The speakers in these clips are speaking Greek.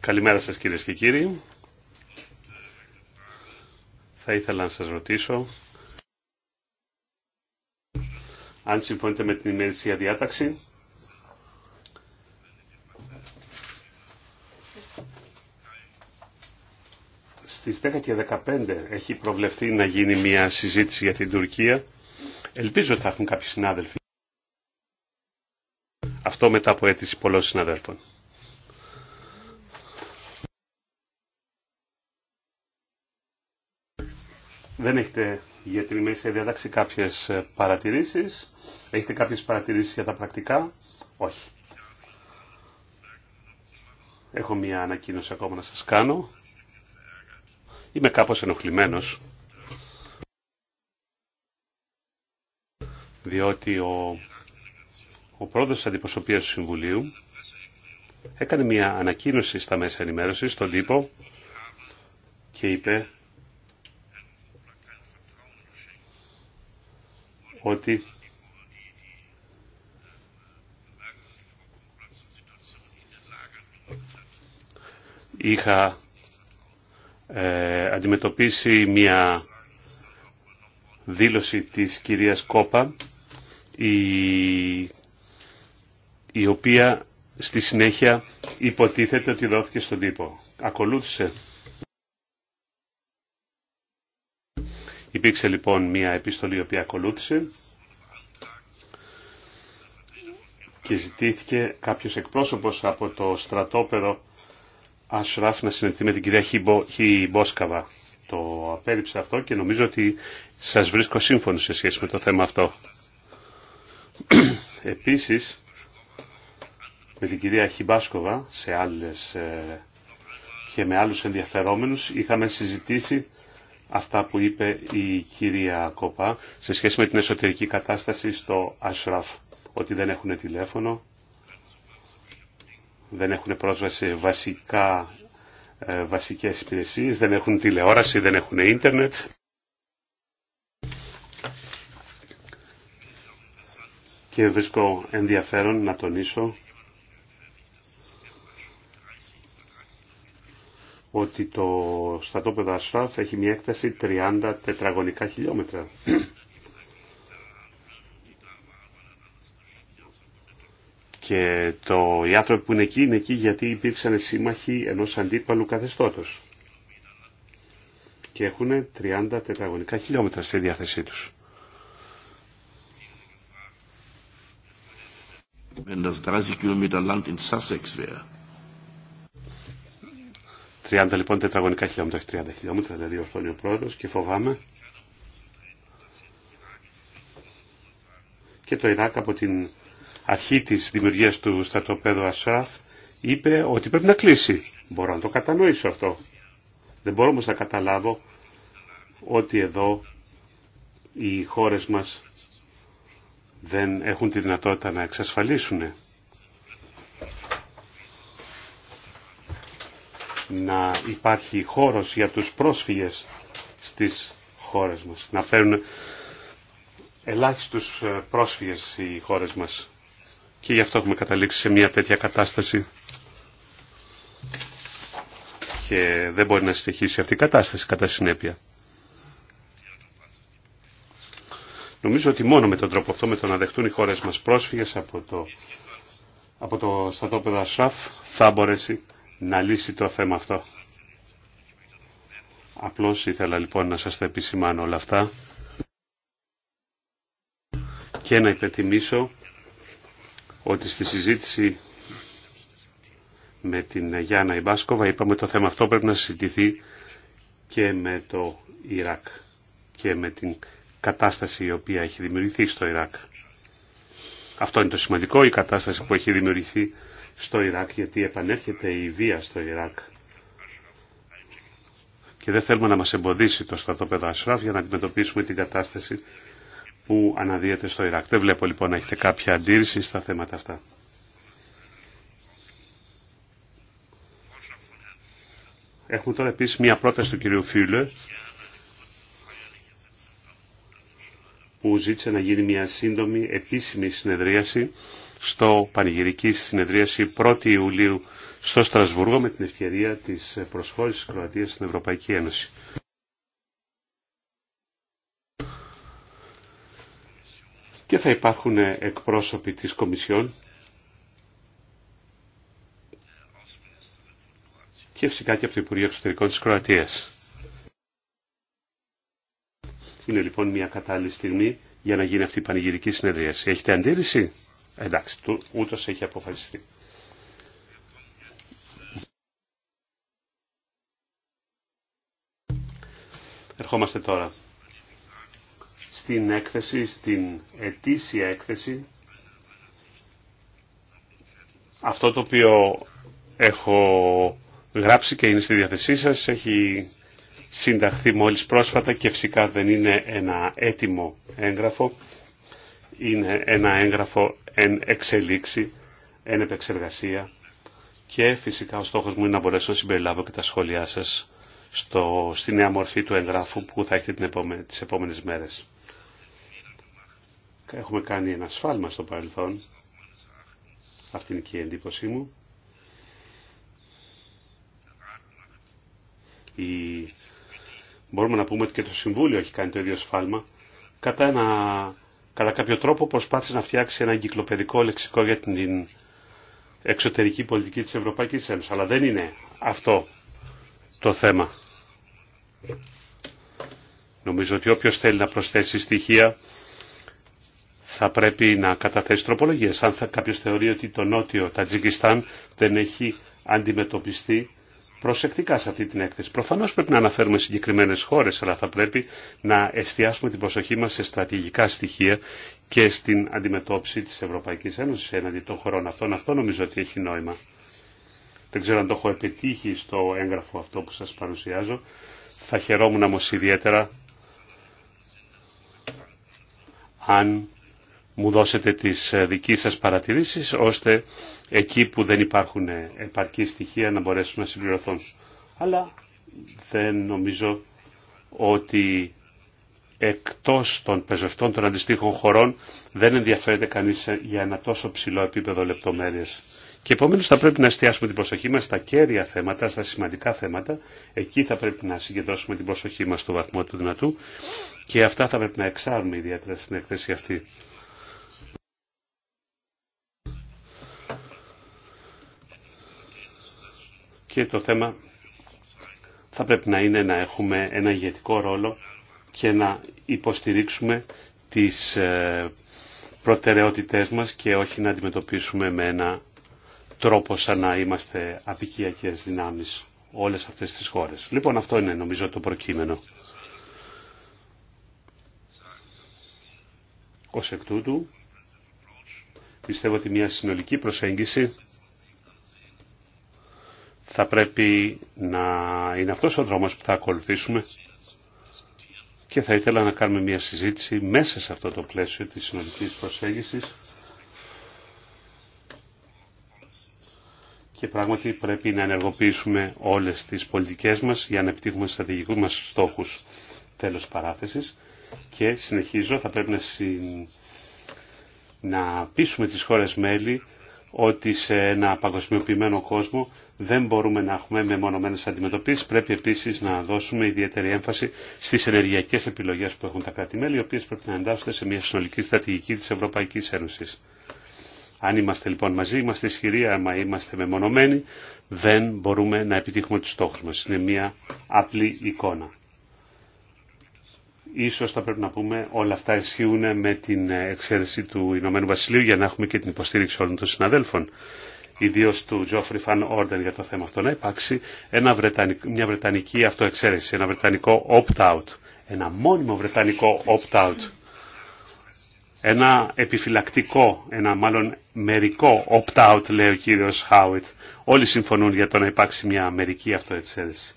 Καλημέρα σας κυρίες και κύριοι. Θα ήθελα να σας ρωτήσω αν συμφωνείτε με την ημερησία διάταξη. Στις 10 και 15 έχει προβλεφθεί να γίνει μια συζήτηση για την Τουρκία. Ελπίζω ότι θα έχουν κάποιοι συνάδελφοι αυτό μετά από αίτηση πολλών συναδέλφων. Δεν έχετε για την μέση διάταξη κάποιες ε, παρατηρήσεις. Έχετε κάποιες παρατηρήσεις για τα πρακτικά. Όχι. Έχω μία ανακοίνωση ακόμα να σας κάνω. Είμαι κάπως ενοχλημένος. Διότι ο ο πρόεδρος της αντιπροσωπείας του Συμβουλίου έκανε μια ανακοίνωση στα μέσα ενημέρωσης, στον τύπο και είπε ότι είχα ε, αντιμετωπίσει μια δήλωση της κυρίας Κόπα η η οποία στη συνέχεια υποτίθεται ότι δόθηκε στον τύπο. Ακολούθησε. Υπήρξε λοιπόν μια επιστολή η οποία ακολούθησε και ζητήθηκε κάποιος εκπρόσωπος από το στρατόπεδο Ασράφ να συνεχθεί με την κυρία Χιμπόσκαβα. Το απέριψε αυτό και νομίζω ότι σας βρίσκω σύμφωνο σε σχέση με το θέμα αυτό. Επίσης, με την κυρία Χιμπάσκοβα σε άλλες, ε, και με άλλους ενδιαφερόμενους είχαμε συζητήσει αυτά που είπε η κυρία Κοπά σε σχέση με την εσωτερική κατάσταση στο Ασράφ ότι δεν έχουν τηλέφωνο δεν έχουν πρόσβαση σε βασικά, ε, βασικές υπηρεσίες, δεν έχουν τηλεόραση, δεν έχουν ίντερνετ. Και βρίσκω ενδιαφέρον να τονίσω ότι το στρατόπεδο Ασφάφ έχει μια έκταση 30 τετραγωνικά χιλιόμετρα. Και το, οι άνθρωποι που είναι εκεί είναι εκεί γιατί υπήρξαν σύμμαχοι ενός αντίπαλου καθεστώτος. Και έχουν 30 τετραγωνικά χιλιόμετρα στη διάθεσή τους. Wenn das 30 Kilometer Land in Sussex wäre, 30 λοιπόν τετραγωνικά χιλιόμετρα, όχι 30 χιλιόμετρα, δηλαδή ορθώνει ο πρόεδρος και φοβάμαι. Και το Ιράκ από την αρχή της δημιουργίας του στρατοπέδου Ασράφ είπε ότι πρέπει να κλείσει. Μπορώ να το κατανοήσω αυτό. Δεν μπορώ όμως να καταλάβω ότι εδώ οι χώρες μας δεν έχουν τη δυνατότητα να εξασφαλίσουν να υπάρχει χώρος για τους πρόσφυγες στις χώρες μας. Να φέρουν ελάχιστους ε, πρόσφυγες οι χώρες μας. Και γι' αυτό έχουμε καταλήξει σε μια τέτοια κατάσταση. Και δεν μπορεί να συνεχίσει αυτή η κατάσταση κατά συνέπεια. Νομίζω ότι μόνο με τον τρόπο αυτό, με το να δεχτούν οι χώρες μας πρόσφυγες από το, από το θα μπορέσει να λύσει το θέμα αυτό. Απλώς ήθελα λοιπόν να σας τα επισημάνω όλα αυτά και να υπενθυμίσω ότι στη συζήτηση με την Γιάννα Ιμπάσκοβα είπαμε το θέμα αυτό πρέπει να συζητηθεί και με το Ιράκ και με την κατάσταση η οποία έχει δημιουργηθεί στο Ιράκ. Αυτό είναι το σημαντικό, η κατάσταση που έχει δημιουργηθεί στο Ιράκ, γιατί επανέρχεται η βία στο Ιράκ. Και δεν θέλουμε να μας εμποδίσει το στρατόπεδο Ασράφ για να αντιμετωπίσουμε την κατάσταση που αναδύεται στο Ιράκ. Δεν βλέπω λοιπόν να έχετε κάποια αντίρρηση στα θέματα αυτά. Έχουμε τώρα επίσης μια πρόταση του κυρίου Φίλε που ζήτησε να γίνει μια σύντομη επίσημη συνεδρίαση στο πανηγυρική συνεδρίαση 1η Ιουλίου στο Στρασβούργο με την ευκαιρία της προσχώρησης της Κροατίας στην Ευρωπαϊκή Ένωση. Και θα υπάρχουν εκπρόσωποι της Κομισιόν και φυσικά και από το Υπουργείο Εξωτερικών της Κροατίας. Είναι λοιπόν μια κατάλληλη στιγμή για να γίνει αυτή η πανηγυρική συνεδρίαση. Έχετε αντίρρηση? Εντάξει, ούτως έχει αποφασιστεί. Ερχόμαστε τώρα στην έκθεση, στην ετήσια έκθεση. Αυτό το οποίο έχω γράψει και είναι στη διαθεσή σας έχει συνταχθεί μόλις πρόσφατα και φυσικά δεν είναι ένα έτοιμο έγγραφο είναι ένα έγγραφο εν εξελίξη, εν επεξεργασία και φυσικά ο στόχος μου είναι να μπορέσω να συμπεριλάβω και τα σχόλιά σας στο, στη νέα μορφή του εγγράφου που θα έχετε την επόμε, τις επόμενες μέρες. Έχουμε κάνει ένα σφάλμα στο παρελθόν. Αυτή είναι και η εντύπωσή μου. Η... Μπορούμε να πούμε ότι και το Συμβούλιο έχει κάνει το ίδιο σφάλμα κατά ένα Κατά κάποιο τρόπο προσπάθησε να φτιάξει ένα εγκυκλοπαιδικό λεξικό για την εξωτερική πολιτική της Ευρωπαϊκής Ένωσης. Αλλά δεν είναι αυτό το θέμα. Νομίζω ότι όποιος θέλει να προσθέσει στοιχεία θα πρέπει να καταθέσει τροπολογίες. Αν θα κάποιος θεωρεί ότι το νότιο Τατζικιστάν δεν έχει αντιμετωπιστεί προσεκτικά σε αυτή την έκθεση. Προφανώς πρέπει να αναφέρουμε συγκεκριμένες χώρες, αλλά θα πρέπει να εστιάσουμε την προσοχή μας σε στρατηγικά στοιχεία και στην αντιμετώπιση της Ευρωπαϊκής Ένωση έναντι των χωρών αυτών. Αυτό νομίζω ότι έχει νόημα. Δεν ξέρω αν το έχω επιτύχει στο έγγραφο αυτό που σα παρουσιάζω. Θα χαιρόμουν όμω ιδιαίτερα αν μου δώσετε τις ε, δικές σας παρατηρήσεις, ώστε εκεί που δεν υπάρχουν ε, επαρκή στοιχεία να μπορέσουν να συμπληρωθούν. Αλλά δεν νομίζω ότι εκτός των πεζευτών των αντιστοίχων χωρών δεν ενδιαφέρεται κανείς ε, για ένα τόσο ψηλό επίπεδο λεπτομέρειας. Και επομένως θα πρέπει να εστιάσουμε την προσοχή μας στα κέρια θέματα, στα σημαντικά θέματα. Εκεί θα πρέπει να συγκεντρώσουμε την προσοχή μας στο βαθμό του δυνατού και αυτά θα πρέπει να εξάρουμε ιδιαίτερα στην έκθεση αυτή. και το θέμα θα πρέπει να είναι να έχουμε ένα ηγετικό ρόλο και να υποστηρίξουμε τις ε, προτεραιότητές μας και όχι να αντιμετωπίσουμε με ένα τρόπο σαν να είμαστε απικιακές δυνάμεις όλες αυτές τις χώρες. Λοιπόν αυτό είναι νομίζω το προκείμενο. Ως εκ τούτου πιστεύω ότι μια συνολική προσέγγιση θα πρέπει να είναι αυτός ο δρόμος που θα ακολουθήσουμε και θα ήθελα να κάνουμε μια συζήτηση μέσα σε αυτό το πλαίσιο της συνολικής προσέγγισης και πράγματι πρέπει να ενεργοποιήσουμε όλες τις πολιτικές μας για να επιτύχουμε στρατηγικούς μας στόχους τέλος παράθεσης και συνεχίζω θα πρέπει να, να πείσουμε τις χώρες μέλη ότι σε ένα παγκοσμιοποιημένο κόσμο δεν μπορούμε να έχουμε μεμονωμένες αντιμετωπίσεις. Πρέπει επίσης να δώσουμε ιδιαίτερη έμφαση στις ενεργειακές επιλογές που έχουν τα κράτη-μέλη, οι οποίες πρέπει να εντάσσονται σε μια συνολική στρατηγική της Ευρωπαϊκής Ένωσης. Αν είμαστε λοιπόν μαζί, είμαστε ισχυροί, άμα είμαστε μεμονωμένοι, δεν μπορούμε να επιτύχουμε τους στόχους μας. Είναι μια απλή εικόνα. Ίσως θα πρέπει να πούμε όλα αυτά ισχύουν με την εξαίρεση του Ηνωμένου Βασιλείου για να έχουμε και την υποστήριξη όλων των συναδέλφων ιδίω του Τζόφρι Φαν Όρντεν για το θέμα αυτό, να υπάρξει ένα βρετανικ... μια βρετανική αυτοεξαίρεση, ένα βρετανικό opt-out, ένα μόνιμο βρετανικό opt-out, ένα επιφυλακτικό, ένα μάλλον μερικό opt-out, λέει ο κύριος Χάουιτ. Όλοι συμφωνούν για το να υπάρξει μια μερική αυτοεξαίρεση.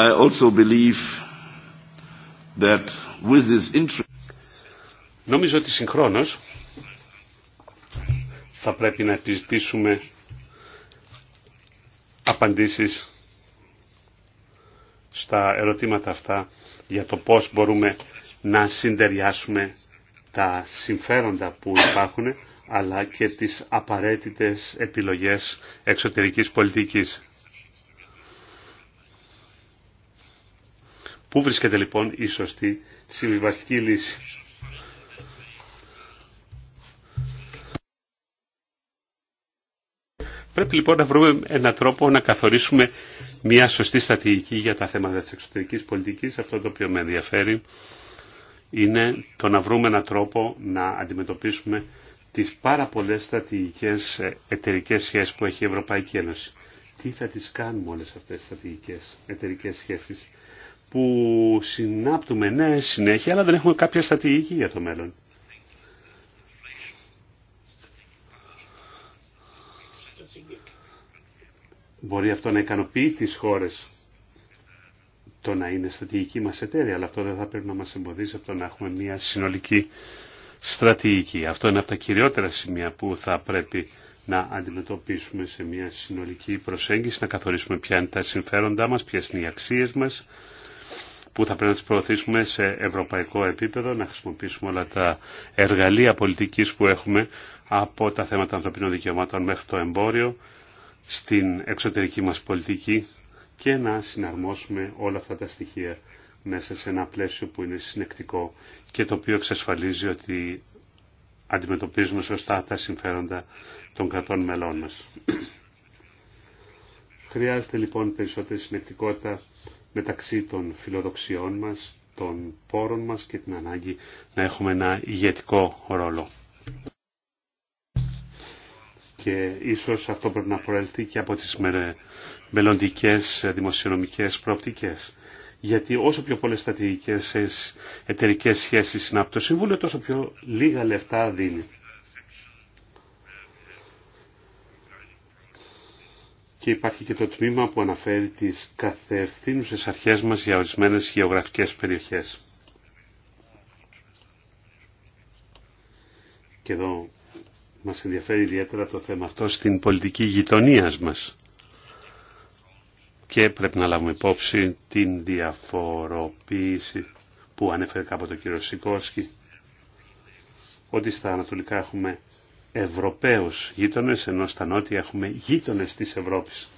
with Νομίζω ότι συγχρόνως θα πρέπει να επιζητήσουμε απαντήσεις στα ερωτήματα αυτά για το πώς μπορούμε να συντεριάσουμε τα συμφέροντα που υπάρχουν αλλά και τις απαραίτητες επιλογές εξωτερικής πολιτικής. Πού βρίσκεται λοιπόν η σωστή συμβιβαστική λύση. Πρέπει λοιπόν να βρούμε έναν τρόπο να καθορίσουμε μια σωστή στρατηγική για τα θέματα της εξωτερικής πολιτικής. Αυτό το οποίο με ενδιαφέρει είναι το να βρούμε έναν τρόπο να αντιμετωπίσουμε τις πάρα πολλές στρατηγικές ε, εταιρικέ σχέσεις που έχει η Ευρωπαϊκή Ένωση. Τι θα τις κάνουμε όλες αυτές τις στρατηγικές εταιρικέ σχέσεις που συνάπτουμε ναι συνέχεια, αλλά δεν έχουμε κάποια στατηγική για το μέλλον. Μπορεί αυτό να ικανοποιεί τις χώρες το να είναι στρατηγική μας εταίρεια, αλλά αυτό δεν θα πρέπει να μας εμποδίζει από το να έχουμε μια συνολική στρατηγική. Αυτό είναι από τα κυριότερα σημεία που θα πρέπει να αντιμετωπίσουμε σε μια συνολική προσέγγιση, να καθορίσουμε ποια είναι τα συμφέροντά μας, ποιες είναι οι αξίες μας, που θα πρέπει να τις προωθήσουμε σε ευρωπαϊκό επίπεδο, να χρησιμοποιήσουμε όλα τα εργαλεία πολιτικής που έχουμε από τα θέματα ανθρωπίνων δικαιωμάτων μέχρι το εμπόριο στην εξωτερική μας πολιτική και να συναρμόσουμε όλα αυτά τα στοιχεία μέσα σε ένα πλαίσιο που είναι συνεκτικό και το οποίο εξασφαλίζει ότι αντιμετωπίζουμε σωστά τα συμφέροντα των κρατών μελών μας. Χρειάζεται λοιπόν περισσότερη συνεκτικότητα μεταξύ των φιλοδοξιών μας, των πόρων μας και την ανάγκη να έχουμε ένα ηγετικό ρόλο. Και ίσως αυτό πρέπει να προέλθει και από τις μελλοντικές δημοσιονομικές προοπτικές. Γιατί όσο πιο πολλές στατικές ε, εταιρικές σχέσεις είναι από το Συμβούλιο, τόσο πιο λίγα λεφτά δίνει. και υπάρχει και το τμήμα που αναφέρει τις καθευθύνουσες αρχές μας για ορισμένες γεωγραφικές περιοχές. Και εδώ μας ενδιαφέρει ιδιαίτερα το θέμα αυτό στην πολιτική γειτονία μας. Και πρέπει να λάβουμε υπόψη την διαφοροποίηση που ανέφερε κάποτε ο κ. Σικώσκη, ότι στα ανατολικά έχουμε Ευρωπαίους γείτονες, ενώ στα νότια έχουμε γείτονες της Ευρώπης.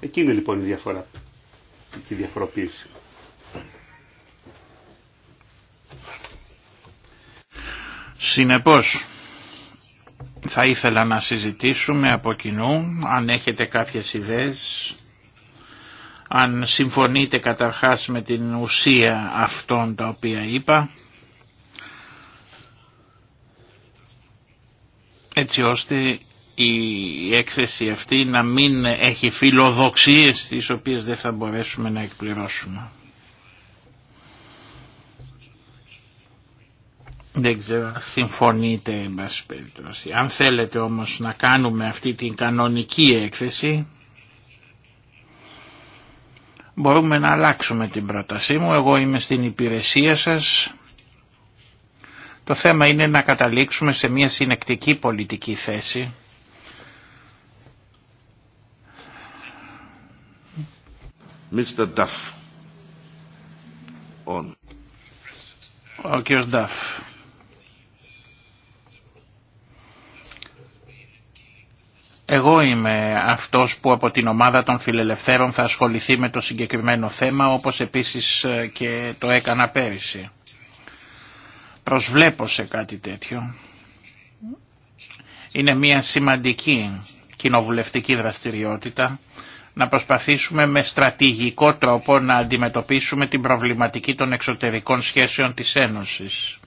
Εκεί είναι λοιπόν η διαφορά και η διαφοροποίηση. Συνεπώς, θα ήθελα να συζητήσουμε από κοινού, αν έχετε κάποιες ιδέες, αν συμφωνείτε καταρχάς με την ουσία αυτών τα οποία είπα, έτσι ώστε η έκθεση αυτή να μην έχει φιλοδοξίες τις οποίες δεν θα μπορέσουμε να εκπληρώσουμε. Δεν ξέρω συμφωνείτε εν Αν θέλετε όμως να κάνουμε αυτή την κανονική έκθεση μπορούμε να αλλάξουμε την πρότασή μου. Εγώ είμαι στην υπηρεσία σας το θέμα είναι να καταλήξουμε σε μια συνεκτική πολιτική θέση Mr. Duff. On. Ο κ. Εγώ είμαι αυτός που από την ομάδα των φιλελευθέρων θα ασχοληθεί με το συγκεκριμένο θέμα όπως επίσης και το έκανα πέρυσι προσβλέπω σε κάτι τέτοιο. Είναι μια σημαντική κοινοβουλευτική δραστηριότητα να προσπαθήσουμε με στρατηγικό τρόπο να αντιμετωπίσουμε την προβληματική των εξωτερικών σχέσεων της Ένωσης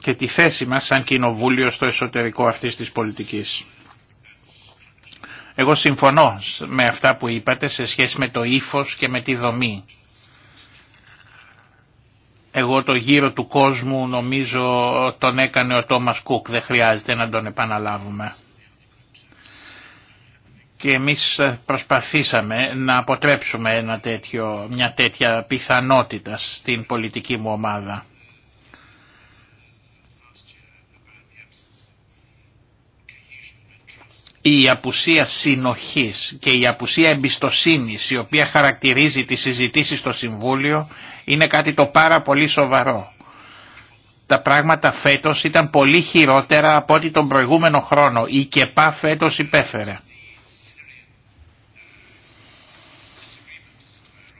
και τη θέση μας σαν κοινοβούλιο στο εσωτερικό αυτής της πολιτικής. Εγώ συμφωνώ με αυτά που είπατε σε σχέση με το ύφος και με τη δομή εγώ το γύρο του κόσμου νομίζω τον έκανε ο Τόμας Κούκ, δεν χρειάζεται να τον επαναλάβουμε. Και εμείς προσπαθήσαμε να αποτρέψουμε ένα τέτοιο, μια τέτοια πιθανότητα στην πολιτική μου ομάδα. η απουσία συνοχής και η απουσία εμπιστοσύνης η οποία χαρακτηρίζει τις συζητήσεις στο Συμβούλιο είναι κάτι το πάρα πολύ σοβαρό. Τα πράγματα φέτος ήταν πολύ χειρότερα από ό,τι τον προηγούμενο χρόνο. Η ΚΕΠΑ φέτος υπέφερε.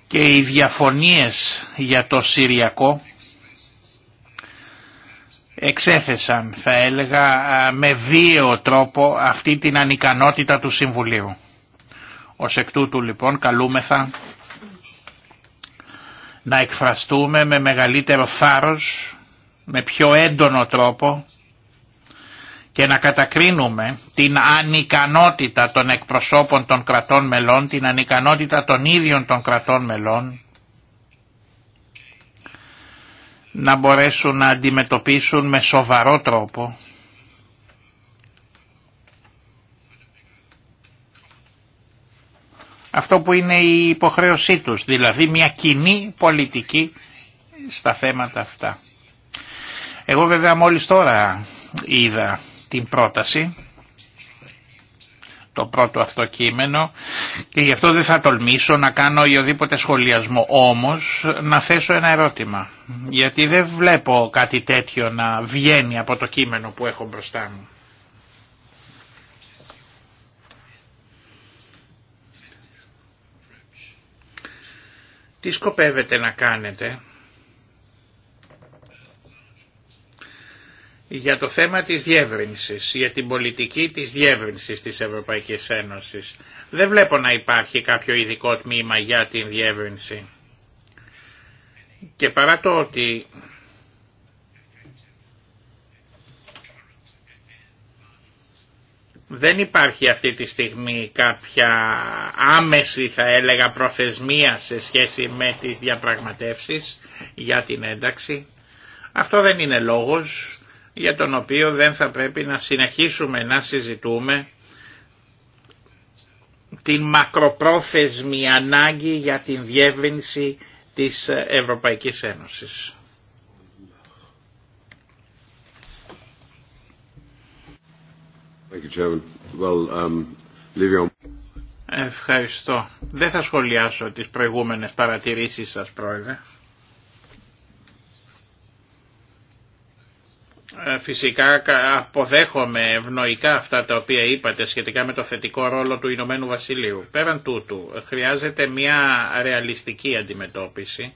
Και οι διαφωνίες για το Συριακό εξέθεσαν θα έλεγα με βίαιο τρόπο αυτή την ανικανότητα του Συμβουλίου. Ως εκ τούτου λοιπόν καλούμεθα να εκφραστούμε με μεγαλύτερο θάρρος, με πιο έντονο τρόπο και να κατακρίνουμε την ανικανότητα των εκπροσώπων των κρατών μελών, την ανικανότητα των ίδιων των κρατών μελών να μπορέσουν να αντιμετωπίσουν με σοβαρό τρόπο αυτό που είναι η υποχρέωσή τους, δηλαδή μια κοινή πολιτική στα θέματα αυτά. Εγώ βέβαια μόλις τώρα είδα την πρόταση, το πρώτο αυτό κείμενο και γι' αυτό δεν θα τολμήσω να κάνω οποιοδήποτε σχολιασμό. Όμως να θέσω ένα ερώτημα, γιατί δεν βλέπω κάτι τέτοιο να βγαίνει από το κείμενο που έχω μπροστά μου. Τι σκοπεύετε να κάνετε για το θέμα της διεύρυνσης, για την πολιτική της διεύρυνσης της Ευρωπαϊκής Ένωσης. Δεν βλέπω να υπάρχει κάποιο ειδικό τμήμα για την διεύρυνση. Και παρά το ότι Δεν υπάρχει αυτή τη στιγμή κάποια άμεση θα έλεγα προθεσμία σε σχέση με τις διαπραγματεύσεις για την ένταξη. Αυτό δεν είναι λόγος για τον οποίο δεν θα πρέπει να συνεχίσουμε να συζητούμε την μακροπρόθεσμη ανάγκη για την διεύρυνση της Ευρωπαϊκής Ένωσης. Um, Ευχαριστώ. Δεν θα σχολιάσω τις προηγούμενες παρατηρήσεις σας, Πρόεδρε. Ε, φυσικά αποδέχομαι ευνοϊκά αυτά τα οποία είπατε σχετικά με το θετικό ρόλο του Ηνωμένου Βασιλείου. Πέραν τούτου, χρειάζεται μια ρεαλιστική αντιμετώπιση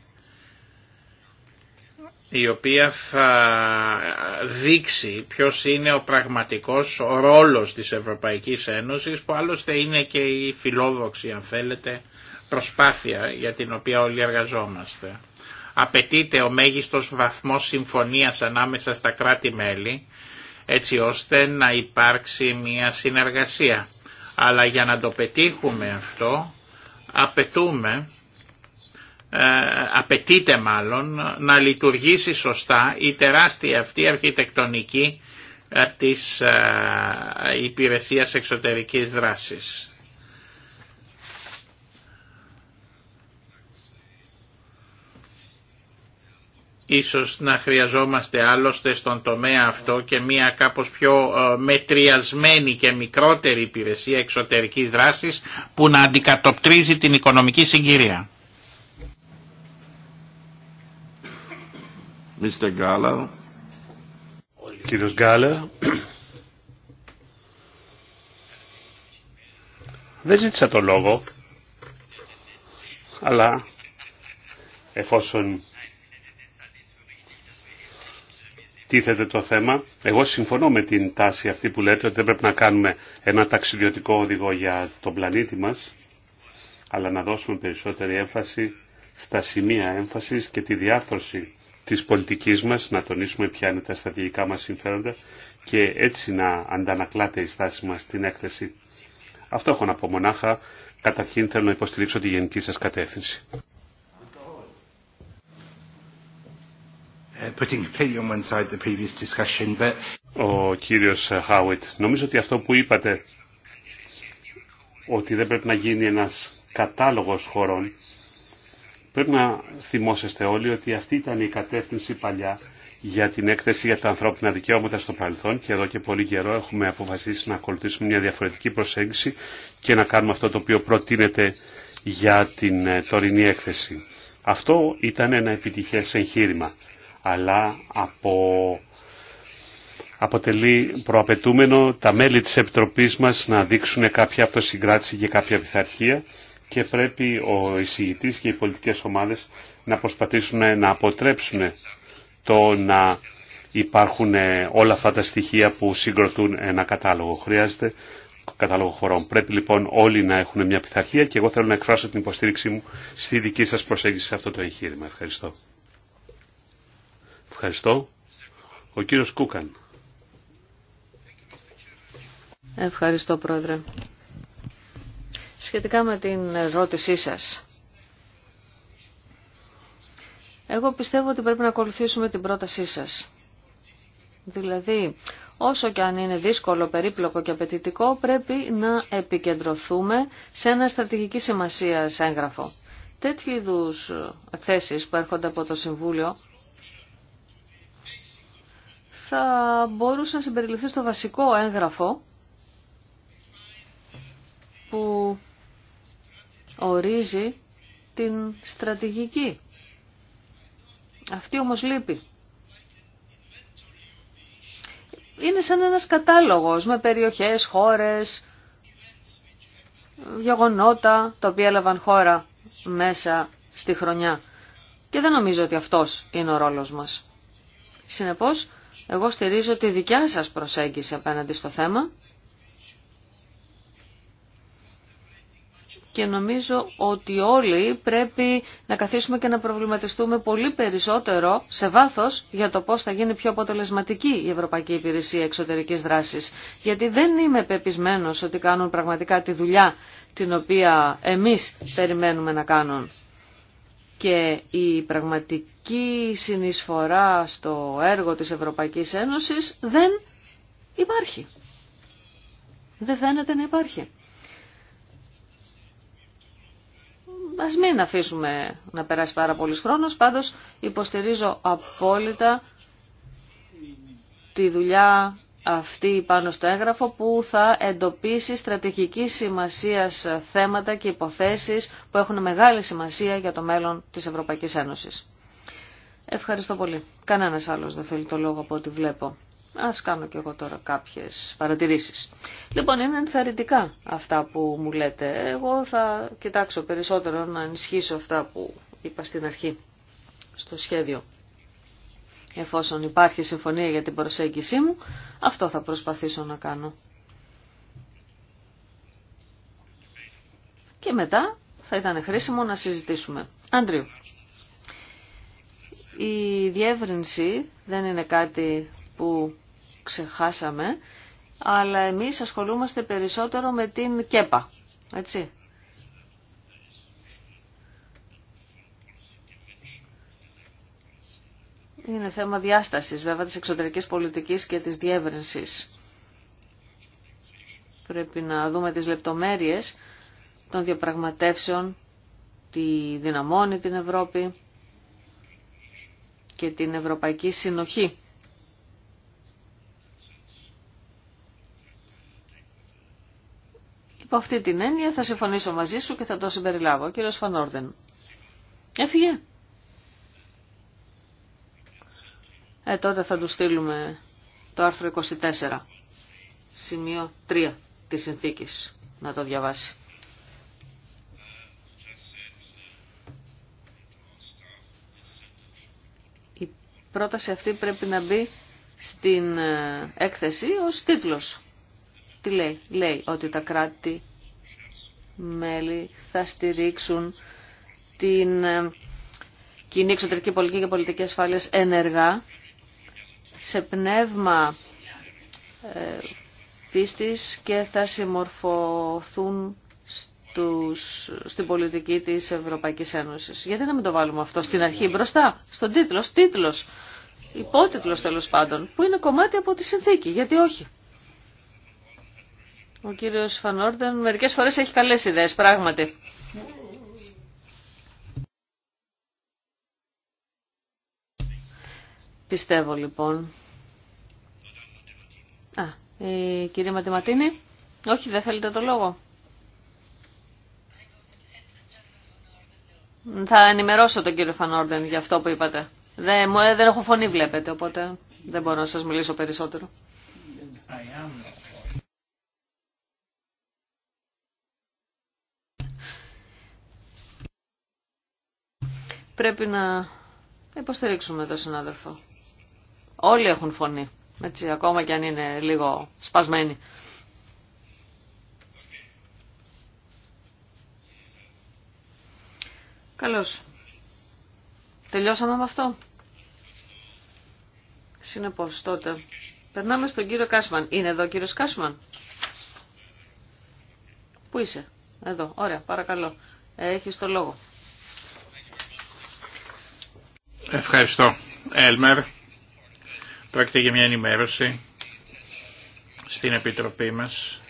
η οποία θα δείξει ποιος είναι ο πραγματικός ρόλος της Ευρωπαϊκής Ένωσης που άλλωστε είναι και η φιλόδοξη αν θέλετε προσπάθεια για την οποία όλοι εργαζόμαστε. Απαιτείται ο μέγιστος βαθμός συμφωνίας ανάμεσα στα κράτη-μέλη έτσι ώστε να υπάρξει μια συνεργασία. Αλλά για να το πετύχουμε αυτό απαιτούμε ε, απαιτείται μάλλον να λειτουργήσει σωστά η τεράστια αυτή αρχιτεκτονική ε, της ε, υπηρεσίας εξωτερικής δράσης. Ίσως να χρειαζόμαστε άλλωστε στον τομέα αυτό και μία κάπως πιο μετριασμένη και μικρότερη υπηρεσία εξωτερικής δράσης που να αντικατοπτρίζει την οικονομική συγκυρία. Mr. Gala. κύριος Δεν ζήτησα το λόγο, αλλά εφόσον τίθεται το θέμα, εγώ συμφωνώ με την τάση αυτή που λέτε ότι δεν πρέπει να κάνουμε ένα ταξιδιωτικό οδηγό για τον πλανήτη μας, αλλά να δώσουμε περισσότερη έμφαση στα σημεία έμφασης και τη διάρθρωση της πολιτικής μας, να τονίσουμε ποια είναι τα στρατηγικά μας συμφέροντα και έτσι να αντανακλάται η στάση μας στην έκθεση. Αυτό έχω να πω μονάχα. Καταρχήν θέλω να υποστηρίξω τη γενική σας κατεύθυνση. Uh, Ο κύριος Χάουιτ, νομίζω ότι αυτό που είπατε ότι δεν πρέπει να γίνει ένας κατάλογος χωρών Πρέπει να θυμόσαστε όλοι ότι αυτή ήταν η κατεύθυνση παλιά για την έκθεση για τα ανθρώπινα δικαιώματα στο παρελθόν και εδώ και πολύ καιρό έχουμε αποφασίσει να ακολουθήσουμε μια διαφορετική προσέγγιση και να κάνουμε αυτό το οποίο προτείνεται για την ε, τωρινή έκθεση. Αυτό ήταν ένα επιτυχές εγχείρημα, αλλά από... αποτελεί προαπαιτούμενο τα μέλη της Επιτροπής μας να δείξουν κάποια αυτοσυγκράτηση και κάποια πειθαρχία και πρέπει ο εισηγητής και οι πολιτικές ομάδες να προσπαθήσουν να αποτρέψουν το να υπάρχουν όλα αυτά τα στοιχεία που συγκροτούν ένα κατάλογο. Χρειάζεται κατάλογο χωρών. Πρέπει λοιπόν όλοι να έχουν μια πειθαρχία και εγώ θέλω να εκφράσω την υποστήριξή μου στη δική σας προσέγγιση σε αυτό το εγχείρημα. Ευχαριστώ. Ευχαριστώ. Ο κύριος Κούκαν. Ευχαριστώ πρόεδρε σχετικά με την ερώτησή σας. Εγώ πιστεύω ότι πρέπει να ακολουθήσουμε την πρότασή σας. Δηλαδή, όσο και αν είναι δύσκολο, περίπλοκο και απαιτητικό, πρέπει να επικεντρωθούμε σε ένα στρατηγική σημασία έγγραφο. Τέτοιου είδου εκθέσεις που έρχονται από το Συμβούλιο θα μπορούσαν να συμπεριληφθεί στο βασικό έγγραφο ορίζει την στρατηγική. Αυτή όμως λείπει. Είναι σαν ένας κατάλογος με περιοχές, χώρες, γεγονότα τα οποία έλαβαν χώρα μέσα στη χρονιά. Και δεν νομίζω ότι αυτός είναι ο ρόλος μας. Συνεπώς, εγώ στηρίζω τη δικιά σας προσέγγιση απέναντι στο θέμα και νομίζω ότι όλοι πρέπει να καθίσουμε και να προβληματιστούμε πολύ περισσότερο σε βάθος για το πώς θα γίνει πιο αποτελεσματική η Ευρωπαϊκή Υπηρεσία Εξωτερικής Δράσης. Γιατί δεν είμαι πεπισμένος ότι κάνουν πραγματικά τη δουλειά την οποία εμείς περιμένουμε να κάνουν. Και η πραγματική συνεισφορά στο έργο της Ευρωπαϊκής Ένωσης δεν υπάρχει. Δεν φαίνεται να υπάρχει. ας μην αφήσουμε να περάσει πάρα πολλής χρόνος, πάντως υποστηρίζω απόλυτα τη δουλειά αυτή πάνω στο έγγραφο που θα εντοπίσει στρατηγική σημασίας θέματα και υποθέσεις που έχουν μεγάλη σημασία για το μέλλον της Ευρωπαϊκής Ένωσης. Ευχαριστώ πολύ. Κανένας άλλος δεν θέλει το λόγο από ό,τι βλέπω. Ας κάνω και εγώ τώρα κάποιες παρατηρήσεις. Λοιπόν, είναι ενθαρρυντικά αυτά που μου λέτε. Εγώ θα κοιτάξω περισσότερο να ενισχύσω αυτά που είπα στην αρχή, στο σχέδιο. Εφόσον υπάρχει συμφωνία για την προσέγγιση μου, αυτό θα προσπαθήσω να κάνω. Και μετά θα ήταν χρήσιμο να συζητήσουμε. Αντρίου, η διεύρυνση δεν είναι κάτι που ξεχάσαμε, αλλά εμείς ασχολούμαστε περισσότερο με την ΚΕΠΑ, έτσι. Είναι θέμα διάστασης βέβαια της εξωτερικής πολιτικής και της διεύρυνσης. Πρέπει να δούμε τις λεπτομέρειες των διαπραγματεύσεων, τη δυναμώνει την Ευρώπη και την Ευρωπαϊκή Συνοχή. Υπό αυτή την έννοια θα συμφωνήσω μαζί σου και θα το συμπεριλάβω. Ο κύριος Φανόρδεν. Έφυγε. Ε, τότε θα του στείλουμε το άρθρο 24, σημείο 3 της συνθήκης, να το διαβάσει. Η πρόταση αυτή πρέπει να μπει στην ε, έκθεση ως τίτλος τι λέει. Λέει ότι τα κράτη μέλη θα στηρίξουν την ε, κοινή εξωτερική πολιτική και πολιτική ασφάλεια ενεργά σε πνεύμα ε, πίστης και θα συμμορφωθούν στους, στην πολιτική της Ευρωπαϊκής Ένωσης. Γιατί να μην το βάλουμε αυτό στην αρχή μπροστά, στον τίτλο, τίτλος, υπότιτλος τέλος πάντων, που είναι κομμάτι από τη συνθήκη, γιατί όχι. Ο κύριος Φανόρντεν μερικές φορές έχει καλές ιδέες, πράγματι. Πιστεύω λοιπόν. Α, η κυρία Ματιματίνη. Όχι, δεν θέλετε το λόγο. Θα ενημερώσω τον κύριο Φανόρντεν για αυτό που είπατε. Δεν, ε, δεν έχω φωνή βλέπετε, οπότε δεν μπορώ να σας μιλήσω περισσότερο. Πρέπει να υποστηρίξουμε τον συνάδελφο. Όλοι έχουν φωνή. Έτσι, ακόμα και αν είναι λίγο σπασμένοι. Καλώς. Τελειώσαμε με αυτό. Συνεπώς τότε. Περνάμε στον κύριο Κάσμαν. Είναι εδώ ο κύριος Κάσμαν. Πού είσαι. Εδώ. Ωραία. Παρακαλώ. Έχεις το λόγο. Ευχαριστώ. Έλμερ, πρόκειται για μια ενημέρωση στην Επιτροπή μας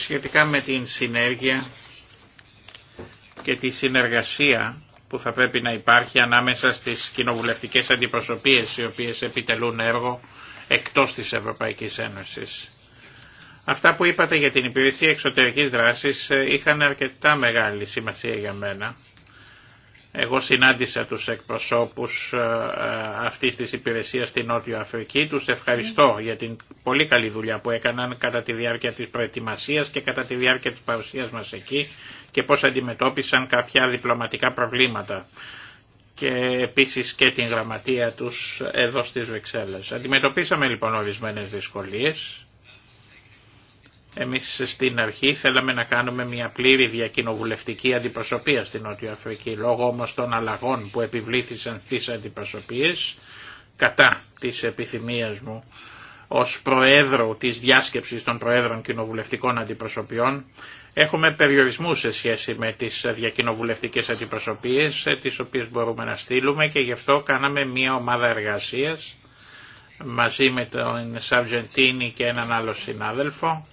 σχετικά με την συνέργεια και τη συνεργασία που θα πρέπει να υπάρχει ανάμεσα στις κοινοβουλευτικές αντιπροσωπείες οι οποίες επιτελούν έργο εκτός της Ευρωπαϊκής Ένωσης. Αυτά που είπατε για την υπηρεσία εξωτερικής δράσης ε, είχαν αρκετά μεγάλη σημασία για μένα εγώ συνάντησα τους εκπροσώπους ε, ε, αυτής της υπηρεσίας στην Νότιο Αφρική. Τους ευχαριστώ για την πολύ καλή δουλειά που έκαναν κατά τη διάρκεια της προετοιμασίας και κατά τη διάρκεια της παρουσίας μας εκεί και πώς αντιμετώπισαν κάποια διπλωματικά προβλήματα και επίσης και την γραμματεία τους εδώ στις Βεξέλλες. Αντιμετωπίσαμε λοιπόν ορισμένες δυσκολίες εμείς στην αρχή θέλαμε να κάνουμε μια πλήρη διακοινοβουλευτική αντιπροσωπεία στην Νότια Αφρική, λόγω όμως των αλλαγών που επιβλήθησαν στις αντιπροσωπείες, κατά της επιθυμίας μου ως προέδρο της διάσκεψης των προέδρων κοινοβουλευτικών αντιπροσωπιών, έχουμε περιορισμού σε σχέση με τις διακοινοβουλευτικές αντιπροσωπείες, ε, τις οποίες μπορούμε να στείλουμε και γι' αυτό κάναμε μια ομάδα εργασίας μαζί με τον Σαρτζεντίνη και έναν άλλο συνάδελφο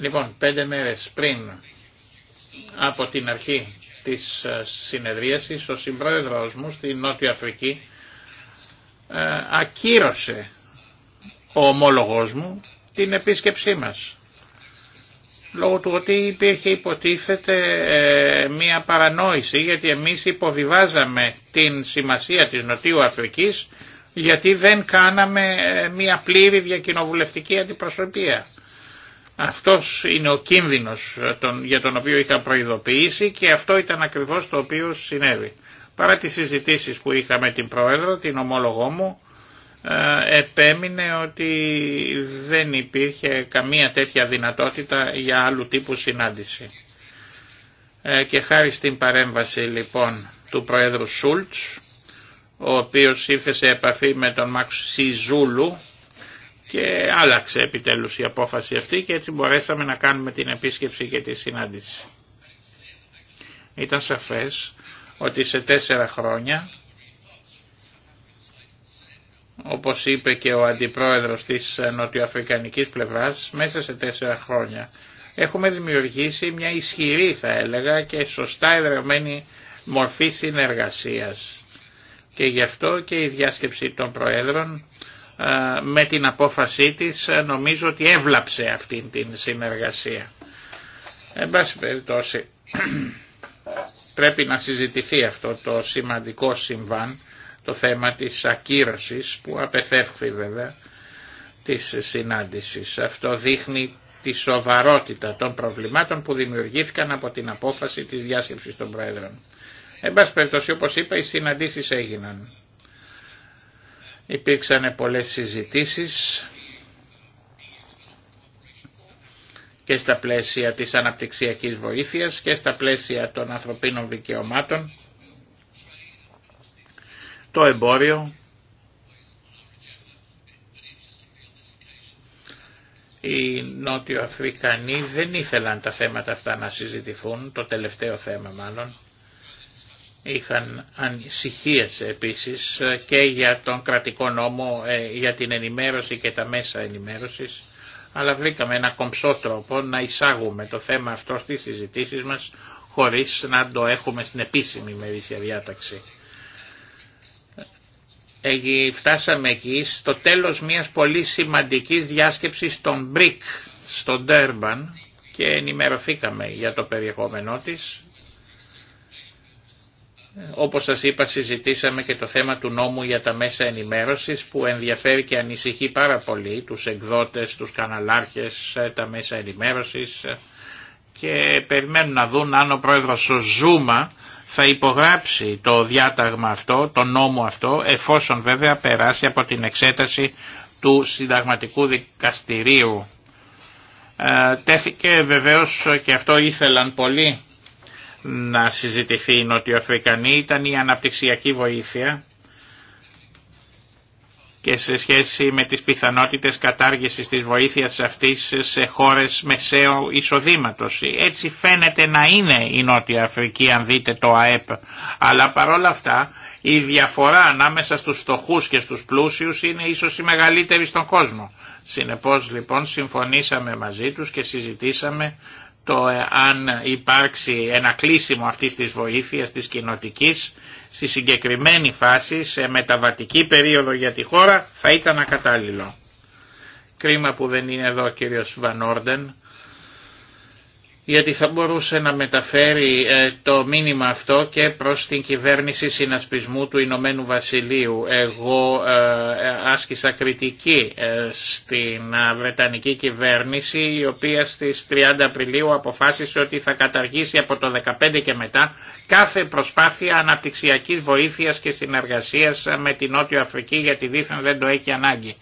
Λοιπόν, πέντε μέρες πριν από την αρχή της ε, συνεδρίασης, ο συμπρόεδρος μου στη Νότια Αφρική ε, ακύρωσε ο ομόλογός μου την επίσκεψή μας. Λόγω του ότι υπήρχε υποτίθεται ε, μία παρανόηση γιατί εμείς υποβιβάζαμε την σημασία της Νοτιού Αφρικής γιατί δεν κάναμε μία πλήρη διακοινοβουλευτική αντιπροσωπεία. Αυτός είναι ο κίνδυνος ε, τον, για τον οποίο είχα προειδοποιήσει και αυτό ήταν ακριβώς το οποίο συνέβη. Παρά τις συζητήσεις που είχα με την Πρόεδρο, την ομόλογό μου, ε, επέμεινε ότι δεν υπήρχε καμία τέτοια δυνατότητα για άλλου τύπου συνάντηση. Ε, και χάρη στην παρέμβαση λοιπόν του Προέδρου Σούλτς, ο οποίος ήρθε σε επαφή με τον Μαξιζούλου, και άλλαξε επιτέλους η απόφαση αυτή και έτσι μπορέσαμε να κάνουμε την επίσκεψη και τη συνάντηση. Ήταν σαφές ότι σε τέσσερα χρόνια, όπως είπε και ο αντιπρόεδρος της νοτιοαφρικανικής πλευράς, μέσα σε τέσσερα χρόνια έχουμε δημιουργήσει μια ισχυρή θα έλεγα και σωστά εδρεωμένη μορφή συνεργασίας. Και γι' αυτό και η διάσκεψη των Προέδρων ε, με την απόφασή της ε, νομίζω ότι έβλαψε αυτήν την συνεργασία. Εν πάση περιπτώσει πρέπει να συζητηθεί αυτό το σημαντικό συμβάν, το θέμα της ακύρωσης που απεφεύχθη βέβαια της συνάντησης. Αυτό δείχνει τη σοβαρότητα των προβλημάτων που δημιουργήθηκαν από την απόφαση της διάσκεψης των Πρόεδρων. Εν πάση περιπτώσει όπως είπα οι συναντήσεις έγιναν. Υπήρξαν πολλές συζητήσεις και στα πλαίσια της αναπτυξιακής βοήθειας και στα πλαίσια των ανθρωπίνων δικαιωμάτων, το εμπόριο, οι Νότιο Αφρικανοί δεν ήθελαν τα θέματα αυτά να συζητηθούν, το τελευταίο θέμα μάλλον, είχαν ανησυχίες επίσης και για τον κρατικό νόμο ε, για την ενημέρωση και τα μέσα ενημέρωσης αλλά βρήκαμε ένα κομψό τρόπο να εισάγουμε το θέμα αυτό στις συζητήσεις μας χωρίς να το έχουμε στην επίσημη μερίσια διάταξη. Φτάσαμε εκεί στο τέλος μιας πολύ σημαντικής διάσκεψης των BRIC στο Ντέρμπαν και ενημερωθήκαμε για το περιεχόμενό της όπως σας είπα συζητήσαμε και το θέμα του νόμου για τα μέσα ενημέρωσης που ενδιαφέρει και ανησυχεί πάρα πολύ τους εκδότες, τους καναλάρχες, ε, τα μέσα ενημέρωσης ε, και περιμένουν να δουν αν ο πρόεδρος Ζούμα θα υπογράψει το διάταγμα αυτό, το νόμο αυτό, εφόσον βέβαια περάσει από την εξέταση του συνταγματικού δικαστηρίου. Ε, τέθηκε βεβαίως και αυτό ήθελαν πολλοί να συζητηθεί η Νοτιοαφρικανή ήταν η αναπτυξιακή βοήθεια και σε σχέση με τις πιθανότητες κατάργησης της βοήθειας αυτής σε χώρες μεσαίου εισοδήματος. Έτσι φαίνεται να είναι η Νότια Αφρική αν δείτε το ΑΕΠ. Αλλά παρόλα αυτά η διαφορά ανάμεσα στους φτωχούς και στους πλούσιους είναι ίσως η μεγαλύτερη στον κόσμο. Συνεπώς λοιπόν συμφωνήσαμε μαζί τους και συζητήσαμε το αν υπάρξει ένα κλείσιμο αυτής της βοήθειας της κοινοτικής στη συγκεκριμένη φάση, σε μεταβατική περίοδο για τη χώρα, θα ήταν ακατάλληλο. Κρίμα που δεν είναι εδώ ο κύριος Βανόρντεν γιατί θα μπορούσε να μεταφέρει ε, το μήνυμα αυτό και προς την κυβέρνηση συνασπισμού του Ηνωμένου Βασιλείου. Εγώ ε, άσκησα κριτική ε, στην Βρετανική κυβέρνηση η οποία στις 30 Απριλίου αποφάσισε ότι θα καταργήσει από το 2015 και μετά κάθε προσπάθεια αναπτυξιακής βοήθειας και συνεργασίας με την Νότιο Αφρική γιατί δίθεν δεν το έχει ανάγκη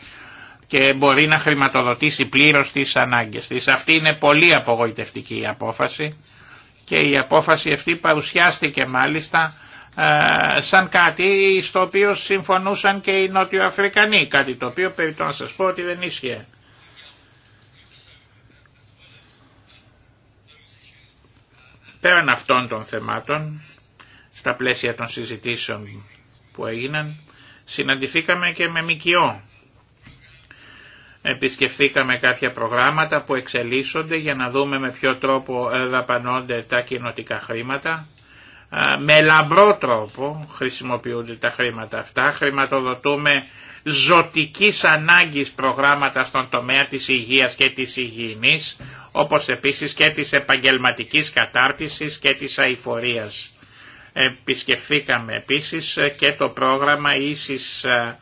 και μπορεί να χρηματοδοτήσει πλήρως τις ανάγκες της. Αυτή είναι πολύ απογοητευτική η απόφαση και η απόφαση αυτή παρουσιάστηκε μάλιστα ε, σαν κάτι στο οποίο συμφωνούσαν και οι Νότιοαφρικανοί, κάτι το οποίο περί να σας πω ότι δεν ίσχυε. Πέραν αυτών των θεμάτων, στα πλαίσια των συζητήσεων που έγιναν, συναντηθήκαμε και με ΜΚΟ επισκεφθήκαμε κάποια προγράμματα που εξελίσσονται για να δούμε με ποιο τρόπο ε, δαπανώνται τα κοινοτικά χρήματα. Με λαμπρό τρόπο χρησιμοποιούνται τα χρήματα αυτά. Χρηματοδοτούμε ζωτικής ανάγκης προγράμματα στον τομέα της υγείας και της υγιεινής, όπως επίσης και της επαγγελματικής κατάρτισης και της αηφορίας. Επισκεφθήκαμε επίσης ε, και το πρόγραμμα ίσης ε,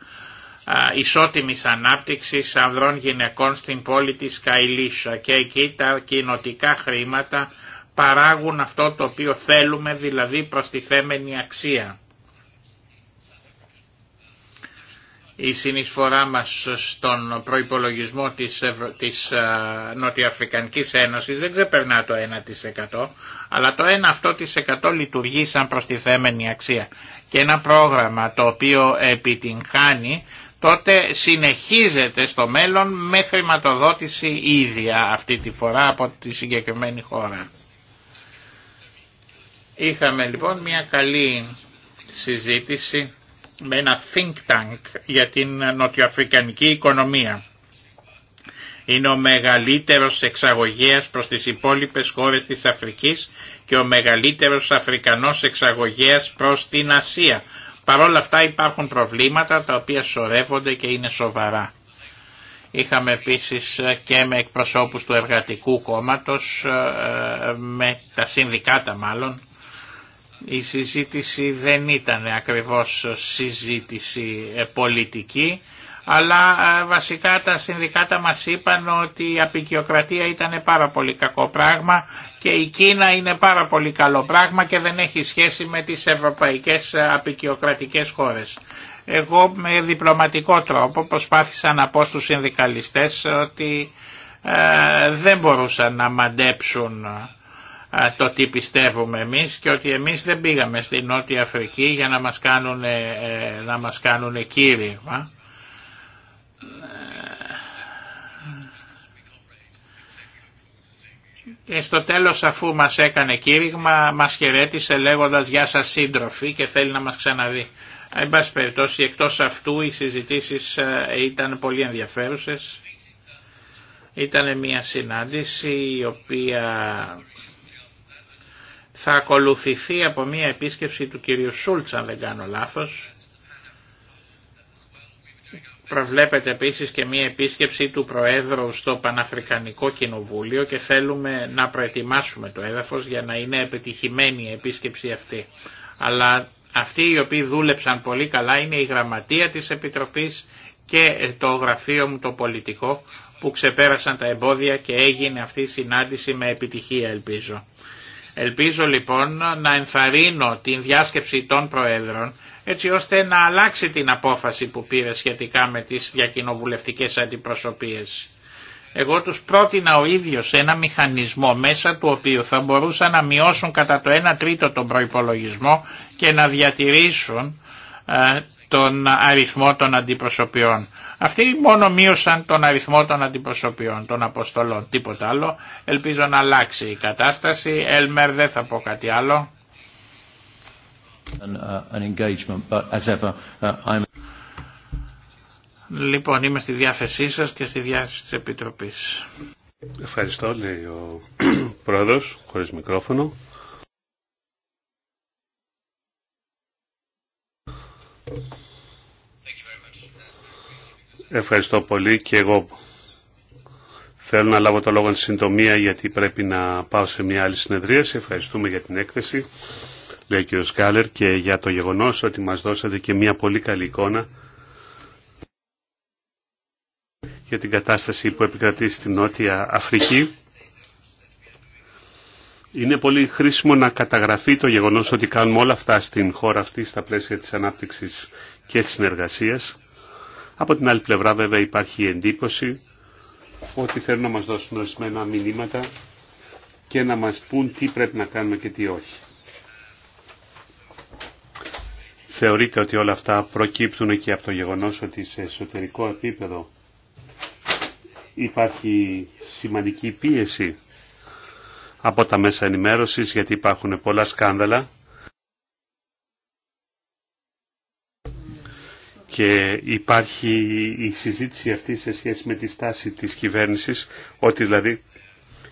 ισότιμης ανάπτυξης ανδρών γυναικών στην πόλη της Καιλίσσα και εκεί τα κοινοτικά χρήματα παράγουν αυτό το οποίο θέλουμε, δηλαδή προστιθέμενη αξία. Η συνεισφορά μας στον προϋπολογισμό της, της Νοτιοαφρικανικής Ένωσης δεν ξεπερνά το 1% αλλά το 1 αυτό της 100 λειτουργεί σαν προστιθέμενη αξία. Και ένα πρόγραμμα το οποίο επιτυγχάνει τότε συνεχίζεται στο μέλλον με χρηματοδότηση ίδια αυτή τη φορά από τη συγκεκριμένη χώρα. Είχαμε λοιπόν μια καλή συζήτηση με ένα think tank για την νοτιοαφρικανική οικονομία. Είναι ο μεγαλύτερος εξαγωγέας προς τις υπόλοιπες χώρες της Αφρικής και ο μεγαλύτερος αφρικανός εξαγωγέας προς την Ασία όλα αυτά υπάρχουν προβλήματα τα οποία σωρεύονται και είναι σοβαρά. Είχαμε επίσης και με εκπροσώπους του Εργατικού Κόμματος, ε, με τα συνδικάτα μάλλον, η συζήτηση δεν ήταν ακριβώς συζήτηση ε, πολιτική, αλλά ε, βασικά τα συνδικάτα μας είπαν ότι η απεικιοκρατία ήταν πάρα πολύ κακό πράγμα και η Κίνα είναι πάρα πολύ καλό πράγμα και δεν έχει σχέση με τις ευρωπαϊκές ε, απεικιοκρατικές χώρες. Εγώ με διπλωματικό τρόπο προσπάθησα να πω στους συνδικαλιστές ότι ε, δεν μπορούσαν να μαντέψουν ε, το τι πιστεύουμε εμείς και ότι εμείς δεν πήγαμε στην Νότια Αφρική για να μας κάνουν, ε, να μας κάνουν Και ε, στο τέλος αφού μας έκανε κήρυγμα μας χαιρέτησε λέγοντας «Γεια σας σύντροφοι» και θέλει να μας ξαναδεί. Ε, εν πάση περιπτώσει εκτός αυτού οι συζητήσεις ε, ήταν πολύ ενδιαφέρουσες. Ήταν μια συνάντηση η οποία θα ακολουθηθεί από μια επίσκεψη του κυρίου Σούλτς αν δεν κάνω λάθος Προβλέπεται επίσης και μία επίσκεψη του Προέδρου στο Παναφρικανικό Κοινοβούλιο και θέλουμε να προετοιμάσουμε το έδαφος για να είναι επιτυχημένη η επίσκεψη αυτή. Αλλά αυτοί οι οποίοι δούλεψαν πολύ καλά είναι η γραμματεία της Επιτροπής και το γραφείο μου το πολιτικό που ξεπέρασαν τα εμπόδια και έγινε αυτή η συνάντηση με επιτυχία ελπίζω. Ελπίζω λοιπόν να ενθαρρύνω την διάσκεψη των Προέδρων έτσι ώστε να αλλάξει την απόφαση που πήρε σχετικά με τις διακοινοβουλευτικές αντιπροσωπείες. Εγώ τους πρότεινα ο ίδιος ένα μηχανισμό μέσα του οποίου θα μπορούσαν να μειώσουν κατά το 1 τρίτο τον προϋπολογισμό και να διατηρήσουν ε, τον αριθμό των αντιπροσωπιών. Αυτοί μόνο μείωσαν τον αριθμό των αντιπροσωπιών, των αποστολών, τίποτα άλλο. Ελπίζω να αλλάξει η κατάσταση. Έλμερ δεν θα πω κάτι άλλο. Uh, uh, λοιπόν, είμαι στη διάθεσή σας και στη διάθεση της Επιτροπής. Ευχαριστώ, λέει ο πρόεδρος, χωρίς μικρόφωνο. Ευχαριστώ πολύ και εγώ θέλω να λάβω το λόγο στην συντομία γιατί πρέπει να πάω σε μια άλλη συνεδρία Ευχαριστούμε για την έκθεση λέει ο Σκάλερ, και για το γεγονός ότι μας δώσατε και μια πολύ καλή εικόνα για την κατάσταση που επικρατεί στην Νότια Αφρική. Είναι πολύ χρήσιμο να καταγραφεί το γεγονός ότι κάνουμε όλα αυτά στην χώρα αυτή στα πλαίσια της ανάπτυξης και της συνεργασίας. Από την άλλη πλευρά βέβαια υπάρχει η εντύπωση ότι θέλουν να μας δώσουν ορισμένα μηνύματα και να μας πούν τι πρέπει να κάνουμε και τι όχι. Θεωρείτε ότι όλα αυτά προκύπτουν και από το γεγονός ότι σε εσωτερικό επίπεδο υπάρχει σημαντική πίεση από τα μέσα ενημέρωσης γιατί υπάρχουν πολλά σκάνδαλα και υπάρχει η συζήτηση αυτή σε σχέση με τη στάση της κυβέρνησης ότι δηλαδή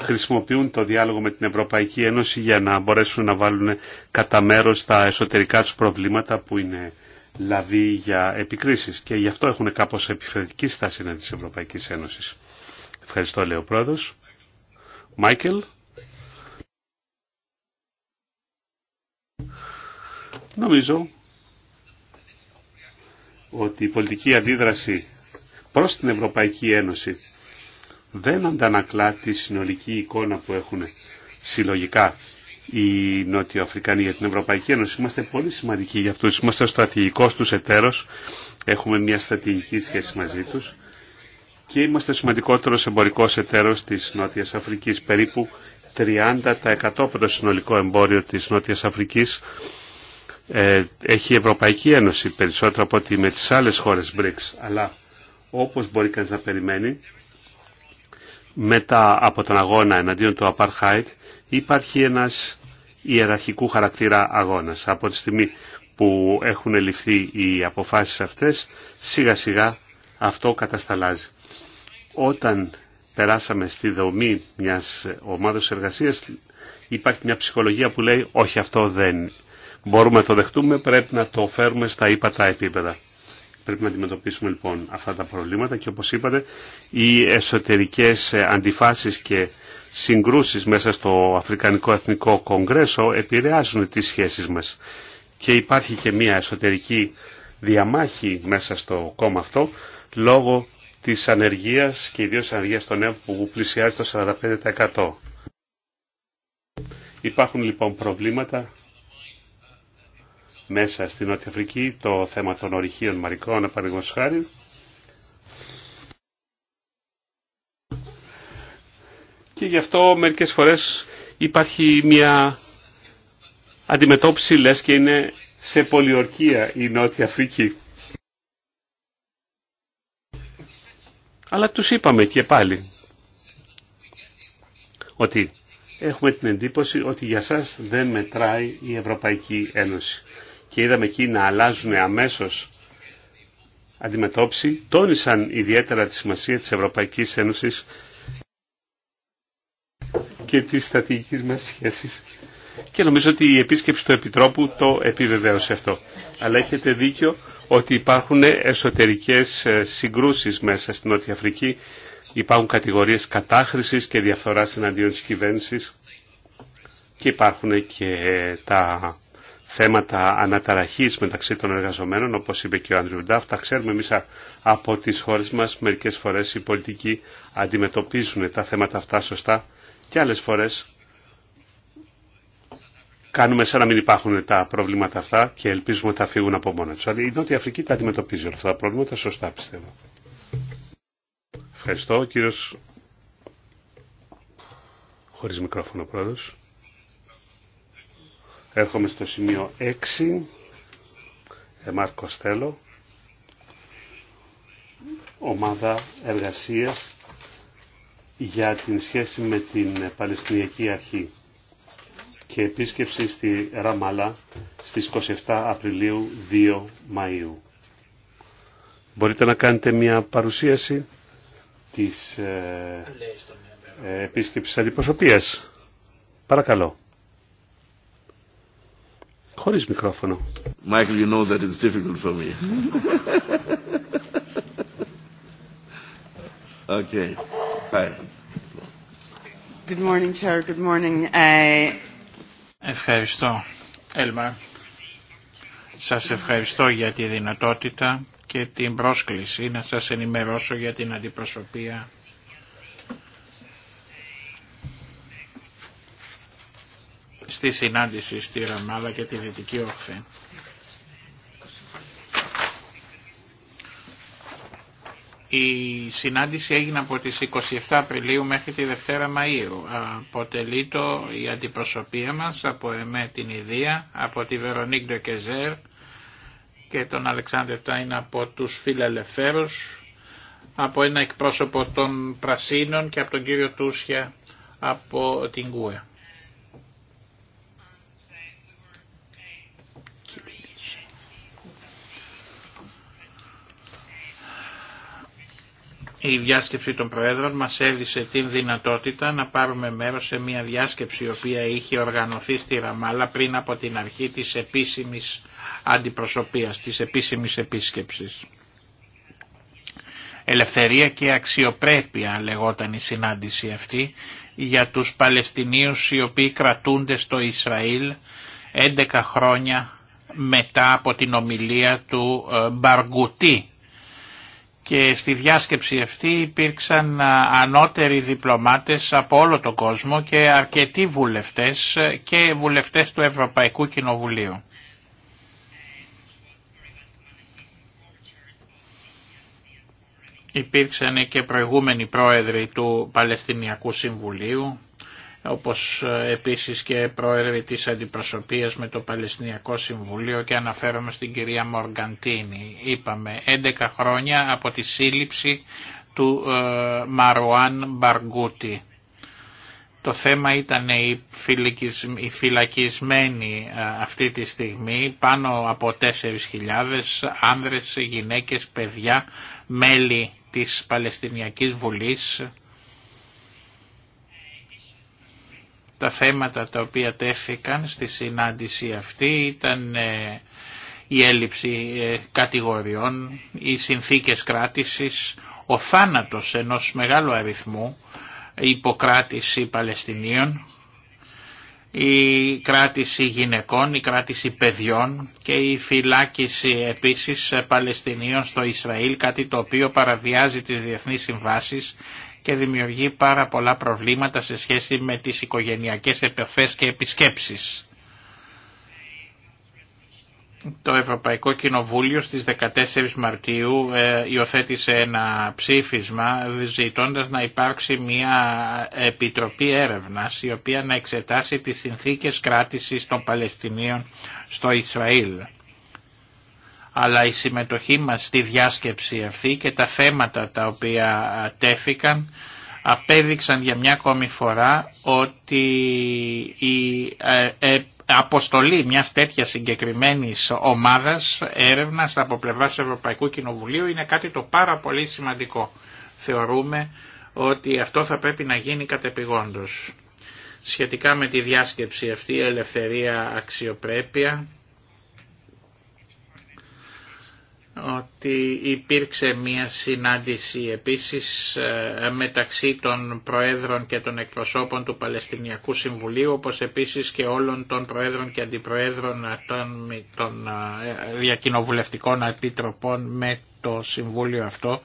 χρησιμοποιούν το διάλογο με την Ευρωπαϊκή Ένωση για να μπορέσουν να βάλουν κατά μέρο τα εσωτερικά τους προβλήματα που είναι λαβή για επικρίσεις και γι' αυτό έχουν κάπως επιφερειακή στάση να της Ευρωπαϊκής Ένωσης. Ευχαριστώ λέει ο πρόεδρος. Μάικελ. Νομίζω ότι η πολιτική αντίδραση προς την Ευρωπαϊκή Ένωση δεν αντανακλά τη συνολική εικόνα που έχουν συλλογικά οι Νοτιοαφρικανοί για την Ευρωπαϊκή Ένωση. Είμαστε πολύ σημαντικοί για αυτούς. Είμαστε ο στρατηγικός τους εταίρος. Έχουμε μια στρατηγική σχέση μαζί τους. Και είμαστε ο σημαντικότερος εμπορικός εταίρος της Νότιας Αφρικής. Περίπου 30% από το συνολικό εμπόριο της Νότιας Αφρικής ε, έχει η Ευρωπαϊκή Ένωση περισσότερο από ότι με τις άλλες χώρες BRICS. Αλλά όπως μπορεί κανείς να περιμένει, μετά από τον αγώνα εναντίον του Απαρχάιτ υπάρχει ένας ιεραρχικού χαρακτήρα αγώνας. Από τη στιγμή που έχουν ληφθεί οι αποφάσεις αυτές, σιγά σιγά αυτό κατασταλάζει. Όταν περάσαμε στη δομή μιας ομάδος εργασίας, υπάρχει μια ψυχολογία που λέει όχι αυτό δεν μπορούμε να το δεχτούμε, πρέπει να το φέρουμε στα ύπατα επίπεδα. Πρέπει να αντιμετωπίσουμε λοιπόν αυτά τα προβλήματα και όπως είπατε οι εσωτερικές ε, αντιφάσεις και συγκρούσεις μέσα στο Αφρικανικό Εθνικό Κογκρέσο επηρεάζουν τις σχέσεις μας. Και υπάρχει και μια εσωτερική διαμάχη μέσα στο κόμμα αυτό λόγω της ανεργίας και ιδίως της ανεργίας των νέων που πλησιάζει το 45%. Υπάρχουν λοιπόν προβλήματα μέσα στην Νότια Αφρική, το θέμα των ορυχείων μαρικών, παραδείγματος χάρη. Και γι' αυτό μερικές φορές υπάρχει μια αντιμετώπιση, λες και είναι σε πολιορκία η Νότια Αφρική. Αλλά τους είπαμε και πάλι ότι έχουμε την εντύπωση ότι για σας δεν μετράει η Ευρωπαϊκή Ένωση και είδαμε εκεί να αλλάζουν αμέσως αντιμετώπιση, τόνισαν ιδιαίτερα τη σημασία της Ευρωπαϊκής Ένωσης και της στρατηγικής μας σχέσης. Και νομίζω ότι η επίσκεψη του Επιτρόπου το επιβεβαίωσε αυτό. Αλλά έχετε δίκιο ότι υπάρχουν εσωτερικές ε, συγκρούσεις μέσα στην Νότια Αφρική. Υπάρχουν κατηγορίες κατάχρησης και διαφθοράς εναντίον της κυβέρνησης και υπάρχουν και τα θέματα αναταραχής μεταξύ των εργαζομένων, όπως είπε και ο Άντριου Ντάφ, τα ξέρουμε εμείς από τις χώρες μας, μερικές φορές οι πολιτικοί αντιμετωπίζουν τα θέματα αυτά σωστά και άλλες φορές κάνουμε σαν να μην υπάρχουν τα προβλήματα αυτά και ελπίζουμε ότι θα φύγουν από μόνα τους. Αλλά η Νότια Αφρική τα αντιμετωπίζει όλα αυτά τα προβλήματα σωστά πιστεύω. Ευχαριστώ. Κύριος... Χωρίς μικρόφωνο πρόεδρος. Έρχομαι στο σημείο 6. Εμάρ Κοστέλο. Ομάδα εργασίας για την σχέση με την Παλαιστινιακή Αρχή και επίσκεψη στη Ραμάλα στις 27 Απριλίου 2 Μαΐου. Μπορείτε να κάνετε μια παρουσίαση της ε, ε, επίσκεψης αντιπροσωπείας. Παρακαλώ χωρίς μικρόφωνο. Michael, you know that it's difficult for me. okay. Hi. Good morning, Chair. Good morning. I... Eh. Ευχαριστώ, Έλμα. Σας ευχαριστώ για τη δυνατότητα και την πρόσκληση να σας ενημερώσω για την αντιπροσωπεία τη συνάντηση στη Ραμάλα και τη Δυτική Όχθη. Η συνάντηση έγινε από τις 27 Απριλίου μέχρι τη Δευτέρα Μαΐου. Αποτελεί το η αντιπροσωπεία μας από εμέ την Ιδία, από τη Βερονίκ Ντοκεζέρ και τον Αλεξάνδρε Τάιν από τους Φιλελευθέρους, από ένα εκπρόσωπο των Πρασίνων και από τον κύριο Τούσια από την ΚΟΕ. η διάσκεψη των Προέδρων μας έδισε την δυνατότητα να πάρουμε μέρος σε μια διάσκεψη η οποία είχε οργανωθεί στη Ραμάλα πριν από την αρχή της επίσημης αντιπροσωπείας, της επίσημης επίσκεψης. Ελευθερία και αξιοπρέπεια λεγόταν η συνάντηση αυτή για τους Παλαιστινίους οι οποίοι κρατούνται στο Ισραήλ 11 χρόνια μετά από την ομιλία του ε, Μπαργκουτή και στη διάσκεψη αυτή υπήρξαν ανώτεροι διπλωμάτες από όλο τον κόσμο και αρκετοί βουλευτές και βουλευτές του Ευρωπαϊκού Κοινοβουλίου. Υπήρξαν και προηγούμενοι πρόεδροι του Παλαιστινιακού Συμβουλίου όπως ε, επίσης και πρόεδρε της αντιπροσωπείας με το Παλαιστινιακό Συμβουλίο και αναφέρομαι στην κυρία Μοργαντίνη. Είπαμε 11 χρόνια από τη σύλληψη του ε, Μαρουάν Μπαργκούτη. Το θέμα ήταν οι, οι φυλακισμένοι ε, αυτή τη στιγμή πάνω από 4.000 άνδρες, γυναίκες, παιδιά, μέλη της Παλαιστινιακής Βουλής τα θέματα τα οποία τέθηκαν στη συνάντηση αυτή ήταν ε, η έλλειψη ε, κατηγοριών, οι συνθήκες κράτησης, ο θάνατος ενός μεγάλου αριθμού, η υποκράτηση Παλαιστινίων, η κράτηση γυναικών, η κράτηση παιδιών και η φυλάκιση επίσης Παλαιστινίων στο Ισραήλ, κάτι το οποίο παραβιάζει τις διεθνείς συμβάσεις και δημιουργεί πάρα πολλά προβλήματα σε σχέση με τις οικογενειακές επαφές και επισκέψεις. Το Ευρωπαϊκό Κοινοβούλιο στις 14 Μαρτίου ε, υιοθέτησε ένα ψήφισμα ζητώντας να υπάρξει μια επιτροπή έρευνας η οποία να εξετάσει τις συνθήκες κράτησης των Παλαιστινίων στο Ισραήλ αλλά η συμμετοχή μας στη διάσκεψη αυτή και τα θέματα τα οποία τέθηκαν απέδειξαν για μια ακόμη φορά ότι η ε, ε, αποστολή μιας τέτοιας συγκεκριμένης ομάδας έρευνας από πλευράς του Ευρωπαϊκού Κοινοβουλίου είναι κάτι το πάρα πολύ σημαντικό. Θεωρούμε ότι αυτό θα πρέπει να γίνει κατεπηγόντως. Σχετικά με τη διάσκεψη αυτή, ελευθερία, αξιοπρέπεια, ότι υπήρξε μία συνάντηση επίσης ε, μεταξύ των Προέδρων και των εκπροσώπων του Παλαιστινιακού Συμβουλίου όπως επίσης και όλων των Προέδρων και Αντιπροέδρων των, των ε, διακοινοβουλευτικών επιτροπών με το Συμβούλιο αυτό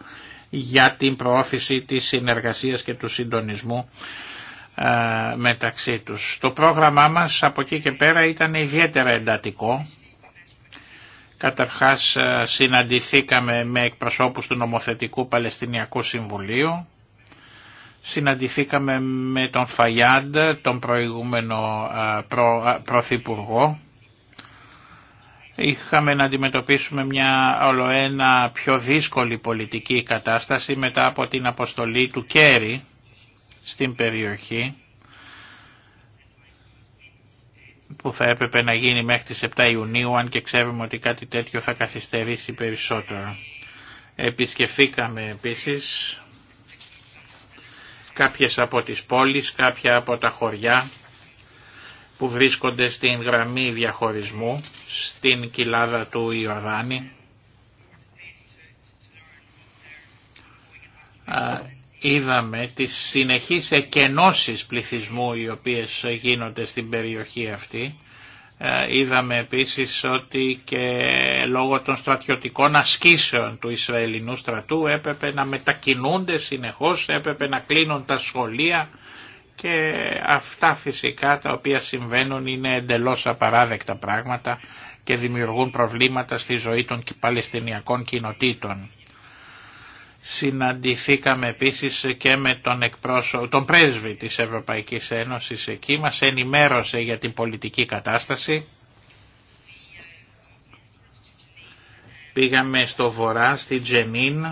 για την προώθηση της συνεργασίας και του συντονισμού ε, μεταξύ τους. Το πρόγραμμά μας από εκεί και πέρα ήταν ιδιαίτερα εντατικό Καταρχάς ε, συναντηθήκαμε με εκπροσώπους του νομοθετικού Παλαιστινιακού Συμβουλίου, συναντηθήκαμε με τον Φαγιάντ, τον προηγούμενο ε, προ, ε, πρωθυπουργό, είχαμε να αντιμετωπίσουμε μια ολοένα πιο δύσκολη πολιτική κατάσταση μετά από την αποστολή του Κέρι στην περιοχή που θα έπρεπε να γίνει μέχρι τις 7 Ιουνίου, αν και ξέρουμε ότι κάτι τέτοιο θα καθυστερήσει περισσότερο. Επισκεφθήκαμε επίσης κάποιες από τις πόλεις, κάποια από τα χωριά που βρίσκονται στην γραμμή διαχωρισμού, στην κοιλάδα του Ιορδάνη είδαμε τις συνεχείς εκενώσεις πληθυσμού οι οποίες γίνονται στην περιοχή αυτή. Ε, είδαμε επίσης ότι και λόγω των στρατιωτικών ασκήσεων του Ισραηλινού στρατού έπρεπε να μετακινούνται συνεχώς, έπρεπε να κλείνουν τα σχολεία και αυτά φυσικά τα οποία συμβαίνουν είναι εντελώς απαράδεκτα πράγματα και δημιουργούν προβλήματα στη ζωή των Παλαιστινιακών κοινοτήτων. Συναντηθήκαμε επίσης και με τον, εκπρόσω, τον πρέσβη της Ευρωπαϊκής Ένωσης εκεί, μας ενημέρωσε για την πολιτική κατάσταση. Πήγαμε στο βορρά, στη Τζενίν.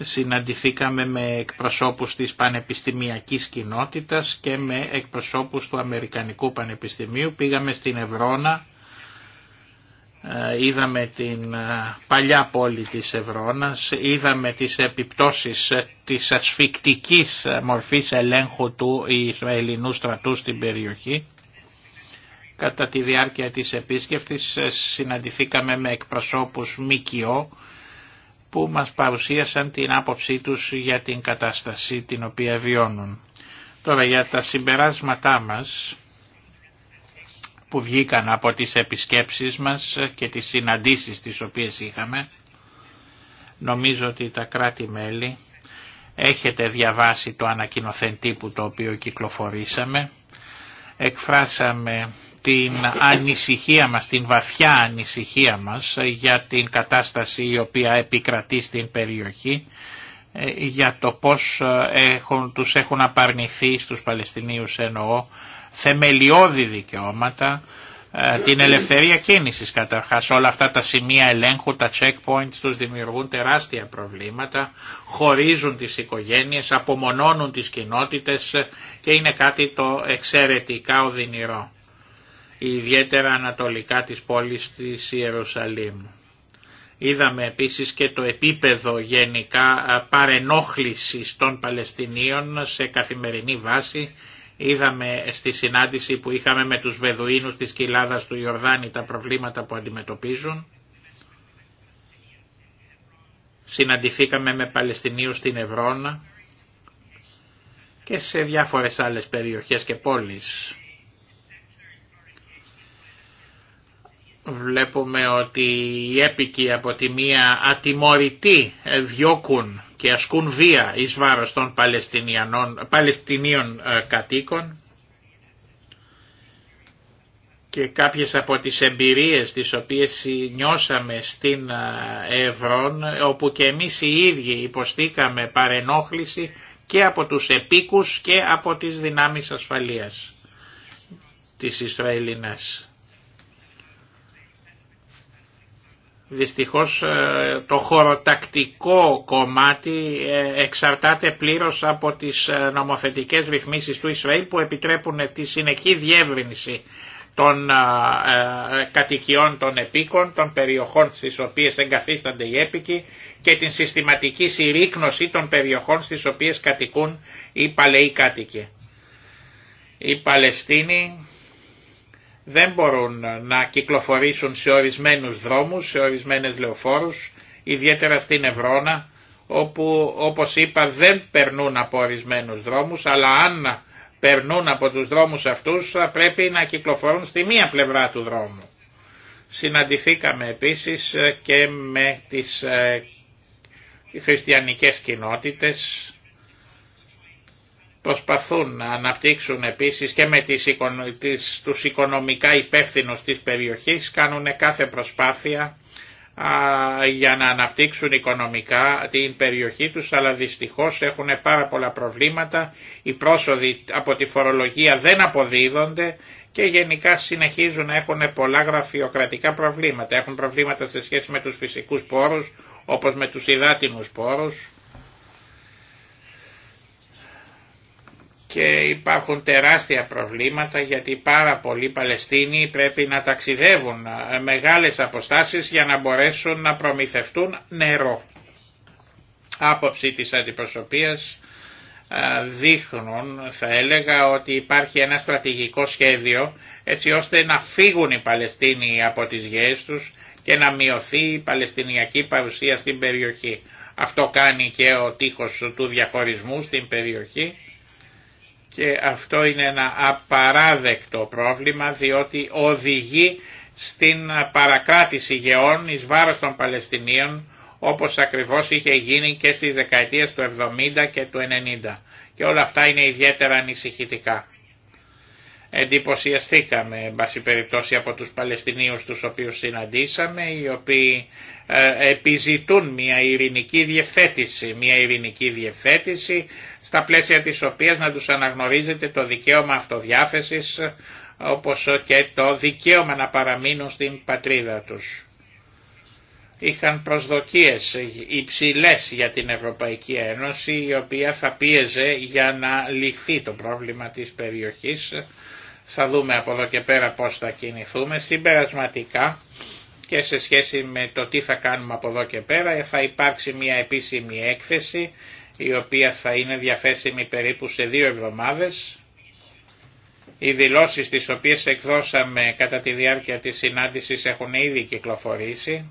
συναντηθήκαμε με εκπροσώπους της πανεπιστημιακής κοινότητας και με εκπροσώπους του Αμερικανικού Πανεπιστημίου, πήγαμε στην Ευρώνα, ε, είδαμε την ε, παλιά πόλη της Ευρώνας, είδαμε τις επιπτώσεις ε, της ασφικτικής μορφής ελέγχου του Ισραηλινού στρατού στην περιοχή. Κατά τη διάρκεια της επίσκεψης συναντηθήκαμε με εκπροσώπους ΜΚΟ που μας παρουσίασαν την άποψή τους για την κατάσταση την οποία βιώνουν. Τώρα για τα συμπεράσματά μας που βγήκαν από τις επισκέψεις μας και τις συναντήσεις τις οποίες είχαμε. Νομίζω ότι τα κράτη-μέλη έχετε διαβάσει το ανακοινωθέν τύπου το οποίο κυκλοφορήσαμε. Εκφράσαμε την ανησυχία μας, την βαθιά ανησυχία μας για την κατάσταση η οποία επικρατεί στην περιοχή ε, για το πώς ε, έχουν, τους έχουν απαρνηθεί στους Παλαιστινίους εννοώ θεμελιώδη δικαιώματα, ε, την ελευθερία κίνησης καταρχάς. Όλα αυτά τα σημεία ελέγχου, τα checkpoints τους δημιουργούν τεράστια προβλήματα, χωρίζουν τις οικογένειες, απομονώνουν τις κοινότητες και είναι κάτι το εξαιρετικά οδυνηρό. Ιδιαίτερα ανατολικά της πόλης της Ιερουσαλήμ. Είδαμε επίσης και το επίπεδο γενικά ε, παρενόχλησης των Παλαιστινίων σε καθημερινή βάση Είδαμε στη συνάντηση που είχαμε με τους Βεδουίνους της κοιλάδας του Ιορδάνη τα προβλήματα που αντιμετωπίζουν. Συναντηθήκαμε με Παλαιστινίους στην Ευρώνα και σε διάφορες άλλες περιοχές και πόλεις. Βλέπουμε ότι οι έπικοι από τη μία ατιμωρητοί διώκουν και ασκούν βία εις βάρος των Παλαιστινίων ε, κατοίκων και κάποιες από τις εμπειρίες τις οποίες νιώσαμε στην ε, Ευρών όπου και εμείς οι ίδιοι υποστήκαμε παρενόχληση και από τους επίκους και από τις δυνάμεις ασφαλείας της Ισραηλίνας. Δυστυχώς ε, το χωροτακτικό κομμάτι ε, εξαρτάται πλήρως από τις ε, νομοθετικές ρυθμίσεις του Ισραήλ που επιτρέπουν τη συνεχή διεύρυνση των κατοικιών των επίκων, των περιοχών στις οποίες εγκαθίστανται οι έπικοι και την συστηματική συρρήκνωση των περιοχών στις οποίες κατοικούν οι παλαιοί κάτοικοι. Οι δεν μπορούν να κυκλοφορήσουν σε ορισμένους δρόμους, σε ορισμένες λεωφόρους, ιδιαίτερα στην Ευρώνα, όπου όπως είπα δεν περνούν από ορισμένους δρόμους, αλλά αν περνούν από τους δρόμους αυτούς θα πρέπει να κυκλοφορούν στη μία πλευρά του δρόμου. Συναντηθήκαμε επίσης και με τις ε, χριστιανικές κοινότητες προσπαθούν να αναπτύξουν επίσης και με τις, τις, τους οικονομικά υπεύθυνους της περιοχής, κάνουν κάθε προσπάθεια για να αναπτύξουν οικονομικά την περιοχή τους, αλλά δυστυχώς έχουν πάρα πολλά προβλήματα, οι πρόσοδοι από τη φορολογία δεν αποδίδονται και γενικά συνεχίζουν να έχουν πολλά γραφειοκρατικά προβλήματα. Έχουν προβλήματα σε σχέση με τους φυσικούς πόρους, όπως με τους υδάτινους πόρους, και υπάρχουν τεράστια προβλήματα γιατί πάρα πολλοί Παλαιστίνοι πρέπει να ταξιδεύουν ε, μεγάλες αποστάσεις για να μπορέσουν να προμηθευτούν νερό. Άποψη της αντιπροσωπείας ε, δείχνουν θα έλεγα ότι υπάρχει ένα στρατηγικό σχέδιο έτσι ώστε να φύγουν οι Παλαιστίνοι από τις γέες τους και να μειωθεί η Παλαιστινιακή παρουσία στην περιοχή. Αυτό κάνει και ο τείχος του διαχωρισμού στην περιοχή και αυτό είναι ένα απαράδεκτο πρόβλημα διότι οδηγεί στην παρακράτηση γεών εις βάρος των Παλαιστινίων όπως ακριβώς είχε γίνει και στις δεκαετίες του 70 και του 90 και όλα αυτά είναι ιδιαίτερα ανησυχητικά εντυπωσιαστήκαμε εν πάση περιπτώσει από τους Παλαιστινίους τους οποίους συναντήσαμε οι οποίοι ε, επιζητούν μια ειρηνική διευθέτηση, μια ειρηνική διευθέτηση στα πλαίσια της οποίας να τους αναγνωρίζεται το δικαίωμα αυτοδιάθεσης όπως και το δικαίωμα να παραμείνουν στην πατρίδα τους. Είχαν προσδοκίες υψηλές για την Ευρωπαϊκή Ένωση η οποία θα πίεζε για να λυθεί το πρόβλημα της περιοχής θα δούμε από εδώ και πέρα πώς θα κινηθούμε. Συμπερασματικά και σε σχέση με το τι θα κάνουμε από εδώ και πέρα θα υπάρξει μια επίσημη έκθεση η οποία θα είναι διαθέσιμη περίπου σε δύο εβδομάδες. Οι δηλώσεις τις οποίες εκδώσαμε κατά τη διάρκεια της συνάντησης έχουν ήδη κυκλοφορήσει.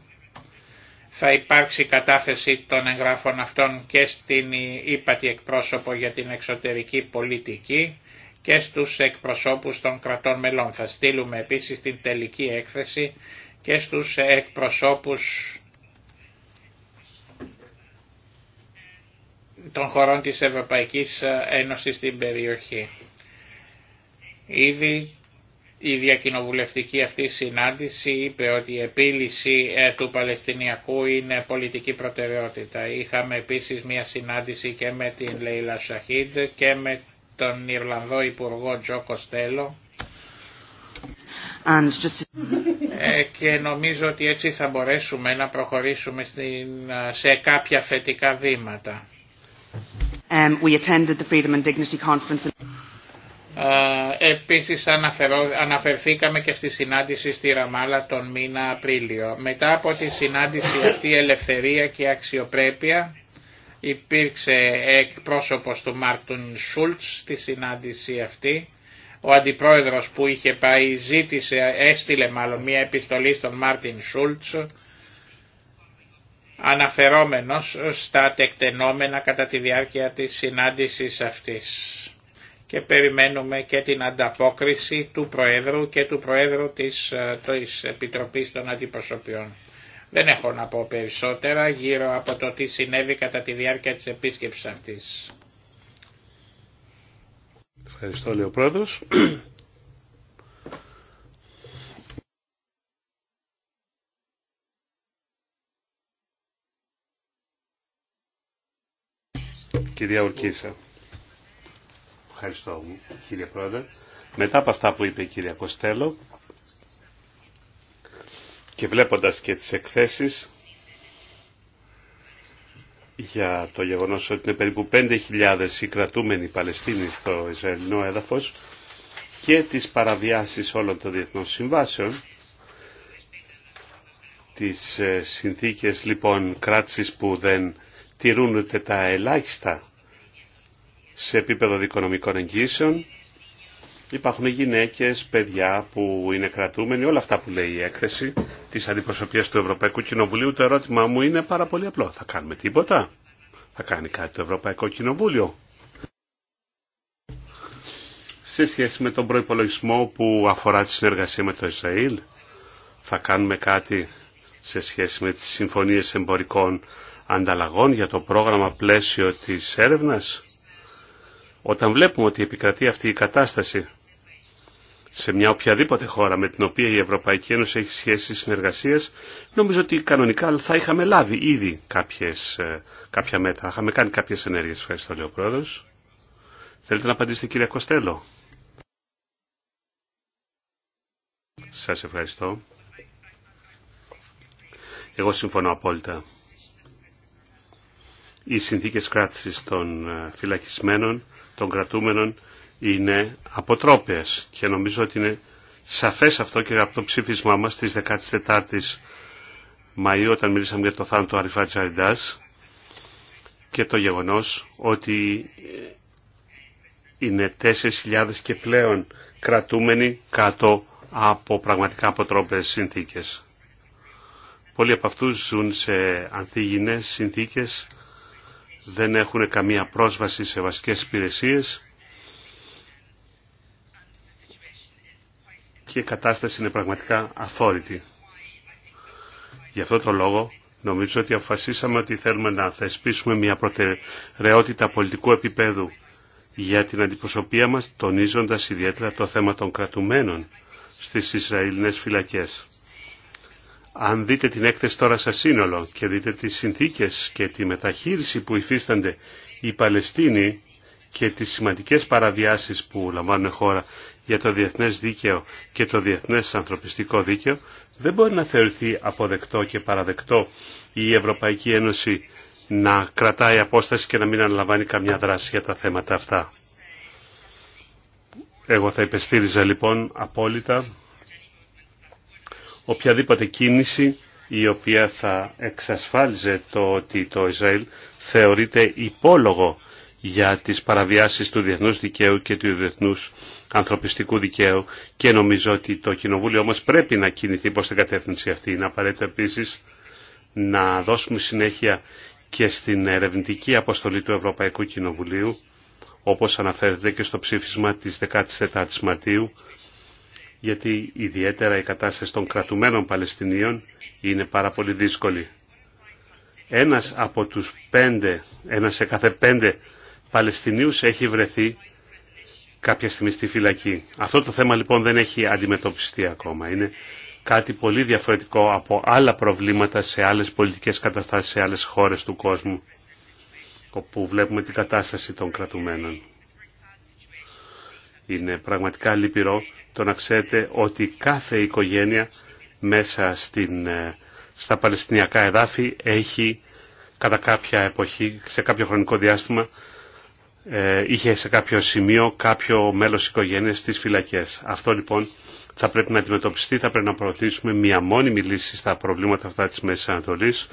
Θα υπάρξει κατάθεση των εγγράφων αυτών και στην ύπατη εκπρόσωπο για την εξωτερική πολιτική και στους εκπροσώπους των κρατών μελών. Θα στείλουμε επίσης την τελική έκθεση και στους εκπροσώπους των χωρών της Ευρωπαϊκής Ένωσης στην περιοχή. Ήδη η διακοινοβουλευτική αυτή συνάντηση είπε ότι η επίλυση ε, του Παλαιστινιακού είναι πολιτική προτεραιότητα. Είχαμε επίσης μια συνάντηση και με την Λέιλα Σαχίντ και με τον Ιρλανδό Υπουργό Τζο Κοστέλο ε, και νομίζω ότι έτσι θα μπορέσουμε να προχωρήσουμε σε κάποια θετικά βήματα. Um, we attended the Freedom and Dignity Conference. Επίσης αναφερθήκαμε και στη συνάντηση στη Ραμάλα τον μήνα Απρίλιο. Μετά από τη συνάντηση αυτή ελευθερία και αξιοπρέπεια Υπήρξε εκπρόσωπος του Μάρτουν Σούλτς στη συνάντηση αυτή. Ο αντιπρόεδρος που είχε πάει ζήτησε, έστειλε μάλλον μία επιστολή στον Μάρτιν Σούλτς αναφερόμενος στα τεκτενόμενα κατά τη διάρκεια της συνάντησης αυτής. Και περιμένουμε και την ανταπόκριση του Προέδρου και του Προέδρου της, ε, της Επιτροπής των Αντιπροσωπιών. Δεν έχω να πω περισσότερα γύρω από το τι συνέβη κατά τη διάρκεια της επίσκεψης αυτής. Ευχαριστώ λέει ο πρόεδρος. Κυρία Ουρκίσα. Ευχαριστώ κύριε πρόεδρε. Μετά από αυτά που είπε η κυρία Κοστέλο, και βλέποντας και τις εκθέσεις για το γεγονός ότι είναι περίπου 5.000 οι κρατούμενοι Παλαιστίνοι στο Ισραηλινό έδαφος και τις παραβιάσεις όλων των διεθνών συμβάσεων, τις ε, συνθήκες λοιπόν κράτησης που δεν τηρούν τα ελάχιστα σε επίπεδο δικονομικών εγγύσεων, Υπάρχουν γυναίκες, παιδιά που είναι κρατούμενοι, όλα αυτά που λέει η έκθεση της αντιπροσωπείας του Ευρωπαϊκού Κοινοβουλίου. Το ερώτημά μου είναι πάρα πολύ απλό. Θα κάνουμε τίποτα. Θα κάνει κάτι το Ευρωπαϊκό Κοινοβούλιο. Σε σχέση με τον προϋπολογισμό που αφορά τη συνεργασία με το Ισραήλ, θα κάνουμε κάτι σε σχέση με τις συμφωνίες εμπορικών ανταλλαγών για το πρόγραμμα πλαίσιο της έρευνας. Όταν βλέπουμε ότι επικρατεί αυτή η κατάσταση, σε μια οποιαδήποτε χώρα με την οποία η Ευρωπαϊκή Ένωση έχει σχέσει συνεργασία, νομίζω ότι κανονικά θα είχαμε λάβει ήδη κάποιες, ε, κάποια μέτρα, είχαμε κάνει κάποιε ενέργειε Ευχαριστώ, λέει ο Θέλετε να απαντήσετε, κύριε Κοστέλο. Σα ευχαριστώ. Εγώ συμφωνώ απόλυτα. Οι συνθήκες κράτησης των ε, φυλακισμένων, των κρατούμενων, είναι αποτρόπαιες και νομίζω ότι είναι σαφές αυτό και από το ψήφισμά μας της 14 η Μαΐου όταν μιλήσαμε για το θάνατο Αριφά και το γεγονός ότι είναι 4.000 και πλέον κρατούμενοι κάτω από πραγματικά αποτρόπες συνθήκες. Πολλοί από αυτούς ζουν σε ανθίγινες συνθήκες, δεν έχουν καμία πρόσβαση σε βασικές υπηρεσίες και η κατάσταση είναι πραγματικά αθόρυτη. Γι' αυτό το λόγο νομίζω ότι αποφασίσαμε ότι θέλουμε να θεσπίσουμε μια προτεραιότητα πολιτικού επίπεδου για την αντιπροσωπεία μας, τονίζοντας ιδιαίτερα το θέμα των κρατουμένων στις Ισραηλινές φυλακές. Αν δείτε την έκθεση τώρα σε σύνολο και δείτε τις συνθήκες και τη μεταχείριση που υφίστανται οι Παλαιστίνοι και τις σημαντικές παραβιάσεις που λαμβάνουν χώρα για το διεθνές δίκαιο και το διεθνές ανθρωπιστικό δίκαιο, δεν μπορεί να θεωρηθεί αποδεκτό και παραδεκτό η Ευρωπαϊκή Ένωση να κρατάει απόσταση και να μην αναλαμβάνει καμιά δράση για τα θέματα αυτά. Εγώ θα υπεστήριζα λοιπόν απόλυτα οποιαδήποτε κίνηση η οποία θα εξασφάλιζε το ότι το Ισραήλ θεωρείται υπόλογο για τις παραβιάσεις του διεθνούς δικαίου και του διεθνούς ανθρωπιστικού δικαίου και νομίζω ότι το Κοινοβούλιο όμως πρέπει να κινηθεί προς την κατεύθυνση αυτή. Είναι απαραίτητο επίσης να δώσουμε συνέχεια και στην ερευνητική αποστολή του Ευρωπαϊκού Κοινοβουλίου όπως αναφέρεται και στο ψήφισμα της 14ης Μαρτίου γιατί ιδιαίτερα η κατάσταση των κρατουμένων Παλαιστινίων είναι πάρα πολύ δύσκολη. Ένας από τους πέντε, ένας σε κάθε πέντε Παλαιστινίους έχει βρεθεί κάποια στιγμή στη φυλακή. Αυτό το θέμα λοιπόν δεν έχει αντιμετωπιστεί ακόμα. Είναι κάτι πολύ διαφορετικό από άλλα προβλήματα σε άλλες πολιτικές καταστάσεις, σε άλλες χώρες του κόσμου, όπου βλέπουμε την κατάσταση των κρατουμένων. Είναι πραγματικά λυπηρό το να ξέρετε ότι κάθε οικογένεια μέσα στην, ε, στα Παλαιστινιακά εδάφη έχει κατά κάποια εποχή, σε κάποιο χρονικό διάστημα, ε, είχε σε κάποιο σημείο κάποιο μέλος οικογένειας στις φυλακές. Αυτό λοιπόν θα πρέπει να αντιμετωπιστεί, θα πρέπει να προωθήσουμε μια μόνιμη λύση στα προβλήματα αυτά της Μέσης Ανατολής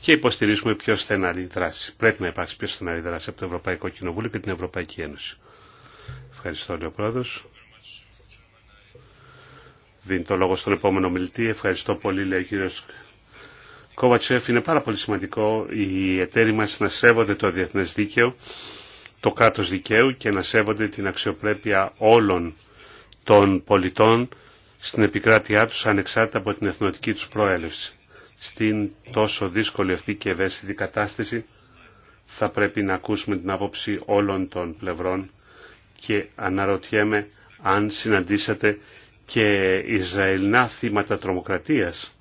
και υποστηρίζουμε πιο στεναρή δράση. Πρέπει να υπάρξει πιο στεναρή δράση από το Ευρωπαϊκό Κοινοβούλιο και την Ευρωπαϊκή Ένωση. Ευχαριστώ, λέει ο Δίνει το λόγο στον επόμενο μιλητή. Ευχαριστώ πολύ, λέει ο Κόβατσεφ είναι πάρα πολύ σημαντικό οι εταίροι μας να σέβονται το διεθνές δίκαιο, το κράτο δικαίου και να σέβονται την αξιοπρέπεια όλων των πολιτών στην επικράτειά τους ανεξάρτητα από την εθνοτική τους προέλευση. Στην τόσο δύσκολη αυτή και ευαίσθητη κατάσταση θα πρέπει να ακούσουμε την άποψη όλων των πλευρών και αναρωτιέμαι αν συναντήσατε και Ισραηλινά θύματα τρομοκρατίας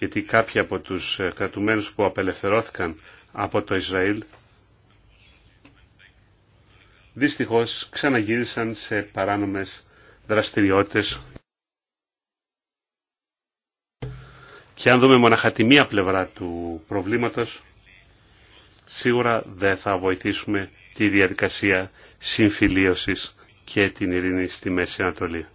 γιατί κάποιοι από τους ε, κρατουμένους που απελευθερώθηκαν από το Ισραήλ δυστυχώς ξαναγύρισαν σε παράνομες δραστηριότητες. Και αν δούμε μοναχα τη μία πλευρά του προβλήματος, σίγουρα δεν θα βοηθήσουμε τη διαδικασία συμφιλίωσης και την ειρήνη στη Μέση Ανατολή.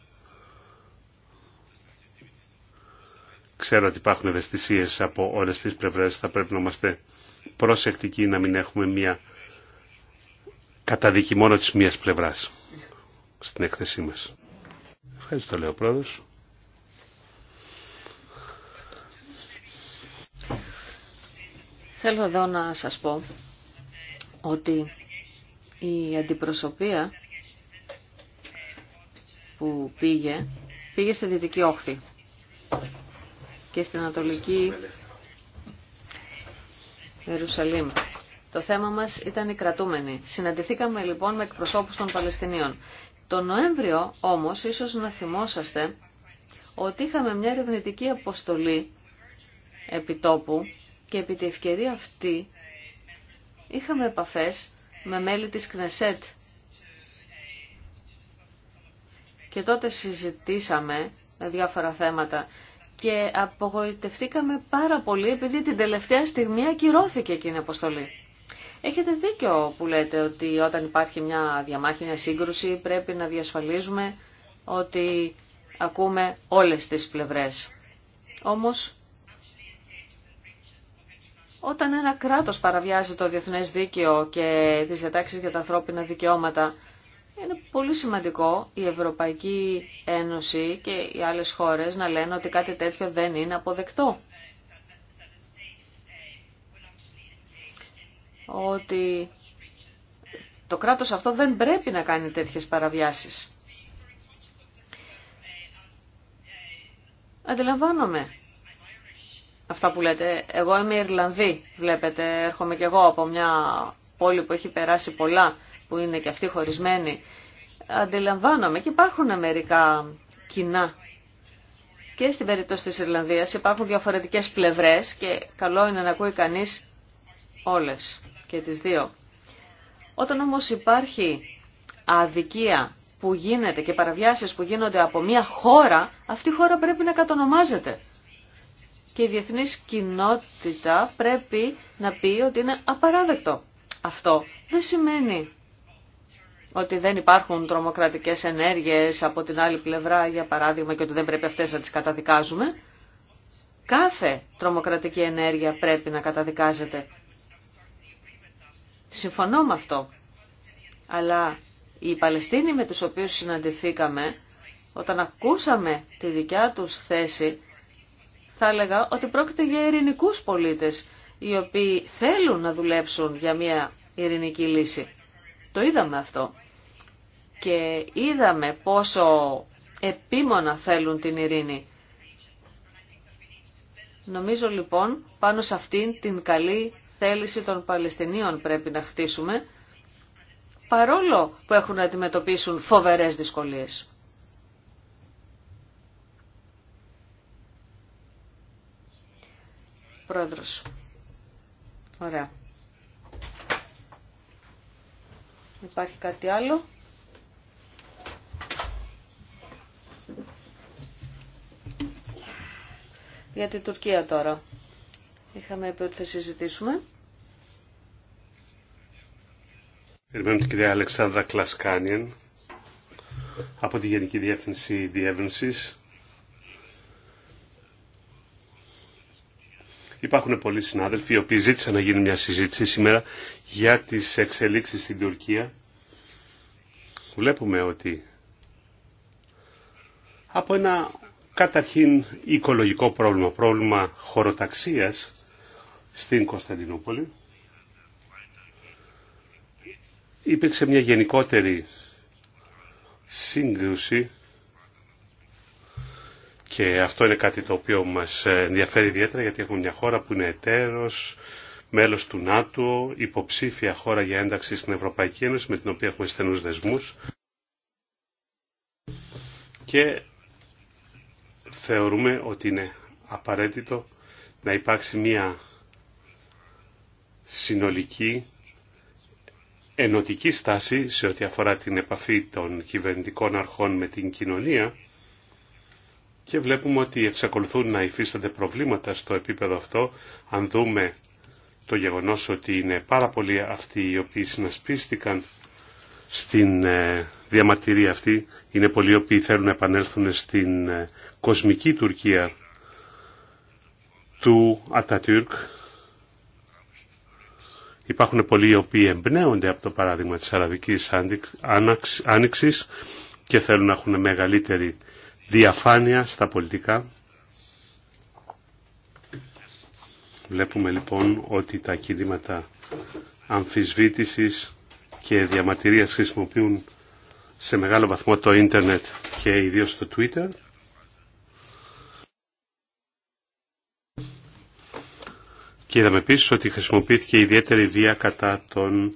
Ξέρω ότι υπάρχουν ευαισθησίες από όλες τις πλευρές, θα πρέπει να είμαστε προσεκτικοί να μην έχουμε μια καταδίκη μόνο της μίας πλευράς στην έκθεσή μας. Ευχαριστώ λέω πρόεδρος. Θέλω εδώ να σας πω ότι η αντιπροσωπεία που πήγε, πήγε στη Δυτική Όχθη και στην Ανατολική Ιερουσαλήμ. Το θέμα μας ήταν οι κρατούμενοι. Συναντηθήκαμε λοιπόν με εκπροσώπους των Παλαιστινίων. Το Νοέμβριο όμως, ίσως να θυμόσαστε, ότι είχαμε μια ερευνητική αποστολή επιτόπου και επί τη ευκαιρία αυτή είχαμε επαφές με μέλη της Κνεσέτ. Και τότε συζητήσαμε διάφορα θέματα και απογοητευτήκαμε πάρα πολύ επειδή την τελευταία στιγμή ακυρώθηκε εκείνη η αποστολή. Έχετε δίκιο που λέτε ότι όταν υπάρχει μια διαμάχη, μια σύγκρουση πρέπει να διασφαλίζουμε ότι ακούμε όλες τις πλευρές. Όμως όταν ένα κράτος παραβιάζει το διεθνές δίκαιο και τις διατάξεις για τα ανθρώπινα δικαιώματα είναι πολύ σημαντικό η Ευρωπαϊκή Ένωση και οι άλλες χώρες να λένε ότι κάτι τέτοιο δεν είναι αποδεκτό. Ότι το κράτος αυτό δεν πρέπει να κάνει τέτοιες παραβιάσεις. Αντιλαμβάνομαι αυτά που λέτε. Εγώ είμαι Ιρλανδή, βλέπετε, έρχομαι κι εγώ από μια πόλη που έχει περάσει πολλά που είναι και αυτοί χωρισμένοι, αντιλαμβάνομαι και υπάρχουν μερικά κοινά. Και στην περίπτωση της Ιρλανδίας υπάρχουν διαφορετικές πλευρές και καλό είναι να ακούει κανείς όλες και τις δύο. Όταν όμως υπάρχει αδικία που γίνεται και παραβιάσεις που γίνονται από μια χώρα, αυτή η χώρα πρέπει να κατονομάζεται. Και η διεθνής κοινότητα πρέπει να πει ότι είναι απαράδεκτο. Αυτό δεν σημαίνει ότι δεν υπάρχουν τρομοκρατικές ενέργειες από την άλλη πλευρά, για παράδειγμα, και ότι δεν πρέπει αυτές να τις καταδικάζουμε. Κάθε τρομοκρατική ενέργεια πρέπει να καταδικάζεται. Συμφωνώ με αυτό. Αλλά οι Παλαιστίνοι με τους οποίους συναντηθήκαμε, όταν ακούσαμε τη δικιά τους θέση, θα έλεγα ότι πρόκειται για ειρηνικούς πολίτες, οι οποίοι θέλουν να δουλέψουν για μια ειρηνική λύση. Το είδαμε αυτό και είδαμε πόσο επίμονα θέλουν την ειρήνη. Νομίζω λοιπόν πάνω σε αυτήν την καλή θέληση των Παλαιστινίων πρέπει να χτίσουμε, παρόλο που έχουν να αντιμετωπίσουν φοβερές δυσκολίες. Πρόεδρος. Ωραία. Υπάρχει κάτι άλλο. Για την Τουρκία τώρα. Είχαμε πει ότι θα συζητήσουμε. Περιμένουμε την κυρία Αλεξάνδρα Κλασκάνιεν από τη Γενική Διεύθυνση Διεύρυνσης. Υπάρχουν πολλοί συνάδελφοι οι οποίοι ζήτησαν να γίνει μια συζήτηση σήμερα για τις εξελίξεις στην Τουρκία. Βλέπουμε ότι από ένα Καταρχήν οικολογικό πρόβλημα, πρόβλημα χωροταξίας στην Κωνσταντινούπολη. Υπήρξε μια γενικότερη σύγκρουση και αυτό είναι κάτι το οποίο μας ενδιαφέρει ιδιαίτερα γιατί έχουμε μια χώρα που είναι εταίρος, μέλος του ΝΑΤΟ, υποψήφια χώρα για ένταξη στην Ευρωπαϊκή Ένωση με την οποία έχουμε στενούς δεσμούς και θεωρούμε ότι είναι απαραίτητο να υπάρξει μια συνολική ενωτική στάση σε ό,τι αφορά την επαφή των κυβερνητικών αρχών με την κοινωνία και βλέπουμε ότι εξακολουθούν να υφίστανται προβλήματα στο επίπεδο αυτό αν δούμε το γεγονός ότι είναι πάρα πολλοί αυτοί οι οποίοι συνασπίστηκαν στην ε, διαμαρτυρία αυτή. Είναι πολλοί οποίοι θέλουν να επανέλθουν στην ε, κοσμική Τουρκία του Ατατούρκ. Υπάρχουν πολλοί οι οποίοι εμπνέονται από το παράδειγμα της Αραβικής Άνοιξης και θέλουν να έχουν μεγαλύτερη διαφάνεια στα πολιτικά. Βλέπουμε λοιπόν ότι τα κινήματα αμφισβήτησης και διαμαρτυρίας χρησιμοποιούν σε μεγάλο βαθμό το ίντερνετ και ιδίως το Twitter. Και είδαμε επίσης ότι χρησιμοποιήθηκε ιδιαίτερη βία κατά των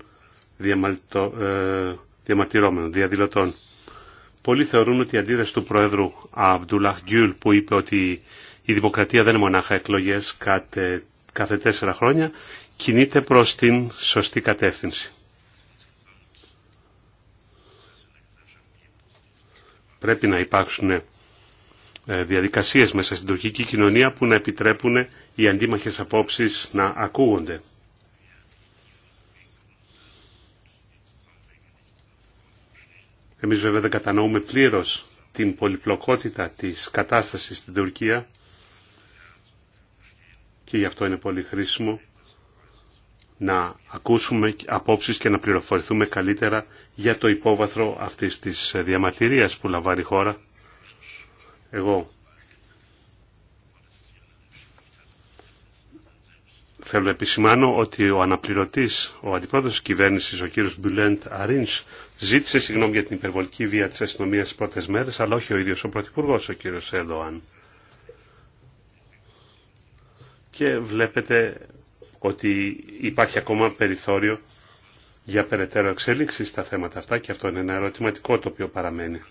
διαμαλτω, ε, διαμαρτυρώμενων, διαδηλωτών. Πολλοί θεωρούν ότι η αντίδραση του Πρόεδρου Αβδούλαχ Γκιούλ που είπε ότι η δημοκρατία δεν είναι μονάχα εκλογές κάθε, κάθε τέσσερα χρόνια κινείται προς την σωστή κατεύθυνση. Πρέπει να υπάρξουν ε, διαδικασίες μέσα στην τουρκική κοινωνία που να επιτρέπουν οι αντίμαχες απόψεις να ακούγονται. Εμείς βέβαια δεν κατανοούμε πλήρως την πολυπλοκότητα της κατάστασης στην Τουρκία και γι' αυτό είναι πολύ χρήσιμο να ακούσουμε απόψεις και να πληροφορηθούμε καλύτερα για το υπόβαθρο αυτής της διαμαρτυρίας που λαμβάνει η χώρα. Εγώ θέλω να επισημάνω ότι ο αναπληρωτής, ο αντιπρόεδρος της κυβέρνησης, ο κύριος Μπουλέντ Αρίνς ζήτησε συγγνώμη για την υπερβολική βία της αστυνομίας στις πρώτες μέρες, αλλά όχι ο ίδιος ο πρωθυπουργός, ο κύριος Ερδοάν. Και βλέπετε ότι υπάρχει ακόμα περιθώριο για περαιτέρω εξέλιξη στα θέματα αυτά και αυτό είναι ένα ερωτηματικό το οποίο παραμένει.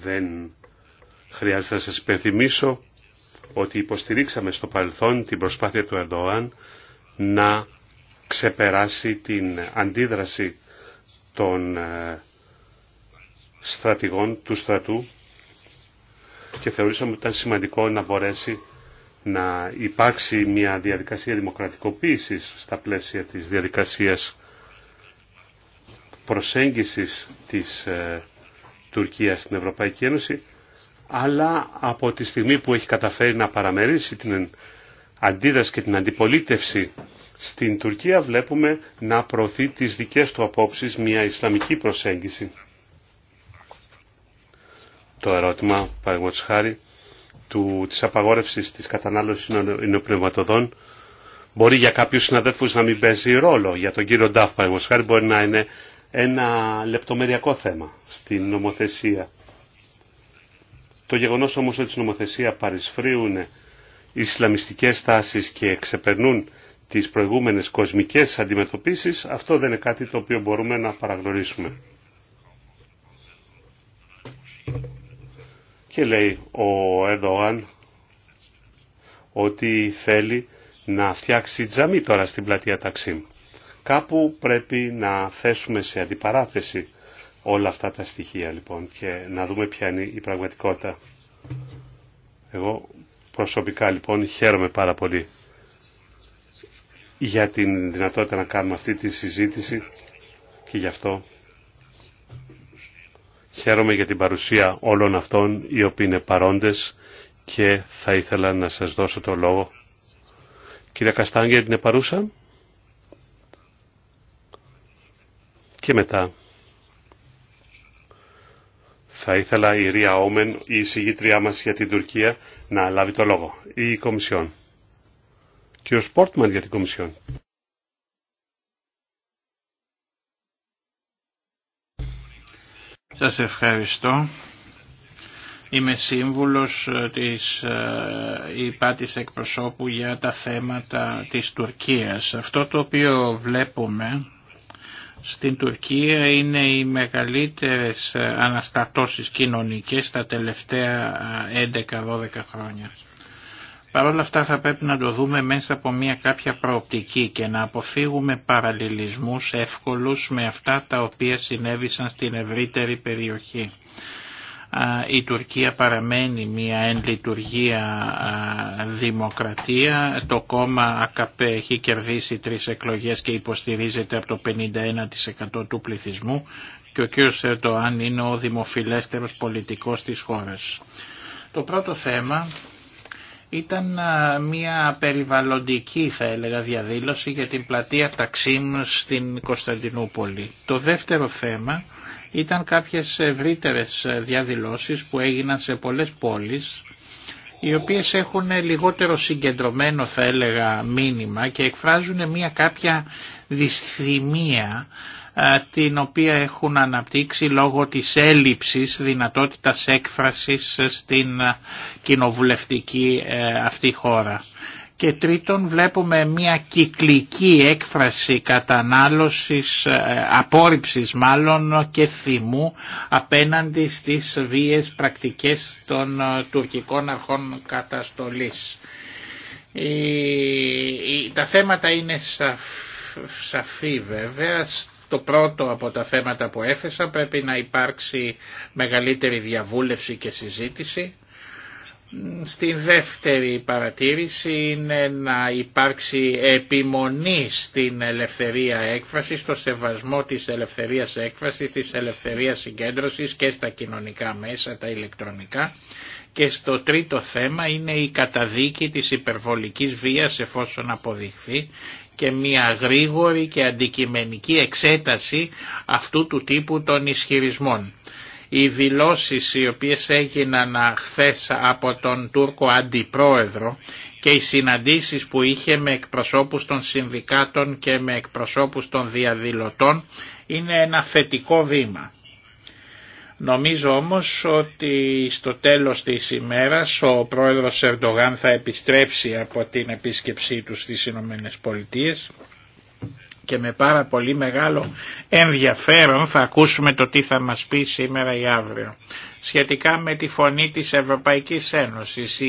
Δεν χρειάζεται να σας υπενθυμίσω ότι υποστηρίξαμε στο παρελθόν την προσπάθεια του Ερντοάν να ξεπεράσει την αντίδραση των ε, στρατηγών του στρατού και θεωρήσαμε ότι ήταν σημαντικό να μπορέσει να υπάρξει μια διαδικασία δημοκρατικοποίησης στα πλαίσια της διαδικασίας προσέγγισης της ε, Τουρκίας στην Ευρωπαϊκή Ένωση, αλλά από τη στιγμή που έχει καταφέρει να παραμερίσει την αντίδραση και την αντιπολίτευση στην Τουρκία, βλέπουμε να προωθεί τις δικές του απόψεις μια Ισλαμική προσέγγιση το ερώτημα, παραδείγματο χάρη, του, της απαγόρευσης της κατανάλωσης νεοπνευματοδών μπορεί για κάποιους συναδέλφους να μην παίζει ρόλο. Για τον κύριο Νταφ, παραδείγματος χάρη, μπορεί να είναι ένα λεπτομεριακό θέμα στην νομοθεσία. Το γεγονός όμως ότι στην νομοθεσία παρισφρίουν οι Ισλαμιστικές τάσεις και ξεπερνούν τις προηγούμενες κοσμικές αντιμετωπίσεις, αυτό δεν είναι κάτι το οποίο μπορούμε να παραγνωρίσουμε και λέει ο Ερντογάν ότι θέλει να φτιάξει τζαμί τώρα στην πλατεία Ταξίμ. Κάπου πρέπει να θέσουμε σε αντιπαράθεση όλα αυτά τα στοιχεία λοιπόν και να δούμε ποια είναι η πραγματικότητα. Εγώ προσωπικά λοιπόν χαίρομαι πάρα πολύ για την δυνατότητα να κάνουμε αυτή τη συζήτηση και γι' αυτό Χαίρομαι για την παρουσία όλων αυτών οι οποίοι είναι παρόντες και θα ήθελα να σας δώσω το λόγο. Κύριε Καστάνγκερ είναι παρούσα. Και μετά θα ήθελα η Ρία Όμεν, η εισηγήτριά μας για την Τουρκία, να λάβει το λόγο. Η Κομισιόν. Κύριο Σπόρτμαν για την Κομισιόν. Σας ευχαριστώ. Είμαι σύμβουλος ε, της ε, υπάτης εκπροσώπου για τα θέματα της Τουρκίας. Αυτό το οποίο βλέπουμε στην Τουρκία είναι οι μεγαλύτερες ε, αναστατώσεις κοινωνικές τα τελευταία 11-12 χρόνια. Παρ' όλα αυτά θα πρέπει να το δούμε μέσα από μια κάποια προοπτική και να αποφύγουμε παραλληλισμούς εύκολους με αυτά τα οποία συνέβησαν στην ευρύτερη περιοχή. Η Τουρκία παραμένει μια εν λειτουργία δημοκρατία. Το κόμμα ΑΚΠ έχει κερδίσει τρεις εκλογές και υποστηρίζεται από το 51% του πληθυσμού και ο κ. Σερτοάν είναι ο δημοφιλέστερος πολιτικός της χώρας. Το πρώτο θέμα ήταν μια περιβαλλοντική θα έλεγα διαδήλωση για την πλατεία Ταξίμ στην Κωνσταντινούπολη. Το δεύτερο θέμα ήταν κάποιες ευρύτερες ε, διαδηλώσεις που έγιναν σε πολλές πόλεις οι οποίες έχουν λιγότερο συγκεντρωμένο θα έλεγα μήνυμα και εκφράζουν μια κάποια δυσθυμία ε, την οποία έχουν αναπτύξει λόγω της έλλειψης δυνατότητας έκφρασης στην ε, κοινοβουλευτική ε, αυτή χώρα. Και τρίτον βλέπουμε μια κυκλική έκφραση κατανάλωσης, απόρριψης μάλλον και θυμού απέναντι στις βίες πρακτικές των τουρκικών αρχών καταστολής. Τα θέματα είναι σαφή βέβαια το πρώτο από τα θέματα που έθεσα πρέπει να υπάρξει μεγαλύτερη διαβούλευση και συζήτηση. Στη δεύτερη παρατήρηση είναι να υπάρξει επιμονή στην ελευθερία έκφρασης, στο σεβασμό της ελευθερίας έκφρασης, της ελευθερίας συγκέντρωσης και στα κοινωνικά μέσα, τα ηλεκτρονικά. Και στο τρίτο θέμα είναι η καταδίκη της υπερβολικής βίας εφόσον αποδειχθεί και μια γρήγορη και αντικειμενική εξέταση αυτού του τύπου των ισχυρισμών. Οι δηλώσεις οι οποίες έγιναν χθε από τον Τούρκο Αντιπρόεδρο και οι συναντήσεις που είχε με εκπροσώπους των συνδικάτων και με εκπροσώπους των διαδηλωτών είναι ένα θετικό βήμα. Νομίζω όμως ότι στο τέλος της ημέρας ο πρόεδρος Ερντογάν θα επιστρέψει από την επίσκεψή του στις Ηνωμένε Πολιτείε και με πάρα πολύ μεγάλο ενδιαφέρον θα ακούσουμε το τι θα μας πει σήμερα ή αύριο. Σχετικά με τη φωνή της Ευρωπαϊκής Ένωσης,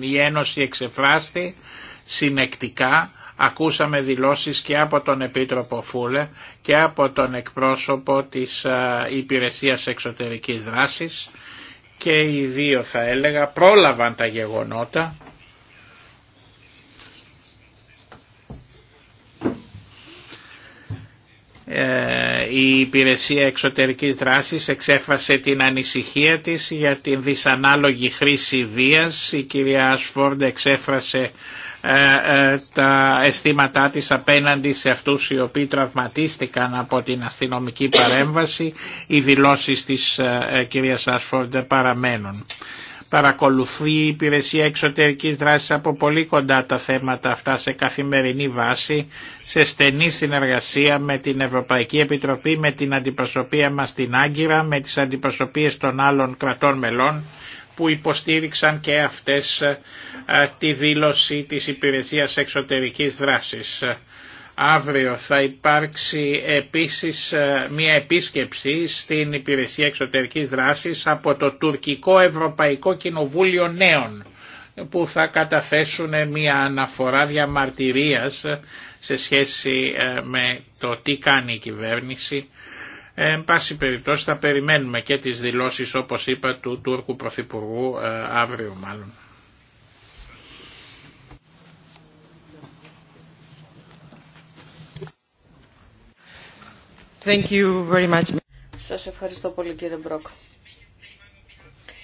η Ένωση εξεφράστη συνεκτικά Ακούσαμε δηλώσεις και από τον Επίτροπο Φούλε και από τον εκπρόσωπο της Υπηρεσίας Εξωτερικής Δράσης και οι δύο θα έλεγα πρόλαβαν τα γεγονότα ε, η Υπηρεσία Εξωτερικής Δράσης εξέφρασε την ανησυχία της για την δυσανάλογη χρήση βίας. Η κυρία Ασφόρντ εξέφρασε ε, ε, τα αισθήματά της απέναντι σε αυτούς οι οποίοι τραυματίστηκαν από την αστυνομική παρέμβαση. Οι δηλώσεις της ε, κυρίας Άσφορντ παραμένουν. Παρακολουθεί η υπηρεσία εξωτερικής δράσης από πολύ κοντά τα θέματα αυτά σε καθημερινή βάση, σε στενή συνεργασία με την Ευρωπαϊκή Επιτροπή, με την αντιπροσωπεία μας στην Άγκυρα, με τις αντιπροσωπείες των άλλων κρατών μελών που υποστήριξαν και αυτές ε, τη δήλωση της Υπηρεσίας Εξωτερικής Δράσης. Αύριο θα υπάρξει επίσης ε, μια επίσκεψη στην Υπηρεσία Εξωτερικής Δράσης από το Τουρκικό Ευρωπαϊκό Κοινοβούλιο Νέων που θα καταθέσουν μια αναφορά διαμαρτυρίας ε, σε σχέση με το τι κάνει η κυβέρνηση Εν πάση περιπτώσει θα περιμένουμε και τις δηλώσεις όπως είπα του Τούρκου Πρωθυπουργού ε, αύριο μάλλον. Thank you very much. Σας ευχαριστώ πολύ κύριε Μπρόκ.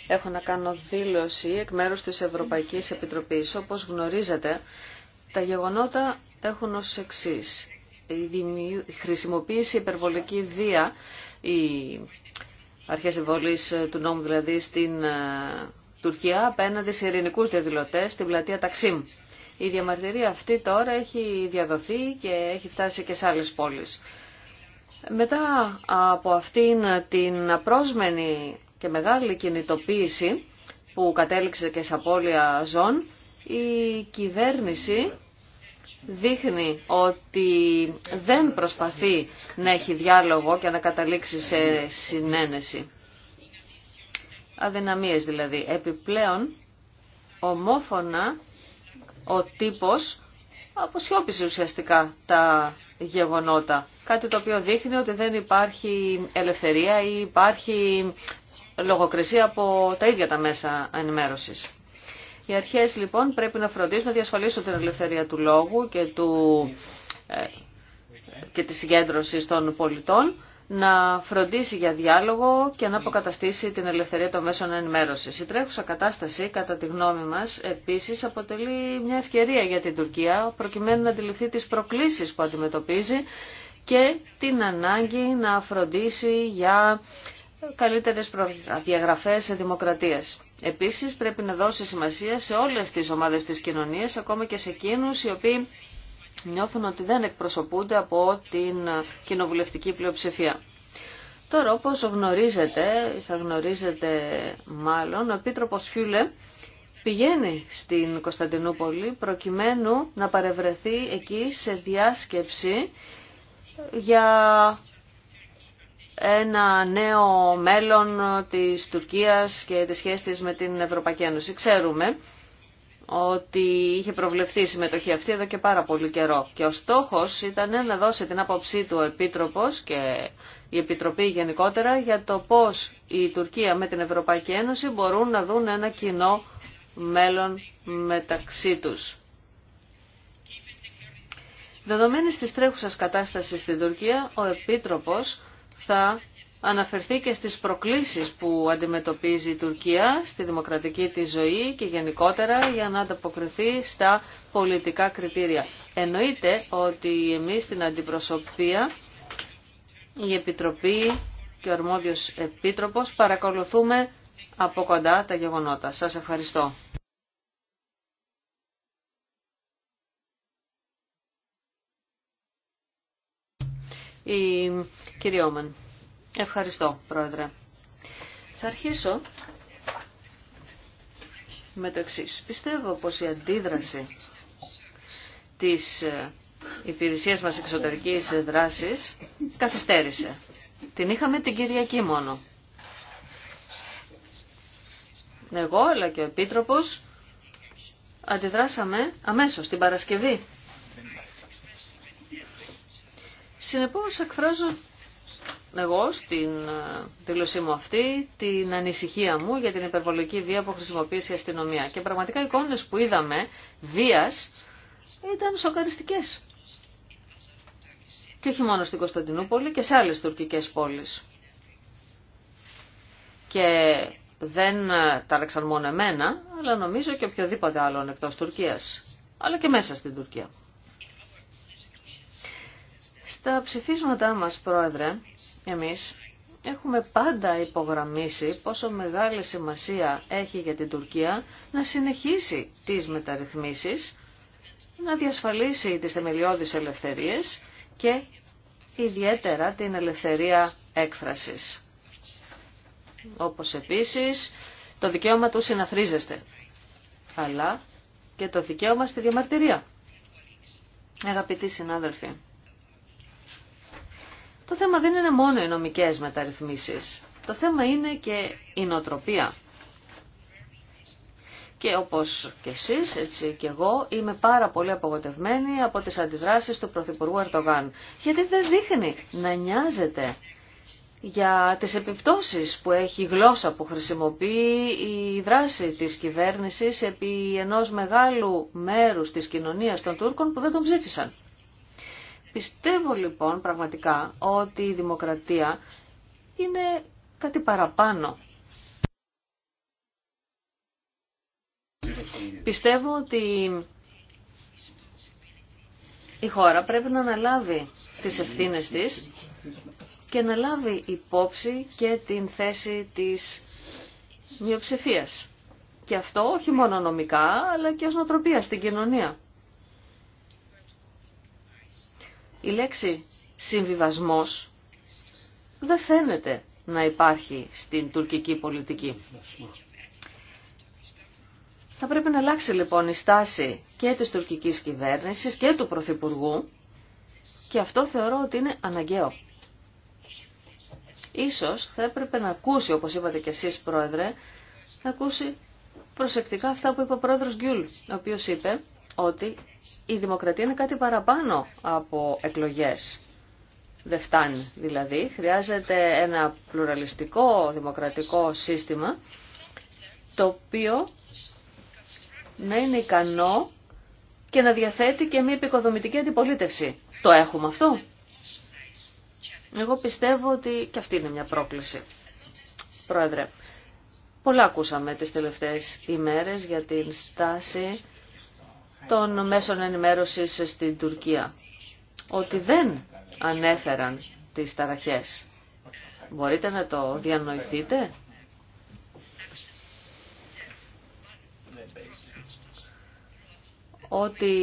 Έχω να κάνω δήλωση εκ μέρους της Ευρωπαϊκής Επιτροπής. Όπως γνωρίζετε, τα γεγονότα έχουν ως εξής η χρησιμοποίησε υπερβολική βία η αρχές εμβολής ε, του νόμου δηλαδή στην ε, Τουρκία απέναντι σε ειρηνικούς διαδηλωτές στην πλατεία Ταξίμ. Η διαμαρτυρία αυτή τώρα έχει διαδοθεί και έχει φτάσει και σε άλλες πόλεις. Μετά από αυτήν την απρόσμενη και μεγάλη κινητοποίηση που κατέληξε και σε απώλεια ζών, η κυβέρνηση δείχνει ότι δεν προσπαθεί να έχει διάλογο και να καταλήξει σε συνένεση. Αδυναμίες δηλαδή. Επιπλέον, ομόφωνα, ο τύπος αποσιώπησε ουσιαστικά τα γεγονότα. Κάτι το οποίο δείχνει ότι δεν υπάρχει ελευθερία ή υπάρχει λογοκρισία από τα ίδια τα μέσα ενημέρωσης. Οι αρχές λοιπόν πρέπει να φροντίσουν να διασφαλίσουν την ελευθερία του λόγου και, του, ε, και της συγκέντρωσης των πολιτών, να φροντίσει για διάλογο και να αποκαταστήσει την ελευθερία των μέσων ενημέρωσης. Η τρέχουσα κατάσταση, κατά τη γνώμη μας, επίσης αποτελεί μια ευκαιρία για την Τουρκία, προκειμένου να αντιληφθεί τις προκλήσεις που αντιμετωπίζει και την ανάγκη να φροντίσει για καλύτερες διαγραφές δημοκρατίας. Επίσης πρέπει να δώσει σημασία σε όλες τις ομάδες της κοινωνίας, ακόμα και σε εκείνους οι οποίοι νιώθουν ότι δεν εκπροσωπούνται από την κοινοβουλευτική πλειοψηφία. Τώρα όπως γνωρίζετε, θα γνωρίζετε μάλλον, ο Επίτροπος Φιούλε πηγαίνει στην Κωνσταντινούπολη προκειμένου να παρευρεθεί εκεί σε διάσκεψη για ένα νέο μέλλον της Τουρκίας και τη σχέση της με την Ευρωπαϊκή Ένωση. Ξέρουμε ότι είχε προβλεφθεί η συμμετοχή αυτή εδώ και πάρα πολύ καιρό. Και ο στόχος ήταν να δώσει την άποψή του ο Επίτροπος και η Επιτροπή γενικότερα για το πώς η Τουρκία με την Ευρωπαϊκή Ένωση μπορούν να δουν ένα κοινό μέλλον μεταξύ τους. Δεδομένης της τρέχουσας κατάστασης στην Τουρκία, ο Επίτροπος θα αναφερθεί και στις προκλήσεις που αντιμετωπίζει η Τουρκία στη δημοκρατική της ζωή και γενικότερα για να ανταποκριθεί στα πολιτικά κριτήρια. Εννοείται ότι εμείς στην αντιπροσωπεία η Επιτροπή και ο Αρμόδιος Επίτροπος παρακολουθούμε από κοντά τα γεγονότα. Σας ευχαριστώ. Κυριόμεν. Ευχαριστώ, Πρόεδρε. Θα αρχίσω με το εξή. Πιστεύω πως η αντίδραση της ε, υπηρεσίας μας εξωτερικής δράσης καθυστέρησε. Την είχαμε την Κυριακή μόνο. Εγώ αλλά και ο Επίτροπος αντιδράσαμε αμέσως την Παρασκευή. Συνεπώς εκφράζω εγώ στην ε, δήλωσή μου αυτή την ανησυχία μου για την υπερβολική βία που χρησιμοποίησε η αστυνομία. Και πραγματικά οι εικόνες που είδαμε βίας ήταν σοκαριστικές. Και όχι μόνο στην Κωνσταντινούπολη και σε άλλες τουρκικές πόλεις. Και δεν ε, τάραξαν μόνο εμένα, αλλά νομίζω και οποιοδήποτε άλλον εκτός Τουρκίας, αλλά και μέσα στην Τουρκία. Στα ψηφίσματά μας, Πρόεδρε, εμείς έχουμε πάντα υπογραμμίσει πόσο μεγάλη σημασία έχει για την Τουρκία να συνεχίσει τις μεταρρυθμίσεις, να διασφαλίσει τις θεμελιώδεις ελευθερίες και ιδιαίτερα την ελευθερία έκφρασης. Όπως επίσης το δικαίωμα του συναθρίζεστε, αλλά και το δικαίωμα στη διαμαρτυρία. Αγαπητοί συνάδελφοι, το θέμα δεν είναι μόνο οι νομικές μεταρρυθμίσεις. Το θέμα είναι και η νοοτροπία. Και όπως και εσείς, έτσι και εγώ, είμαι πάρα πολύ απογοτευμένη από τις αντιδράσεις του Πρωθυπουργού Ερτογάν. Γιατί δεν δείχνει να νοιάζεται για τις επιπτώσεις που έχει η γλώσσα που χρησιμοποιεί η δράση της κυβέρνησης επί ενός μεγάλου μέρους της κοινωνίας των Τούρκων που δεν τον ψήφισαν. Πιστεύω λοιπόν πραγματικά ότι η δημοκρατία είναι κάτι παραπάνω. Πιστεύω ότι η χώρα πρέπει να αναλάβει τις ευθύνες της και να λάβει υπόψη και την θέση της μειοψηφίας. Και αυτό όχι μόνο νομικά, αλλά και ως νοοτροπία στην κοινωνία. η λέξη συμβιβασμός δεν φαίνεται να υπάρχει στην τουρκική πολιτική. Θα πρέπει να αλλάξει λοιπόν η στάση και της τουρκικής κυβέρνησης και του Πρωθυπουργού και αυτό θεωρώ ότι είναι αναγκαίο. Ίσως θα έπρεπε να ακούσει, όπως είπατε και εσείς Πρόεδρε, να ακούσει προσεκτικά αυτά που είπε ο Πρόεδρος Γκιούλ, ο οποίος είπε ότι η δημοκρατία είναι κάτι παραπάνω από εκλογές. Δεν φτάνει δηλαδή. Χρειάζεται ένα πλουραλιστικό δημοκρατικό σύστημα το οποίο να είναι ικανό και να διαθέτει και μια επικοδομητική αντιπολίτευση. Το έχουμε αυτό. Εγώ πιστεύω ότι και αυτή είναι μια πρόκληση. Πρόεδρε, πολλά ακούσαμε τις τελευταίες ημέρες για την στάση των μέσων ενημέρωσης στην Τουρκία ότι δεν ανέφεραν τις ταραχές. Μπορείτε να το διανοηθείτε. Ότι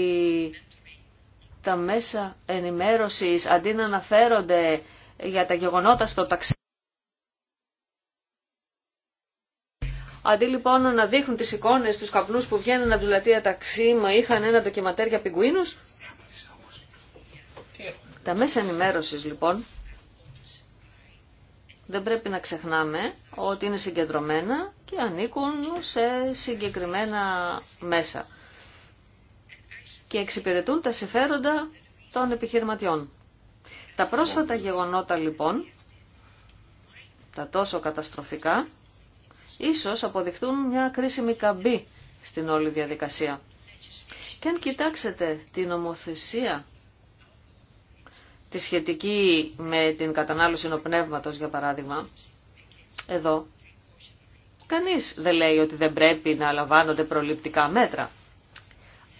τα μέσα ενημέρωσης αντί να αναφέρονται για τα γεγονότα στο ταξίδι Αντί λοιπόν να δείχνουν τις εικόνες, τους καπνούς που βγαίνουν από τη λατεία ταξίμα, είχαν ένα ντοκιματέρ για Τα μέσα ενημέρωσης λοιπόν δεν πρέπει να ξεχνάμε ότι είναι συγκεντρωμένα και ανήκουν σε συγκεκριμένα μέσα και εξυπηρετούν τα συμφέροντα των επιχειρηματιών. Τα πρόσφατα γεγονότα λοιπόν, τα τόσο καταστροφικά, ίσως αποδειχτούν μια κρίσιμη καμπή στην όλη διαδικασία. Και αν κοιτάξετε την νομοθεσία τη σχετική με την κατανάλωση νοπνεύματος για παράδειγμα, εδώ κανείς δεν λέει ότι δεν πρέπει να λαμβάνονται προληπτικά μέτρα.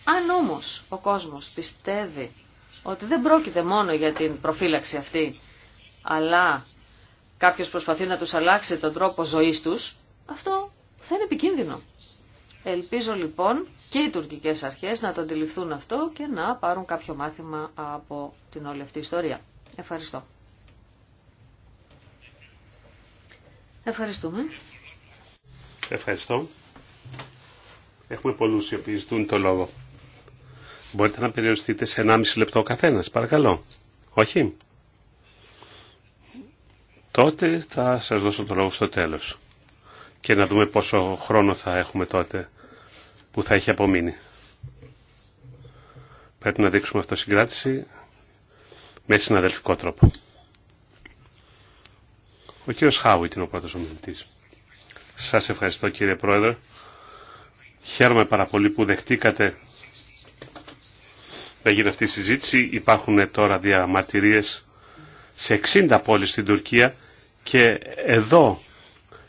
Αν όμως ο κόσμος πιστεύει ότι δεν πρόκειται μόνο για την προφύλαξη αυτή, αλλά κάποιος προσπαθεί να τους αλλάξει τον τρόπο ζωής τους, αυτό θα είναι επικίνδυνο. Ελπίζω λοιπόν και οι τουρκικές αρχές να το αντιληφθούν αυτό και να πάρουν κάποιο μάθημα από την όλη αυτή ιστορία. Ευχαριστώ. Ευχαριστούμε. Ευχαριστώ. Έχουμε πολλούς οι οποίοι ζητούν το λόγο. Μπορείτε να περιοριστείτε σε 1,5 λεπτό ο καθένας, παρακαλώ. Όχι. Τότε θα σας δώσω το λόγο στο τέλος και να δούμε πόσο χρόνο θα έχουμε τότε που θα έχει απομείνει. Πρέπει να δείξουμε αυτοσυγκράτηση με συναδελφικό τρόπο. Ο κύριος Χάου είναι ο πρώτος ομιλητής. Σας ευχαριστώ κύριε Πρόεδρε. Χαίρομαι πάρα πολύ που δεχτήκατε να γίνει αυτή η συζήτηση. Υπάρχουν τώρα διαμαρτυρίες σε 60 πόλεις στην Τουρκία και εδώ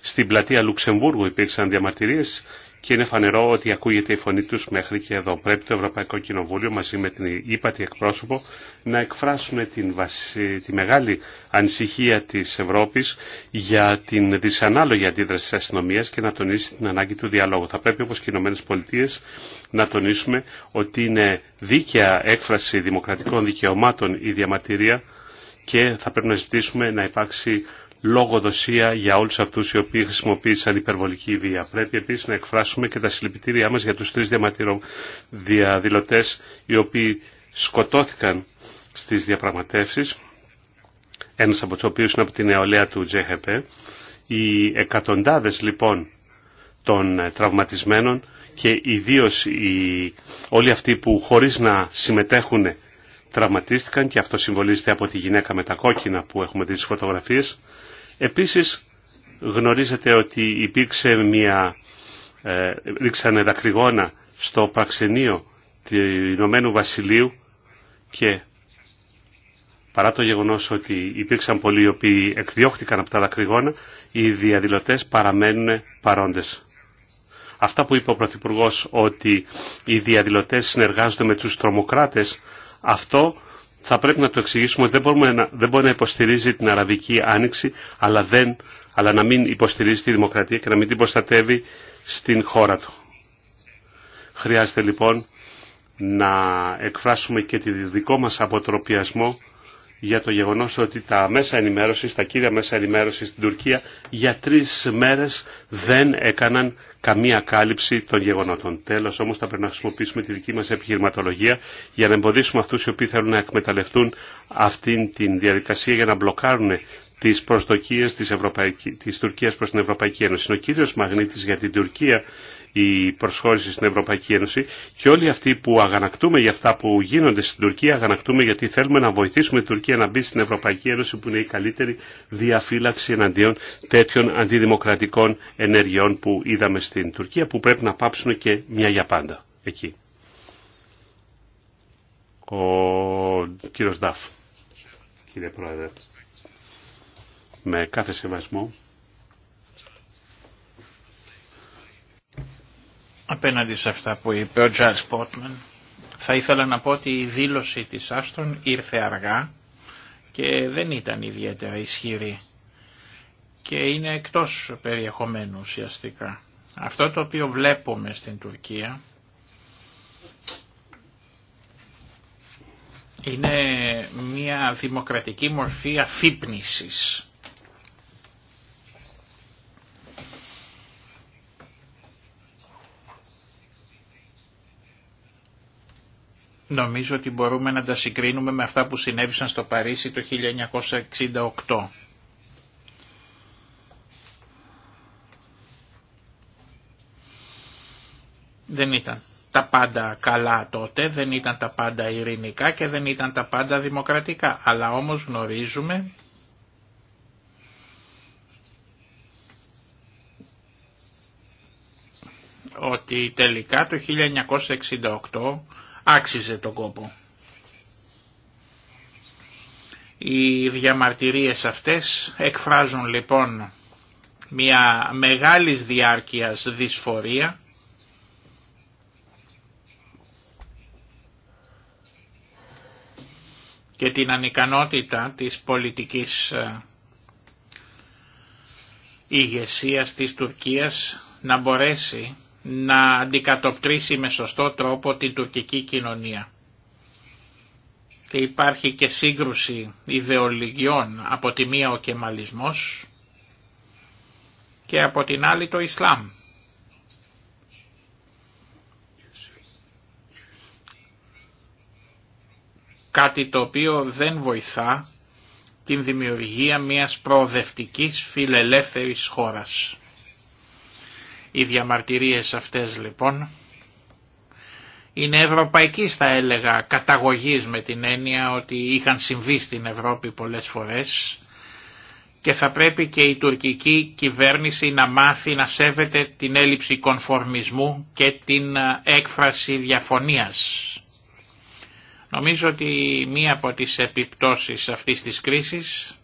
στην πλατεία Λουξεμβούργου υπήρξαν διαμαρτυρίες και είναι φανερό ότι ακούγεται η φωνή του μέχρι και εδώ. Πρέπει το Ευρωπαϊκό Κοινοβούλιο μαζί με την ύπατη εκπρόσωπο να εκφράσουν την τη μεγάλη ανησυχία τη Ευρώπη για την δυσανάλογη αντίδραση της αστυνομία και να τονίσει την ανάγκη του διαλόγου. Θα πρέπει όπω και οι ΗΠΑ να τονίσουμε ότι είναι δίκαια έκφραση δημοκρατικών δικαιωμάτων η διαμαρτυρία και θα πρέπει να ζητήσουμε να υπάρξει λογοδοσία για όλους αυτούς οι οποίοι χρησιμοποίησαν υπερβολική βία. Πρέπει επίσης να εκφράσουμε και τα συλληπιτήριά μας για τους τρεις διαδηλωτές οι οποίοι σκοτώθηκαν στις διαπραγματεύσεις. Ένας από τους οποίους είναι από την νεολαία του JHP. Οι εκατοντάδες λοιπόν των τραυματισμένων και ιδίω όλοι αυτοί που χωρίς να συμμετέχουν τραυματίστηκαν και αυτό συμβολίζεται από τη γυναίκα με τα κόκκινα που έχουμε δει στις φωτογραφίες Επίσης γνωρίζετε ότι υπήρξε μια, ε, ρίξανε δακρυγόνα στο Παξενείο του Ηνωμένου Βασιλείου και παρά το γεγονός ότι υπήρξαν πολλοί οι οποίοι εκδιώχτηκαν από τα δακρυγόνα, οι διαδηλωτές παραμένουν παρόντες. Αυτά που είπε ο Πρωθυπουργό ότι οι διαδηλωτές συνεργάζονται με τους τρομοκράτες, αυτό θα πρέπει να το εξηγήσουμε ότι δεν, μπορούμε να, δεν μπορεί να υποστηρίζει την Αραβική Άνοιξη, αλλά, δεν, αλλά να μην υποστηρίζει τη δημοκρατία και να μην την προστατεύει στην χώρα του. Χρειάζεται λοιπόν να εκφράσουμε και τη δικό μας αποτροπιασμό για το γεγονός ότι τα μέσα ενημέρωσης, τα κύρια μέσα ενημέρωσης στην Τουρκία για τρεις μέρες δεν έκαναν καμία κάλυψη των γεγονότων. Τέλος όμως θα πρέπει να χρησιμοποιήσουμε τη δική μας επιχειρηματολογία για να εμποδίσουμε αυτούς οι οποίοι θέλουν να εκμεταλλευτούν αυτήν την διαδικασία για να μπλοκάρουν τις προσδοκίες τη Τουρκία της Τουρκίας προς την Ευρωπαϊκή Ένωση. Είναι ο κύριος μαγνήτης για την Τουρκία η προσχώρηση στην Ευρωπαϊκή Ένωση και όλοι αυτοί που αγανακτούμε για αυτά που γίνονται στην Τουρκία αγανακτούμε γιατί θέλουμε να βοηθήσουμε την Τουρκία να μπει στην Ευρωπαϊκή Ένωση που είναι η καλύτερη διαφύλαξη εναντίον τέτοιων αντιδημοκρατικών ενεργειών που είδαμε στην Τουρκία που πρέπει να πάψουν και μια για πάντα εκεί. Ο κύριος Νταφ, κύριε Πρόεδρε, με κάθε σεβασμό Απέναντι σε αυτά που είπε ο Τζαρ Πότμεν θα ήθελα να πω ότι η δήλωση της Άστον ήρθε αργά και δεν ήταν ιδιαίτερα ισχυρή και είναι εκτός περιεχομένου ουσιαστικά. Αυτό το οποίο βλέπουμε στην Τουρκία είναι μια δημοκρατική μορφή αφύπνισης Νομίζω ότι μπορούμε να τα συγκρίνουμε με αυτά που συνέβησαν στο Παρίσι το 1968. Δεν ήταν τα πάντα καλά τότε, δεν ήταν τα πάντα ειρηνικά και δεν ήταν τα πάντα δημοκρατικά. Αλλά όμως γνωρίζουμε ότι τελικά το 1968 άξιζε τον κόπο. Οι διαμαρτυρίες αυτές εκφράζουν λοιπόν μια μεγάλης διάρκειας δυσφορία και την ανικανότητα της πολιτικής ε, ηγεσίας της Τουρκίας να μπορέσει να αντικατοπτρήσει με σωστό τρόπο την τουρκική κοινωνία. Και υπάρχει και σύγκρουση ιδεολογιών από τη μία ο κεμαλισμός και από την άλλη το Ισλάμ. Κάτι το οποίο δεν βοηθά την δημιουργία μιας προοδευτικής φιλελεύθερης χώρας. Οι διαμαρτυρίες αυτές λοιπόν είναι ευρωπαϊκή θα έλεγα καταγωγής με την έννοια ότι είχαν συμβεί στην Ευρώπη πολλές φορές και θα πρέπει και η τουρκική κυβέρνηση να μάθει να σέβεται την έλλειψη κονφορμισμού και την έκφραση διαφωνίας. Νομίζω ότι μία από τις επιπτώσεις αυτής της κρίσης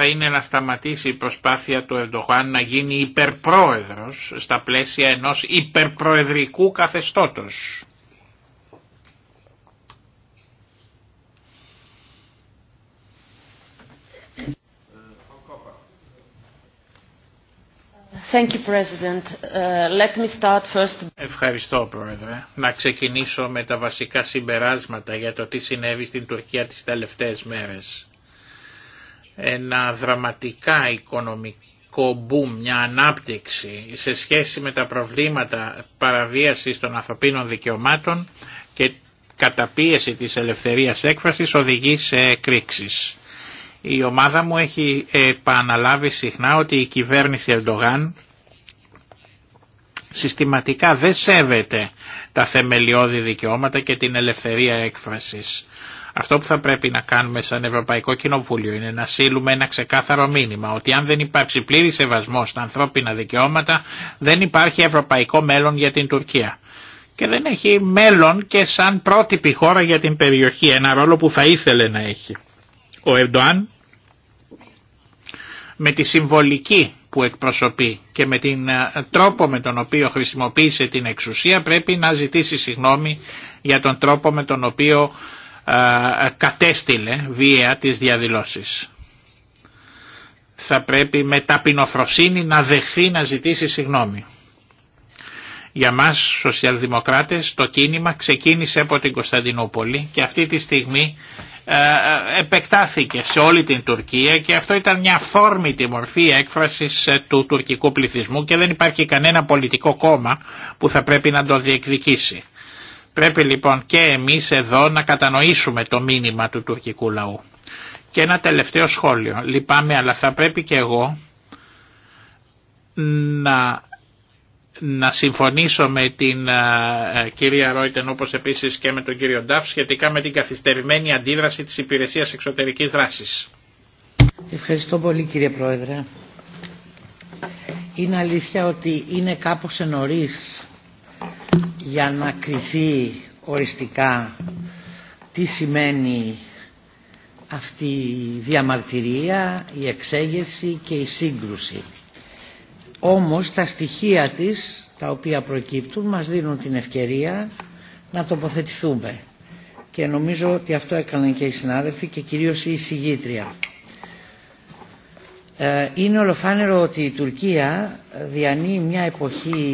θα είναι να σταματήσει η προσπάθεια του Ερντογάν να γίνει υπερπρόεδρος στα πλαίσια ενός υπερπροεδρικού καθεστώτος. Thank you, President. Uh, let me start first. Ευχαριστώ Πρόεδρε. Να ξεκινήσω με τα βασικά συμπεράσματα για το τι συνέβη στην Τουρκία τις τελευταίες μέρες ένα δραματικά οικονομικό μπουμ, μια ανάπτυξη σε σχέση με τα προβλήματα παραβίασης των ανθρωπίνων δικαιωμάτων και καταπίεση της ελευθερίας έκφρασης οδηγεί σε εκρήξεις. Η ομάδα μου έχει επαναλάβει συχνά ότι η κυβέρνηση Ερντογάν συστηματικά δεν σέβεται τα θεμελιώδη δικαιώματα και την ελευθερία έκφρασης. Αυτό που θα πρέπει να κάνουμε σαν Ευρωπαϊκό Κοινοβούλιο είναι να σύλλουμε ένα ξεκάθαρο μήνυμα ότι αν δεν υπάρξει πλήρη σεβασμό στα ανθρώπινα δικαιώματα δεν υπάρχει ευρωπαϊκό μέλλον για την Τουρκία. Και δεν έχει μέλλον και σαν πρότυπη χώρα για την περιοχή, ένα ρόλο που θα ήθελε να έχει. Ο Ερντοάν με τη συμβολική που εκπροσωπεί και με τον ε, τρόπο με τον οποίο χρησιμοποίησε την εξουσία πρέπει να ζητήσει συγγνώμη για τον τρόπο με τον οποίο ε, ε, κατέστηλε βία τις διαδηλώσεις. Θα πρέπει με ταπεινοφροσύνη να δεχθεί να ζητήσει συγγνώμη. Για μας σοσιαλδημοκράτες το κίνημα ξεκίνησε από την Κωνσταντινούπολη και αυτή τη στιγμή ε, επεκτάθηκε σε όλη την Τουρκία και αυτό ήταν μια φόρμητη μορφή έκφρασης του τουρκικού πληθυσμού και δεν υπάρχει κανένα πολιτικό κόμμα που θα πρέπει να το διεκδικήσει. Πρέπει λοιπόν και εμείς εδώ να κατανοήσουμε το μήνυμα του τουρκικού λαού. Και ένα τελευταίο σχόλιο. Λυπάμαι αλλά θα πρέπει και εγώ να, να συμφωνήσω με την ε, κυρία Ρόιτεν όπως επίσης και με τον κύριο Νταφ σχετικά με την καθυστερημένη αντίδραση της υπηρεσίας εξωτερικής δράσης. Ευχαριστώ πολύ κύριε Πρόεδρε. Είναι αλήθεια ότι είναι κάπως ενωρίς για να κριθεί οριστικά τι σημαίνει αυτή η διαμαρτυρία, η εξέγερση και η σύγκρουση. Όμως τα στοιχεία της, τα οποία προκύπτουν, μας δίνουν την ευκαιρία να τοποθετηθούμε. Και νομίζω ότι αυτό έκαναν και οι συνάδελφοι και κυρίως η εισηγήτρια. Ε, είναι ολοφάνερο ότι η Τουρκία ε, διανύει μια εποχή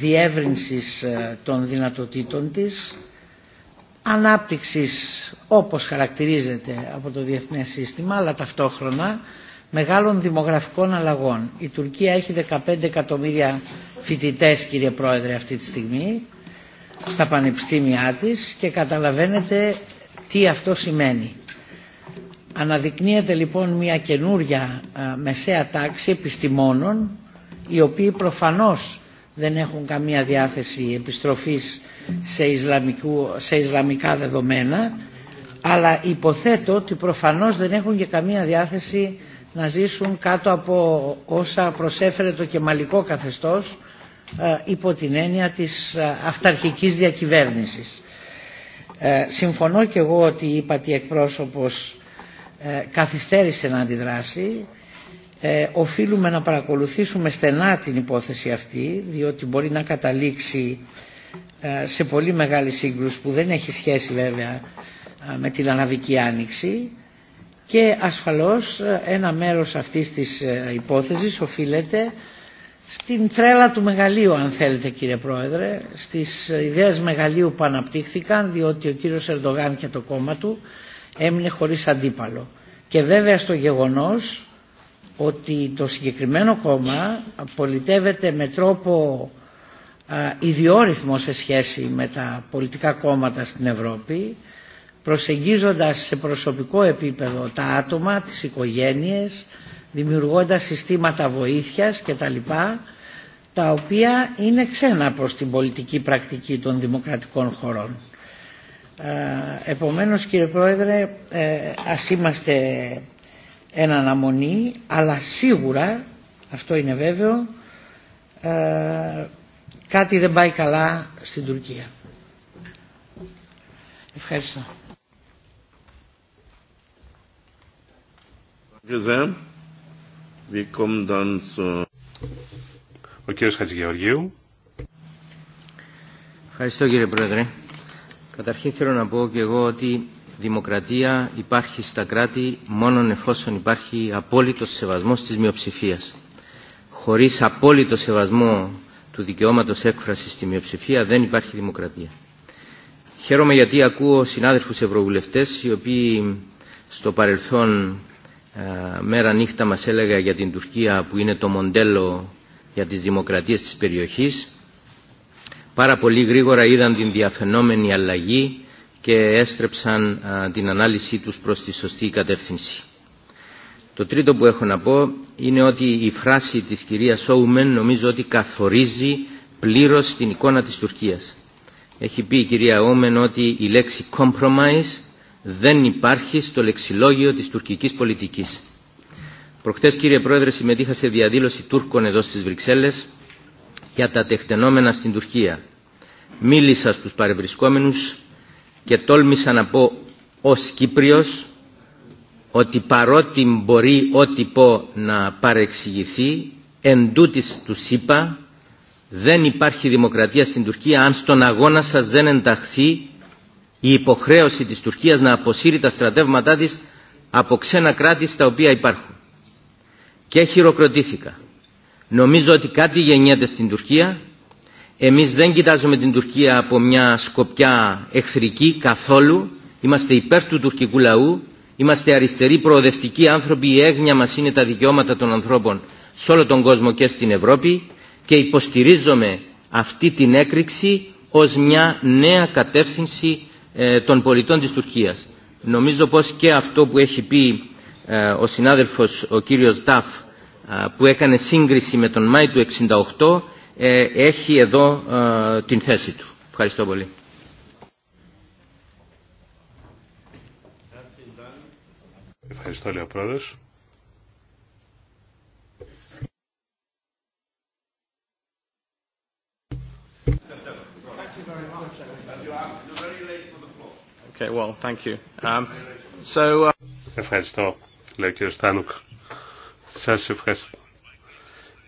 διεύρυνσης ε, των δυνατοτήτων της, ανάπτυξης όπως χαρακτηρίζεται από το διεθνές σύστημα, αλλά ταυτόχρονα μεγάλων δημογραφικών αλλαγών. Η Τουρκία έχει 15 εκατομμύρια φοιτητές, κύριε Πρόεδρε, αυτή τη στιγμή, στα πανεπιστήμια της και καταλαβαίνετε τι αυτό σημαίνει. Αναδεικνύεται λοιπόν μια καινούρια μεσαία τάξη επιστημόνων οι οποίοι προφανώς δεν έχουν καμία διάθεση επιστροφής σε, Ισλαμικού, σε Ισλαμικά δεδομένα αλλά υποθέτω ότι προφανώς δεν έχουν και καμία διάθεση να ζήσουν κάτω από όσα προσέφερε το κεμαλικό καθεστώς υπό την έννοια της αυταρχικής διακυβέρνησης. Ε, συμφωνώ και εγώ ότι είπα ότι εκπρόσωπος ε, καθυστέρησε να αντιδράσει. Ε, οφείλουμε να παρακολουθήσουμε στενά την υπόθεση αυτή διότι μπορεί να καταλήξει ε, σε πολύ μεγάλη σύγκρουση που δεν έχει σχέση βέβαια με την Αναβική Άνοιξη και ασφαλώς ένα μέρος αυτής της υπόθεσης οφείλεται στην τρέλα του μεγαλείου αν θέλετε κύριε Πρόεδρε στις ιδέες μεγαλείου που αναπτύχθηκαν διότι ο κύριος Ερντογάν και το κόμμα του έμεινε χωρίς αντίπαλο. Και βέβαια στο γεγονός ότι το συγκεκριμένο κόμμα πολιτεύεται με τρόπο α, ιδιόρυθμο σε σχέση με τα πολιτικά κόμματα στην Ευρώπη προσεγγίζοντας σε προσωπικό επίπεδο τα άτομα, τις οικογένειες, δημιουργώντας συστήματα βοήθειας κτλ. τα οποία είναι ξένα προς την πολιτική πρακτική των δημοκρατικών χωρών. Ε, επομένως κύριε Πρόεδρε ε, ας είμαστε εν αναμονή αλλά σίγουρα αυτό είναι βέβαιο ε, κάτι δεν πάει καλά στην Τουρκία. Ευχαριστώ. Ο κύριος Χατζηγεωργίου. Ευχαριστώ κύριε Πρόεδρε. Καταρχήν θέλω να πω και εγώ ότι δημοκρατία υπάρχει στα κράτη μόνον εφόσον υπάρχει απόλυτος σεβασμός της μειοψηφίας. Χωρίς απόλυτο σεβασμό του δικαιώματος έκφρασης στη μειοψηφία δεν υπάρχει δημοκρατία. Χαίρομαι γιατί ακούω συνάδελφους ευρωβουλευτές οι οποίοι στο παρελθόν ε, μέρα νύχτα μας έλεγα για την Τουρκία που είναι το μοντέλο για τις δημοκρατίες της περιοχής πάρα πολύ γρήγορα είδαν την διαφαινόμενη αλλαγή και έστρεψαν την ανάλυση τους προς τη σωστή κατεύθυνση. Το τρίτο που έχω να πω είναι ότι η φράση της κυρίας Σόουμεν νομίζω ότι καθορίζει πλήρως την εικόνα της Τουρκίας. Έχει πει η κυρία Ομέν ότι η λέξη compromise δεν υπάρχει στο λεξιλόγιο της τουρκικής πολιτικής. Προχθές κύριε Πρόεδρε συμμετείχα σε διαδήλωση Τούρκων εδώ στις Βρυξέλλες για τα τεχτενόμενα στην Τουρκία. Μίλησα στους παρευρισκόμενους και τόλμησα να πω ως Κύπριος ότι παρότι μπορεί ό,τι πω να παρεξηγηθεί, εν τούτης του είπα δεν υπάρχει δημοκρατία στην Τουρκία αν στον αγώνα σας δεν ενταχθεί η υποχρέωση της Τουρκίας να αποσύρει τα στρατεύματά της από ξένα κράτη στα οποία υπάρχουν. Και χειροκροτήθηκα. Νομίζω ότι κάτι γεννιέται στην Τουρκία. Εμείς δεν κοιτάζουμε την Τουρκία από μια σκοπιά εχθρική καθόλου. Είμαστε υπέρ του τουρκικού λαού. Είμαστε αριστεροί προοδευτικοί άνθρωποι. Η έγνοια μας είναι τα δικαιώματα των ανθρώπων σε όλο τον κόσμο και στην Ευρώπη. Και υποστηρίζομαι αυτή την έκρηξη ως μια νέα κατεύθυνση ε, των πολιτών της Τουρκίας. Νομίζω πως και αυτό που έχει πει ε, ο συνάδελφος ο κύριος Ταφ που έκανε σύγκριση με τον Μάη του 1968 ε, έχει εδώ ε, την θέση του. Ευχαριστώ πολύ. Ευχαριστώ, λέω πρόεδρος. Okay, well, thank you. Um, so, uh, Ευχαριστώ, λέει κύριος Στάνουκ. Σας ευχαριστώ.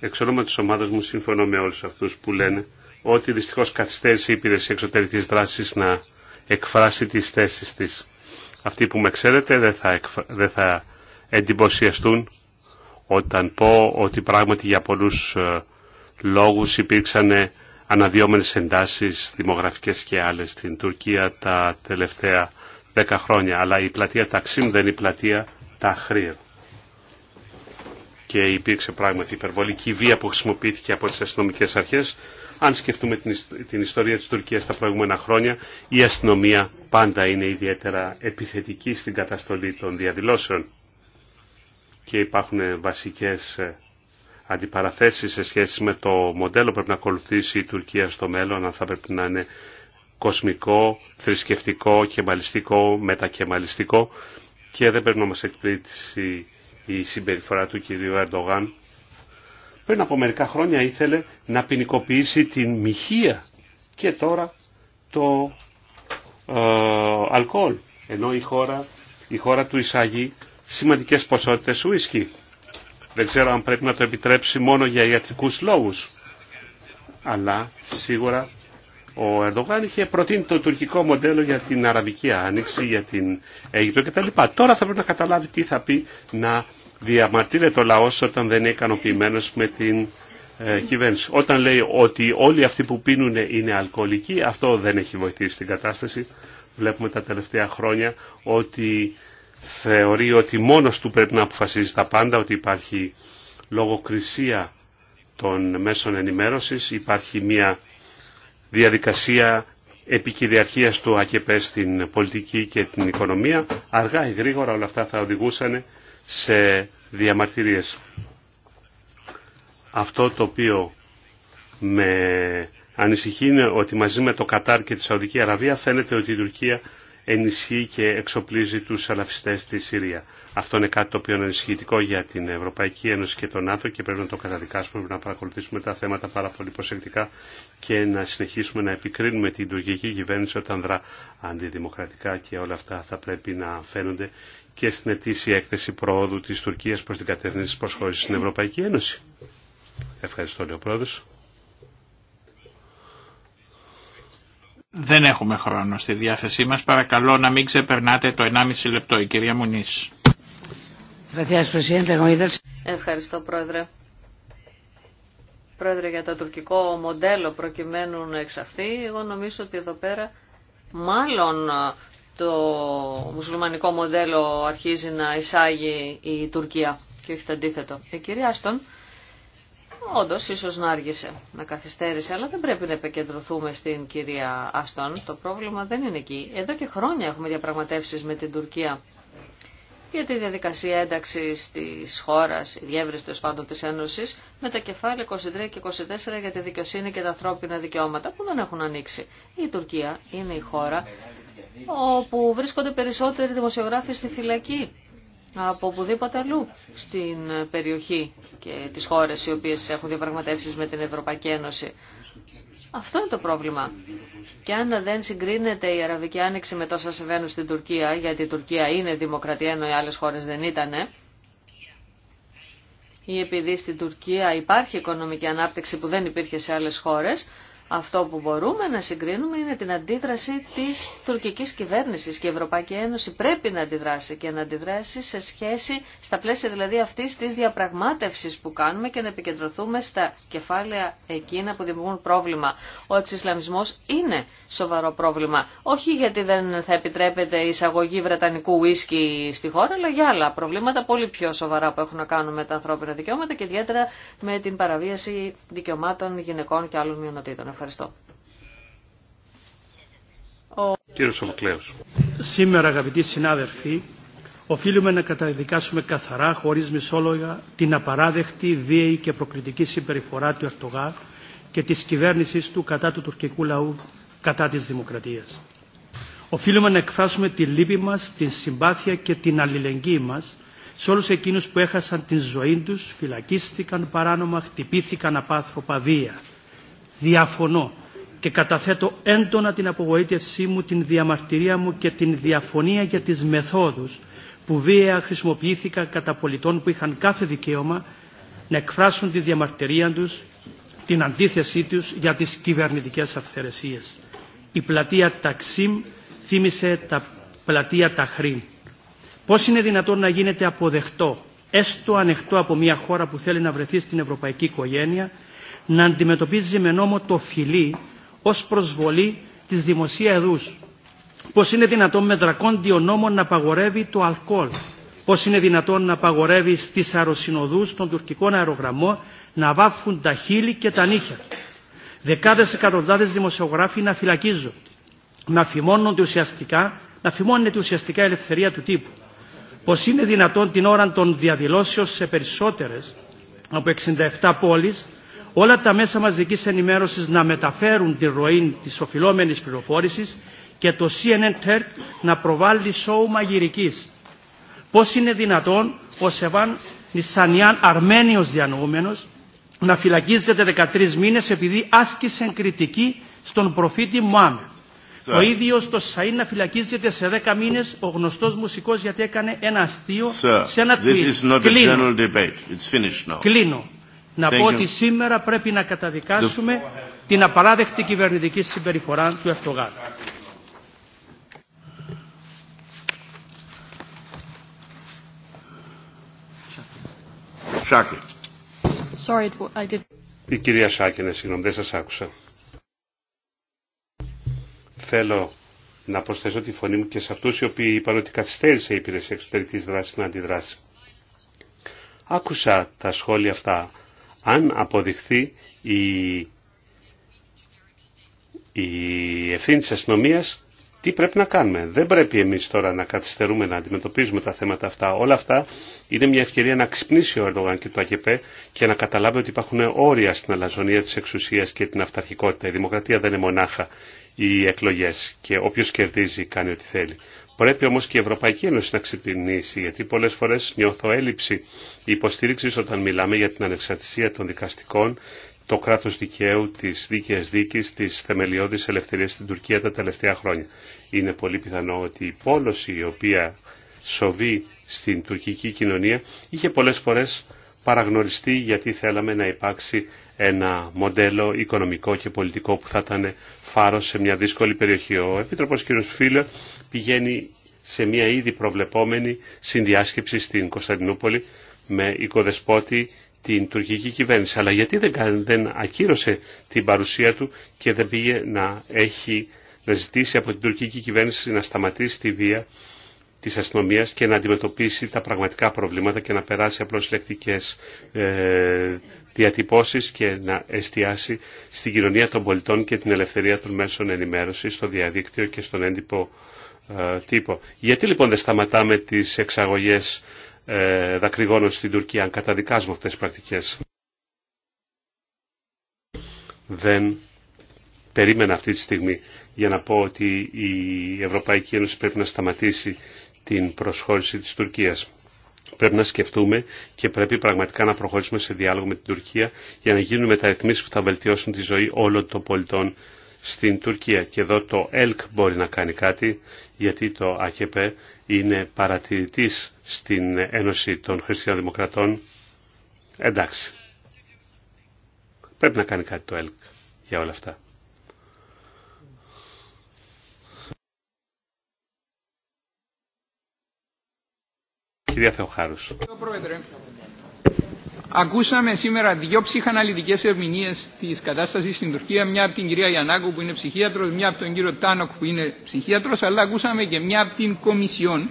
Εξ ονόμα της ομάδας μου συμφωνώ με όλους αυτούς που λένε ότι δυστυχώς καθυστέρησε η υπηρεσία εξωτερικής δράσης να εκφράσει τις θέσεις της. Αυτοί που με ξέρετε δεν θα, δεν θα εντυπωσιαστούν όταν πω ότι πράγματι για πολλούς ε, λόγους υπήρξαν ε, αναδυόμενες εντάσεις δημογραφικές και άλλες στην Τουρκία τα τελευταία δέκα χρόνια. Αλλά η πλατεία Ταξίμ δεν είναι η πλατεία χρήματα και υπήρξε πράγματι υπερβολική βία που χρησιμοποιήθηκε από τις αστυνομικέ αρχές. Αν σκεφτούμε την, ιστορία της Τουρκίας τα προηγούμενα χρόνια, η αστυνομία πάντα είναι ιδιαίτερα επιθετική στην καταστολή των διαδηλώσεων και υπάρχουν βασικές ε, αντιπαραθέσεις σε σχέση με το μοντέλο που πρέπει να ακολουθήσει η Τουρκία στο μέλλον, αν θα πρέπει να είναι κοσμικό, θρησκευτικό, κεμαλιστικό, μετακεμαλιστικό και δεν πρέπει να μας εκπλήσει η συμπεριφορά του κυρίου Ερντογάν. Πριν από μερικά χρόνια ήθελε να ποινικοποιήσει την μοιχεία και τώρα το ε, αλκοόλ. Ενώ η χώρα, η χώρα του εισάγει σημαντικές ποσότητες ουίσκι. Δεν ξέρω αν πρέπει να το επιτρέψει μόνο για ιατρικούς λόγους. Αλλά σίγουρα ο Ερντογάν είχε προτείνει το τουρκικό μοντέλο για την Αραβική Άνοιξη, για την Αίγυπτο κτλ. Τώρα θα πρέπει να καταλάβει τι θα πει να διαμαρτύρεται ο λαό όταν δεν είναι ικανοποιημένο με την ε, κυβέρνηση. Όταν λέει ότι όλοι αυτοί που πίνουν είναι αλκοολικοί, αυτό δεν έχει βοηθήσει την κατάσταση. Βλέπουμε τα τελευταία χρόνια ότι θεωρεί ότι μόνος του πρέπει να αποφασίζει τα πάντα, ότι υπάρχει λογοκρισία των μέσων ενημέρωσης, υπάρχει μια διαδικασία επικυριαρχίας του ΑΚΕΠΕ στην πολιτική και την οικονομία, αργά ή γρήγορα όλα αυτά θα οδηγούσαν σε διαμαρτυρίες. Αυτό το οποίο με ανησυχεί είναι ότι μαζί με το Κατάρ και τη Σαουδική Αραβία φαίνεται ότι η Τουρκία ενισχύει και εξοπλίζει τους αλαφιστές στη Συρία. Αυτό είναι κάτι το οποίο είναι ενισχυτικό για την Ευρωπαϊκή Ένωση και το ΝΑΤΟ και πρέπει να το καταδικάσουμε, να παρακολουθήσουμε τα θέματα πάρα πολύ προσεκτικά και να συνεχίσουμε να επικρίνουμε την τουρκική κυβέρνηση όταν δρά αντιδημοκρατικά και όλα αυτά θα πρέπει να φαίνονται και στην ετήσια έκθεση προόδου της Τουρκίας προς την κατεύθυνση της προσχώρησης στην Ευρωπαϊκή Ένωση. Ευχαριστώ, λέει ο Δεν έχουμε χρόνο στη διάθεσή μας. Παρακαλώ να μην ξεπερνάτε το 1,5 λεπτό. Η κυρία Μουνής. Ευχαριστώ Πρόεδρε. Πρόεδρε για το τουρκικό μοντέλο προκειμένου να εξαφθεί. εγώ νομίζω ότι εδώ πέρα μάλλον ε, το μουσουλμανικό μοντέλο αρχίζει να εισάγει η Τουρκία και όχι το αντίθετο. Η κυρία Άστον Όντω, ίσω να άργησε, να καθυστέρησε, αλλά δεν πρέπει να επικεντρωθούμε στην κυρία Άστον. Το πρόβλημα δεν είναι εκεί. Εδώ και χρόνια έχουμε διαπραγματεύσει με την Τουρκία για τη διαδικασία ένταξη τη χώρα, η διεύρυνση τέλο πάντων τη Ένωση, με τα κεφάλαια 23 και 24 για τη δικαιοσύνη και τα ανθρώπινα δικαιώματα που δεν έχουν ανοίξει. Η Τουρκία είναι η χώρα όπου βρίσκονται περισσότεροι δημοσιογράφοι στη φυλακή από οπουδήποτε αλλού στην περιοχή και τις χώρες οι οποίες έχουν διαπραγματεύσεις με την Ευρωπαϊκή Ένωση. Αυτό είναι το πρόβλημα. Και αν δεν συγκρίνεται η Αραβική Άνοιξη με τόσα συμβαίνουν στην Τουρκία, γιατί η Τουρκία είναι δημοκρατία ενώ οι άλλες χώρες δεν ήτανε, ή επειδή στην Τουρκία υπάρχει οικονομική ανάπτυξη που δεν υπήρχε σε άλλες χώρες, αυτό που μπορούμε να συγκρίνουμε είναι την αντίδραση της τουρκικής κυβέρνησης και η Ευρωπαϊκή Ένωση πρέπει να αντιδράσει και να αντιδράσει σε σχέση στα πλαίσια δηλαδή αυτής της διαπραγμάτευσης που κάνουμε και να επικεντρωθούμε στα κεφάλαια εκείνα που δημιουργούν πρόβλημα. Ο εξισλαμισμός είναι σοβαρό πρόβλημα. Όχι γιατί δεν θα επιτρέπεται η εισαγωγή βρετανικού ουίσκι στη χώρα, αλλά για άλλα προβλήματα πολύ πιο σοβαρά που έχουν να κάνουν με τα ανθρώπινα δικαιώματα και ιδιαίτερα με την παραβίαση δικαιωμάτων γυναικών και άλλων μειονοτήτων. Ευχαριστώ. Ο... Σήμερα αγαπητοί συνάδελφοι, οφείλουμε να καταδικάσουμε καθαρά, χωρίς μισόλογα, την απαράδεκτη, βίαιη και προκλητική συμπεριφορά του Ερτογά και της κυβέρνησης του κατά του τουρκικού λαού, κατά της δημοκρατίας. Οφείλουμε να εκφράσουμε τη λύπη μας, την συμπάθεια και την αλληλεγγύη μας σε όλους εκείνους που έχασαν την ζωή τους, φυλακίστηκαν παράνομα, χτυπήθηκαν απάνθρωπα βία διαφωνώ και καταθέτω έντονα την απογοήτευσή μου, την διαμαρτυρία μου και την διαφωνία για τις μεθόδους που βία χρησιμοποιήθηκαν κατά πολιτών που είχαν κάθε δικαίωμα να εκφράσουν τη διαμαρτυρία τους, την αντίθεσή τους για τις κυβερνητικές αυθαιρεσίες. Η πλατεία Ταξίμ θύμισε τα πλατεία Ταχρή. Πώς είναι δυνατόν να γίνεται αποδεκτό, έστω ανεχτό από μια χώρα που θέλει να βρεθεί στην ευρωπαϊκή οικογένεια, να αντιμετωπίζει με νόμο το φιλί ως προσβολή της δημοσία εδούς. Πώς είναι δυνατόν με δρακόντιο νόμο να απαγορεύει το αλκοόλ. Πώς είναι δυνατόν να απαγορεύει στις αεροσυνοδούς των τουρκικών αερογραμμών να βάφουν τα χείλη και τα νύχια. Δεκάδες εκατοντάδες δημοσιογράφοι να φυλακίζονται. Να φημώνονται ουσιαστικά, να φημώνεται ουσιαστικά η ελευθερία του τύπου. Πώς είναι δυνατόν την ώρα των διαδηλώσεων σε περισσότερες από 67 πόλεις όλα τα μέσα μαζικής ενημέρωσης να μεταφέρουν τη ροή της οφειλόμενης πληροφόρησης και το CNN Turk να προβάλλει σόου μαγειρική. Πώς είναι δυνατόν ο Σεβάν Νισανιάν Αρμένιος διανοούμενος να φυλακίζεται 13 μήνες επειδή άσκησε κριτική στον προφήτη Μουάμερ. Ο ίδιο το Σαΐν να φυλακίζεται σε 10 μήνες ο γνωστός μουσικός γιατί έκανε ένα αστείο Sir, σε ένα τμήμα, Κλείνω να πω ότι σήμερα πρέπει να καταδικάσουμε την απαράδεκτη κυβερνητική συμπεριφορά του Ερτογάν. Sorry, I did... Η κυρία Σάκη, ναι, συγγνώμη, δεν σας άκουσα. Θέλω να προσθέσω τη φωνή μου και σε αυτούς οι οποίοι είπαν ότι καθυστέρησε η υπηρεσία εξωτερικής δράσης να αντιδράσει. Άκουσα τα σχόλια αυτά αν αποδειχθεί η, η ευθύνη της αστυνομίας τι πρέπει να κάνουμε. Δεν πρέπει εμείς τώρα να καθυστερούμε να αντιμετωπίζουμε τα θέματα αυτά. Όλα αυτά είναι μια ευκαιρία να ξυπνήσει ο Ερντογάν και το ΑΚΕΠΕ και να καταλάβει ότι υπάρχουν όρια στην αλαζονία της εξουσίας και την αυταρχικότητα. Η δημοκρατία δεν είναι μονάχα οι εκλογές και όποιος κερδίζει κάνει ό,τι θέλει. Πρέπει όμως και η Ευρωπαϊκή Ένωση να ξυπνήσει, γιατί πολλές φορές νιώθω έλλειψη υποστήριξης όταν μιλάμε για την ανεξαρτησία των δικαστικών, το κράτος δικαίου, τις δίκαιες δίκης, τις θεμελιώδεις ελευθερίες στην Τουρκία τα τελευταία χρόνια. Είναι πολύ πιθανό ότι η πόλωση η οποία σοβεί στην τουρκική κοινωνία είχε πολλές φορές παραγνωριστεί γιατί θέλαμε να υπάρξει ένα μοντέλο οικονομικό και πολιτικό που θα ήταν φάρος σε μια δύσκολη περιοχή. Ο Επίτροπος κ. Φίλε πηγαίνει σε μια ήδη προβλεπόμενη συνδιάσκεψη στην Κωνσταντινούπολη με οικοδεσπότη την τουρκική κυβέρνηση. Αλλά γιατί δεν, δεν ακύρωσε την παρουσία του και δεν πήγε να, έχει, να ζητήσει από την τουρκική κυβέρνηση να σταματήσει τη βία της αστυνομίας και να αντιμετωπίσει τα πραγματικά προβλήματα και να περάσει απλώς λεκτικές ε, διατυπώσεις και να εστιάσει στην κοινωνία των πολιτών και την ελευθερία των μέσων ενημέρωσης στο διαδίκτυο και στον έντυπο ε, Γιατί λοιπόν δεν σταματάμε τις εξαγωγές ε, δακρυγόνων στην Τουρκία αν καταδικάζουμε αυτές τις πρακτικές. Δεν περίμενα αυτή τη στιγμή για να πω ότι η Ευρωπαϊκή Ένωση πρέπει να σταματήσει την προσχώρηση της Τουρκίας. Πρέπει να σκεφτούμε και πρέπει πραγματικά να προχωρήσουμε σε διάλογο με την Τουρκία για να γίνουν μεταρρυθμίσεις που θα βελτιώσουν τη ζωή όλων των πολιτών στην Τουρκία. Και εδώ το ΕΛΚ μπορεί να κάνει κάτι, γιατί το ΑΚΕΠ είναι παρατηρητής στην Ένωση των Χριστιανοδημοκρατών. Εντάξει. Πρέπει να κάνει κάτι το ΕΛΚ για όλα αυτά. Κυρία Θεοχάρους. Ακούσαμε σήμερα δύο ψυχαναλυτικέ ερμηνείε τη κατάσταση στην Τουρκία, μια από την κυρία Γιαννάκου που είναι ψυχίατρο, μια από τον κύριο Τάνοκ που είναι ψυχίατρο, αλλά ακούσαμε και μια από την Κομισιόν,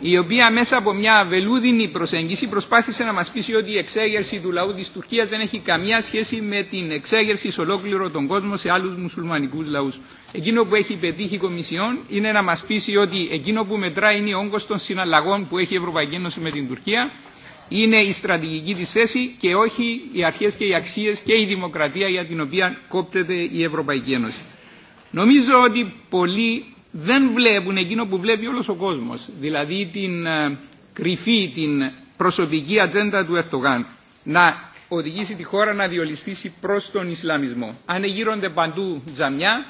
η οποία μέσα από μια βελούδινη προσέγγιση προσπάθησε να μα πείσει ότι η εξέγερση του λαού τη Τουρκία δεν έχει καμιά σχέση με την εξέγερση σε ολόκληρο τον κόσμο σε άλλου μουσουλμανικού λαού. Εκείνο που έχει πετύχει η Κομισιόν είναι να μα πείσει ότι εκείνο που μετράει είναι ο όγκο των συναλλαγών που έχει η Ευρωπαϊκή Ένωση με την Τουρκία είναι η στρατηγική της θέση και όχι οι αρχές και οι αξίες και η δημοκρατία για την οποία κόπτεται η Ευρωπαϊκή Ένωση. Νομίζω ότι πολλοί δεν βλέπουν εκείνο που βλέπει όλος ο κόσμος, δηλαδή την ε, κρυφή, την προσωπική ατζέντα του Ερτογάν να οδηγήσει τη χώρα να διολυστήσει προς τον Ισλαμισμό. Ανεγείρονται παντού τζαμιά,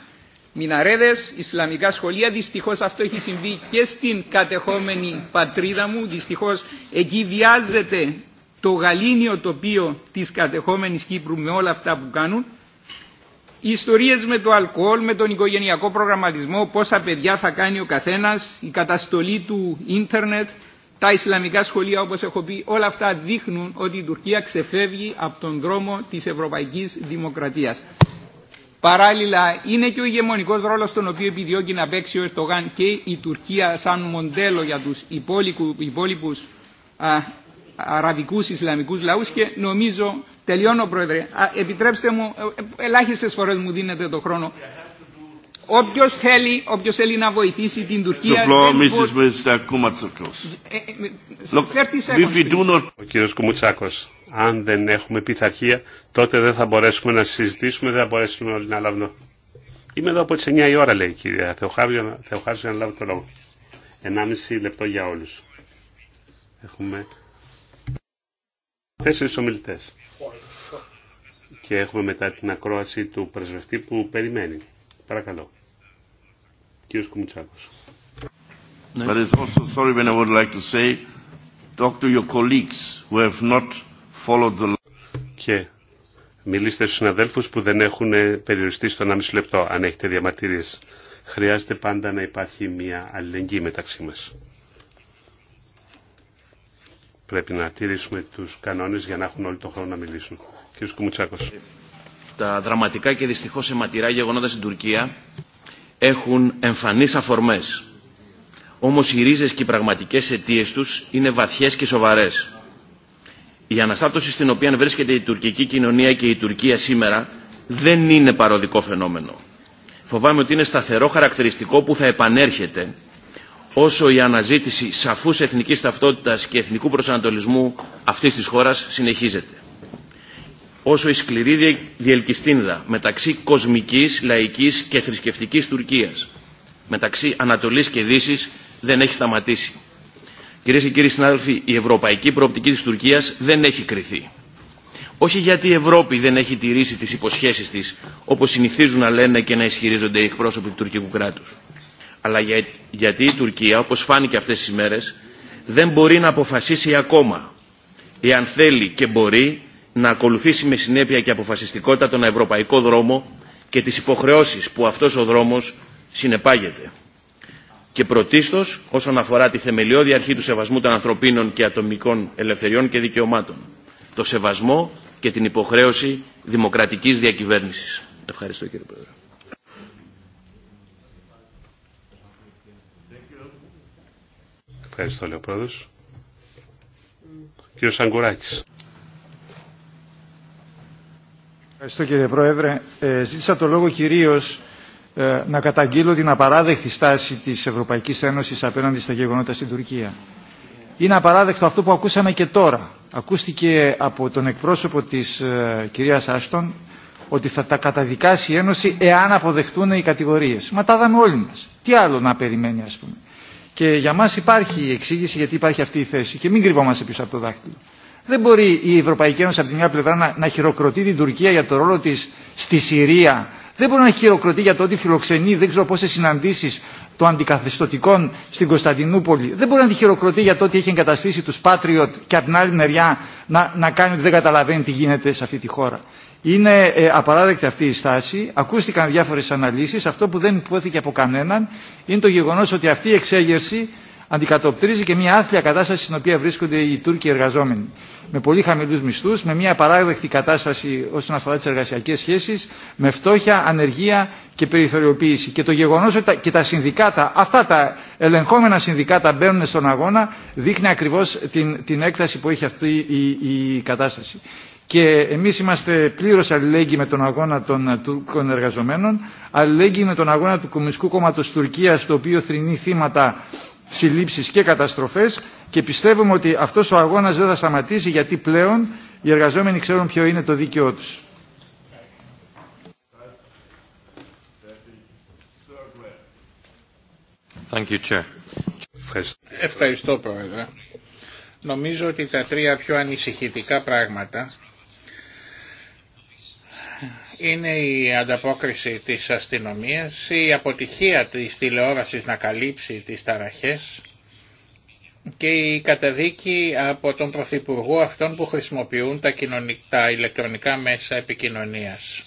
μιναρέδες, Ισλαμικά σχολεία. Δυστυχώς αυτό έχει συμβεί και στην κατεχόμενη πατρίδα μου. Δυστυχώς εκεί βιάζεται το γαλήνιο τοπίο της κατεχόμενης Κύπρου με όλα αυτά που κάνουν. ιστορίες με το αλκοόλ, με τον οικογενειακό προγραμματισμό, πόσα παιδιά θα κάνει ο καθένας, η καταστολή του ίντερνετ, τα Ισλαμικά σχολεία όπως έχω πει, όλα αυτά δείχνουν ότι η Τουρκία ξεφεύγει από τον δρόμο της ευρωπαϊκής δημοκρατίας. Παράλληλα, είναι και ο ηγεμονικός ρόλος τον οποίο επιδιώκει να παίξει ο Ερτογάν και η Τουρκία σαν μοντέλο για τους υπόλοιπους α, αραβικούς Ισλαμικούς λαούς και νομίζω, τελειώνω Πρόεδρε, επιτρέψτε μου, ε, ε, ελάχιστες φορές μου δίνετε το χρόνο, Όποιο θέλει, όποιος θέλει να βοηθήσει την Τουρκία. Ε, ο Κύριος Κουμουτσάκος αν δεν έχουμε πειθαρχία, τότε δεν θα μπορέσουμε να συζητήσουμε, δεν θα μπορέσουμε όλοι να λάβουμε. Είμαι εδώ από τις 9 η ώρα, λέει η κυρία Θεοχάρη, για να λάβω το λόγο. 1,5 λεπτό για όλους. Έχουμε τέσσερις ομιλητέ. Και έχουμε μετά την ακρόαση του πρεσβευτή που περιμένει. Παρακαλώ. Κύριος Κουμουτσάκος. But it's also sorry when I would like to say, talk to your colleagues who have not και μιλήστε στους συναδέλφους που δεν έχουν περιοριστεί στο 1,5 λεπτό, αν έχετε διαμαρτυρίες. Χρειάζεται πάντα να υπάρχει μια αλληλεγγύη μεταξύ μας. Πρέπει να τηρήσουμε τους κανόνες για να έχουν όλοι τον χρόνο να μιλήσουν. Κύριο Κουμουτσάκος. Τα δραματικά και δυστυχώς αιματηρά γεγονότα στην Τουρκία έχουν εμφανείς αφορμές. Όμως οι ρίζες και οι πραγματικές αιτίες τους είναι βαθιές και σοβαρές. Η αναστάτωση στην οποία βρίσκεται η τουρκική κοινωνία και η Τουρκία σήμερα δεν είναι παροδικό φαινόμενο. Φοβάμαι ότι είναι σταθερό χαρακτηριστικό που θα επανέρχεται όσο η αναζήτηση σαφούς εθνικής ταυτότητας και εθνικού προσανατολισμού αυτής της χώρας συνεχίζεται. Όσο η σκληρή διελκυστίνδα μεταξύ κοσμικής, λαϊκής και θρησκευτικής Τουρκίας, μεταξύ Ανατολής και Δύσης, δεν έχει σταματήσει. Κυρίε και κύριοι συνάδελφοι, η ευρωπαϊκή προοπτική τη Τουρκία δεν έχει κρυθεί. Όχι γιατί η Ευρώπη δεν έχει τηρήσει τι υποσχέσει τη, όπω συνηθίζουν να λένε και να ισχυρίζονται οι εκπρόσωποι του τουρκικού κράτου, αλλά για... γιατί η Τουρκία, όπω φάνηκε αυτέ τι μέρε, δεν μπορεί να αποφασίσει ακόμα, εάν θέλει και μπορεί, να ακολουθήσει με συνέπεια και αποφασιστικότητα τον ευρωπαϊκό δρόμο και τι υποχρεώσει που αυτό ο δρόμο συνεπάγεται και πρωτίστως όσον αφορά τη θεμελιώδη αρχή του σεβασμού των ανθρωπίνων και ατομικών ελευθεριών και δικαιωμάτων, το σεβασμό και την υποχρέωση δημοκρατικής διακυβέρνησης. Ευχαριστώ κύριε Πρόεδρε. Ευχαριστώ, λέει Κύριος Αγκουράκης. Ευχαριστώ κύριε Πρόεδρε. Ε, ζήτησα το λόγο κυρίως ε, να καταγγείλω την απαράδεκτη στάση της Ευρωπαϊκής Ένωσης απέναντι στα γεγονότα στην Τουρκία. Είναι απαράδεκτο αυτό που ακούσαμε και τώρα. Ακούστηκε από τον εκπρόσωπο της ε, κυρίας Άστον ότι θα τα καταδικάσει η Ένωση εάν αποδεχτούν οι κατηγορίες. Μα τα δαμε όλοι μας. Τι άλλο να περιμένει ας πούμε. Και για μας υπάρχει η εξήγηση γιατί υπάρχει αυτή η θέση και μην κρυβόμαστε πίσω από το δάχτυλο. Δεν μπορεί η Ευρωπαϊκή Ένωση από τη μια πλευρά να, να χειροκροτεί την Τουρκία για το ρόλο της στη Συρία δεν μπορεί να χειροκροτεί για το ότι φιλοξενεί δεν ξέρω πόσε συναντήσει των αντικαθιστοτικών στην Κωνσταντινούπολη. Δεν μπορεί να τη χειροκροτεί για το ότι έχει εγκαταστήσει του Patriot και από την άλλη μεριά να, να κάνει ότι δεν καταλαβαίνει τι γίνεται σε αυτή τη χώρα. Είναι ε, απαράδεκτη αυτή η στάση. Ακούστηκαν διάφορε αναλύσει. Αυτό που δεν υπόθηκε από κανέναν είναι το γεγονό ότι αυτή η εξέγερση αντικατοπτρίζει και μια άθλια κατάσταση στην οποία βρίσκονται οι Τούρκοι εργαζόμενοι. Με πολύ χαμηλού μισθού, με μια παράδεκτη κατάσταση όσον αφορά τι εργασιακέ σχέσει, με φτώχεια, ανεργία και περιθωριοποίηση. Και το γεγονό ότι τα, και τα συνδικάτα, αυτά τα ελεγχόμενα συνδικάτα μπαίνουν στον αγώνα, δείχνει ακριβώ την, την έκταση που έχει αυτή η, κατάσταση. Και εμεί είμαστε πλήρω αλληλέγγυοι με τον αγώνα των Τούρκων εργαζομένων, αλληλέγγυοι με τον αγώνα του Κομμουνιστικού κόμματο Τουρκία, το οποίο θρυνεί θύματα συλλήψεις και καταστροφές και πιστεύουμε ότι αυτός ο αγώνας δεν θα σταματήσει γιατί πλέον οι εργαζόμενοι ξέρουν ποιο είναι το δίκαιό τους. Ευχαριστώ. Ευχαριστώ Πρόεδρε. Νομίζω ότι τα τρία πιο ανησυχητικά πράγματα είναι η ανταπόκριση της αστυνομίας, η αποτυχία της τηλεόρασης να καλύψει τις ταραχές και η καταδίκη από τον Πρωθυπουργό αυτών που χρησιμοποιούν τα, τα ηλεκτρονικά μέσα επικοινωνίας.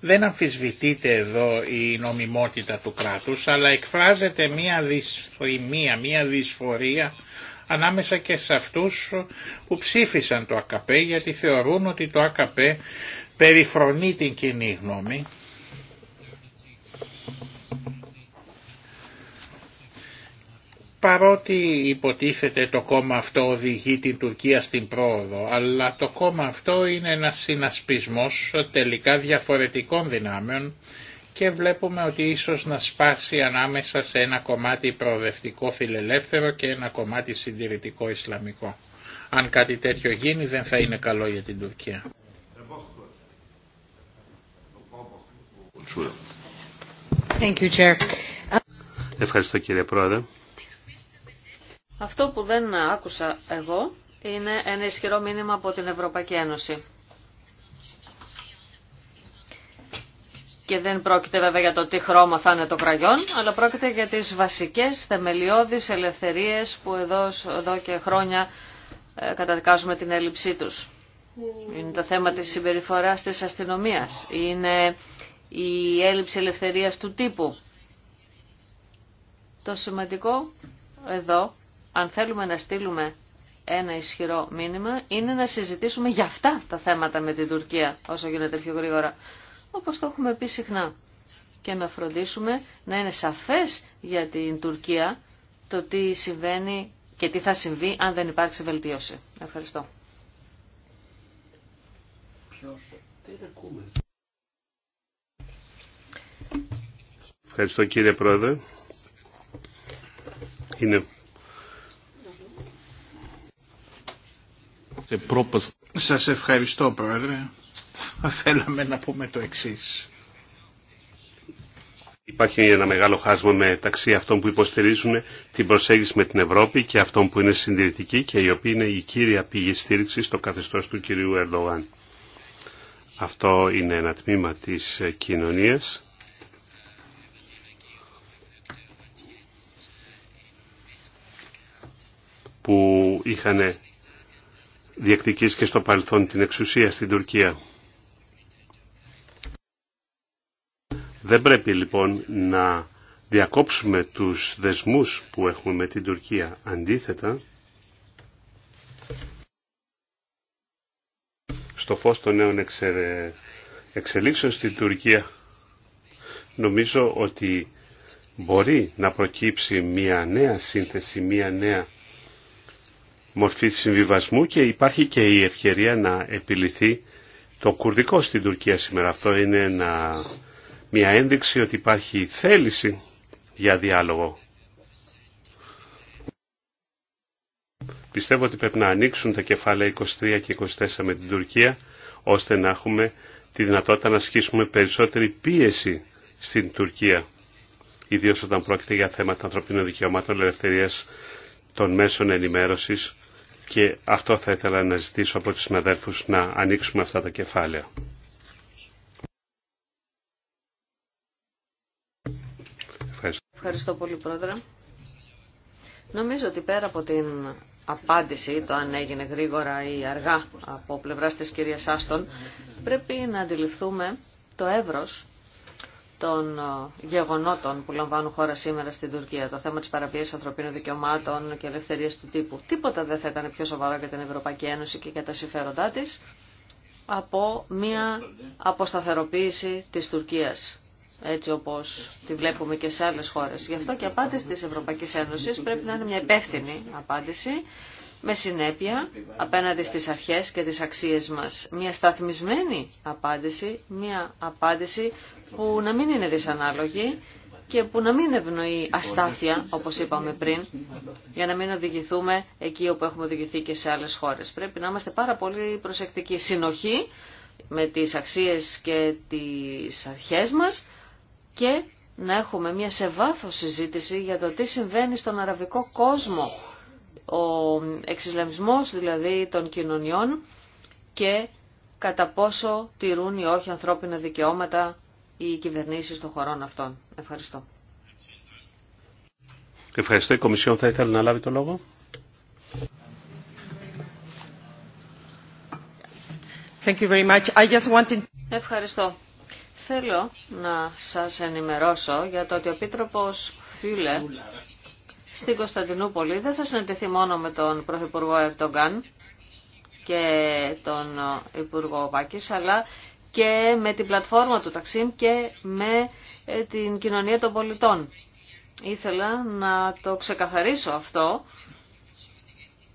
Δεν αμφισβητείται εδώ η νομιμότητα του κράτους, αλλά εκφράζεται μία δυσφορία μία δυσφορία ανάμεσα και σε αυτούς που ψήφισαν το ΑΚΠ γιατί θεωρούν ότι το ΑΚΠ περιφρονεί την κοινή γνώμη παρότι υποτίθεται το κόμμα αυτό οδηγεί την Τουρκία στην πρόοδο, αλλά το κόμμα αυτό είναι ένας συνασπισμός τελικά διαφορετικών δυνάμεων και βλέπουμε ότι ίσως να σπάσει ανάμεσα σε ένα κομμάτι προοδευτικό φιλελεύθερο και ένα κομμάτι συντηρητικό ισλαμικό. Αν κάτι τέτοιο γίνει δεν θα είναι καλό για την Τουρκία. Ευχαριστώ κύριε Πρόεδρε. Αυτό που δεν άκουσα εγώ είναι ένα ισχυρό μήνυμα από την Ευρωπαϊκή Ένωση. Και δεν πρόκειται βέβαια για το τι χρώμα θα είναι το κραγιόν, αλλά πρόκειται για τις βασικές θεμελιώδεις ελευθερίες που εδώ, εδώ και χρόνια ε, καταδικάζουμε την έλλειψή τους. Είναι το θέμα της συμπεριφοράς της αστυνομίας. Είναι η έλλειψη ελευθερίας του τύπου. Το σημαντικό εδώ, αν θέλουμε να στείλουμε ένα ισχυρό μήνυμα, είναι να συζητήσουμε για αυτά τα θέματα με την Τουρκία, όσο γίνεται πιο γρήγορα όπως το έχουμε πει συχνά. Και να φροντίσουμε να είναι σαφές για την Τουρκία το τι συμβαίνει και τι θα συμβεί αν δεν υπάρξει βελτίωση. Ευχαριστώ. Ευχαριστώ κύριε Πρόεδρε. Είναι... Σας ευχαριστώ Πρόεδρε θα θέλαμε να πούμε το εξή. Υπάρχει ένα μεγάλο χάσμα μεταξύ αυτών που υποστηρίζουν την προσέγγιση με την Ευρώπη και αυτών που είναι συντηρητικοί και οι οποίοι είναι η κύρια πηγή στήριξη στο καθεστώς του κυρίου Ερντογάν. Αυτό είναι ένα τμήμα της κοινωνίας. που είχαν διεκδικήσει και στο παρελθόν την εξουσία στην Τουρκία. Δεν πρέπει λοιπόν να διακόψουμε τους δεσμούς που έχουμε με την Τουρκία. Αντίθετα, στο φως των νέων εξελίξεων στην Τουρκία, νομίζω ότι μπορεί να προκύψει μια νέα σύνθεση, μια νέα μορφή συμβιβασμού και υπάρχει και η ευκαιρία να επιληθεί το κουρδικό στην Τουρκία σήμερα. Αυτό είναι ένα μια ένδειξη ότι υπάρχει θέληση για διάλογο. Πιστεύω ότι πρέπει να ανοίξουν τα κεφάλαια 23 και 24 με την Τουρκία, ώστε να έχουμε τη δυνατότητα να ασκήσουμε περισσότερη πίεση στην Τουρκία, ιδίως όταν πρόκειται για θέματα ανθρωπίνων δικαιωμάτων, ελευθερία των μέσων ενημέρωσης και αυτό θα ήθελα να ζητήσω από του συναδέλφου να ανοίξουμε αυτά τα κεφάλαια. Ευχαριστώ. πολύ, Πρόεδρε. Νομίζω ότι πέρα από την απάντηση, το αν έγινε γρήγορα ή αργά από πλευράς της κυρίας Άστον, πρέπει να αντιληφθούμε το εύρος των ε, γεγονότων που λαμβάνουν χώρα σήμερα στην Τουρκία. Το θέμα της παραβίασης ανθρωπίνων δικαιωμάτων και ελευθερίας του τύπου. Τίποτα δεν θα ήταν πιο σοβαρό για την Ευρωπαϊκή Ένωση και για τα συμφέροντά της από μια αποσταθεροποίηση της Τουρκίας έτσι όπως τη βλέπουμε και σε άλλες χώρες. Γι' αυτό και η απάντηση της Ευρωπαϊκής Ένωσης πρέπει να είναι μια υπεύθυνη απάντηση με συνέπεια απέναντι στις αρχές και τις αξίες μας. Μια σταθμισμένη απάντηση, μια απάντηση που να μην είναι δυσανάλογη και που να μην ευνοεί αστάθεια, όπως είπαμε πριν, για να μην οδηγηθούμε εκεί όπου έχουμε οδηγηθεί και σε άλλες χώρες. Πρέπει να είμαστε πάρα πολύ προσεκτικοί. Συνοχή με τις αξίες και τις αρχές μας, και να έχουμε μια σε βάθος συζήτηση για το τι συμβαίνει στον αραβικό κόσμο, ο εξισλαμισμός δηλαδή των κοινωνιών και κατά πόσο τηρούν ή όχι ανθρώπινα δικαιώματα οι κυβερνήσεις των χωρών αυτών. Ευχαριστώ. Ευχαριστώ. οι Κομισιόν θα ήθελε να λάβει το λόγο. Ευχαριστώ. Θέλω να σας ενημερώσω για το ότι ο Επίτροπος Φίλε στην Κωνσταντινούπολη δεν θα συναντηθεί μόνο με τον Πρωθυπουργό Ερτογκάν και τον Υπουργό Βάκης, αλλά και με την πλατφόρμα του Ταξίμ και με ε, την κοινωνία των πολιτών. Ήθελα να το ξεκαθαρίσω αυτό,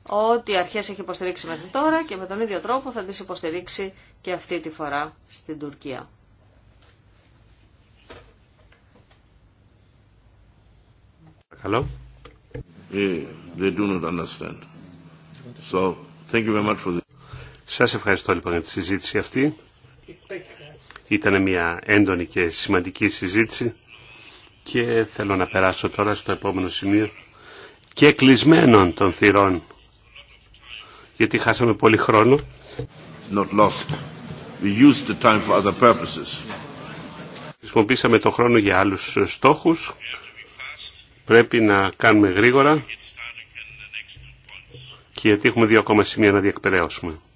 ότι οι αρχές έχει υποστηρίξει μέχρι τώρα και με τον ίδιο τρόπο θα τις υποστηρίξει και αυτή τη φορά στην Τουρκία. Hello. They do not understand. So, thank you very much for this. Σας ευχαριστώ λοιπόν για τη συζήτηση αυτή. Ήταν μια έντονη και σημαντική συζήτηση και θέλω να περάσω τώρα στο επόμενο σημείο και κλεισμένων των θυρών γιατί χάσαμε πολύ χρόνο. Not lost. We used the time for other purposes. Χρησιμοποίησαμε το χρόνο για άλλους στόχους πρέπει να κάνουμε γρήγορα και γιατί έχουμε δύο ακόμα σημεία να διεκπαιρεώσουμε.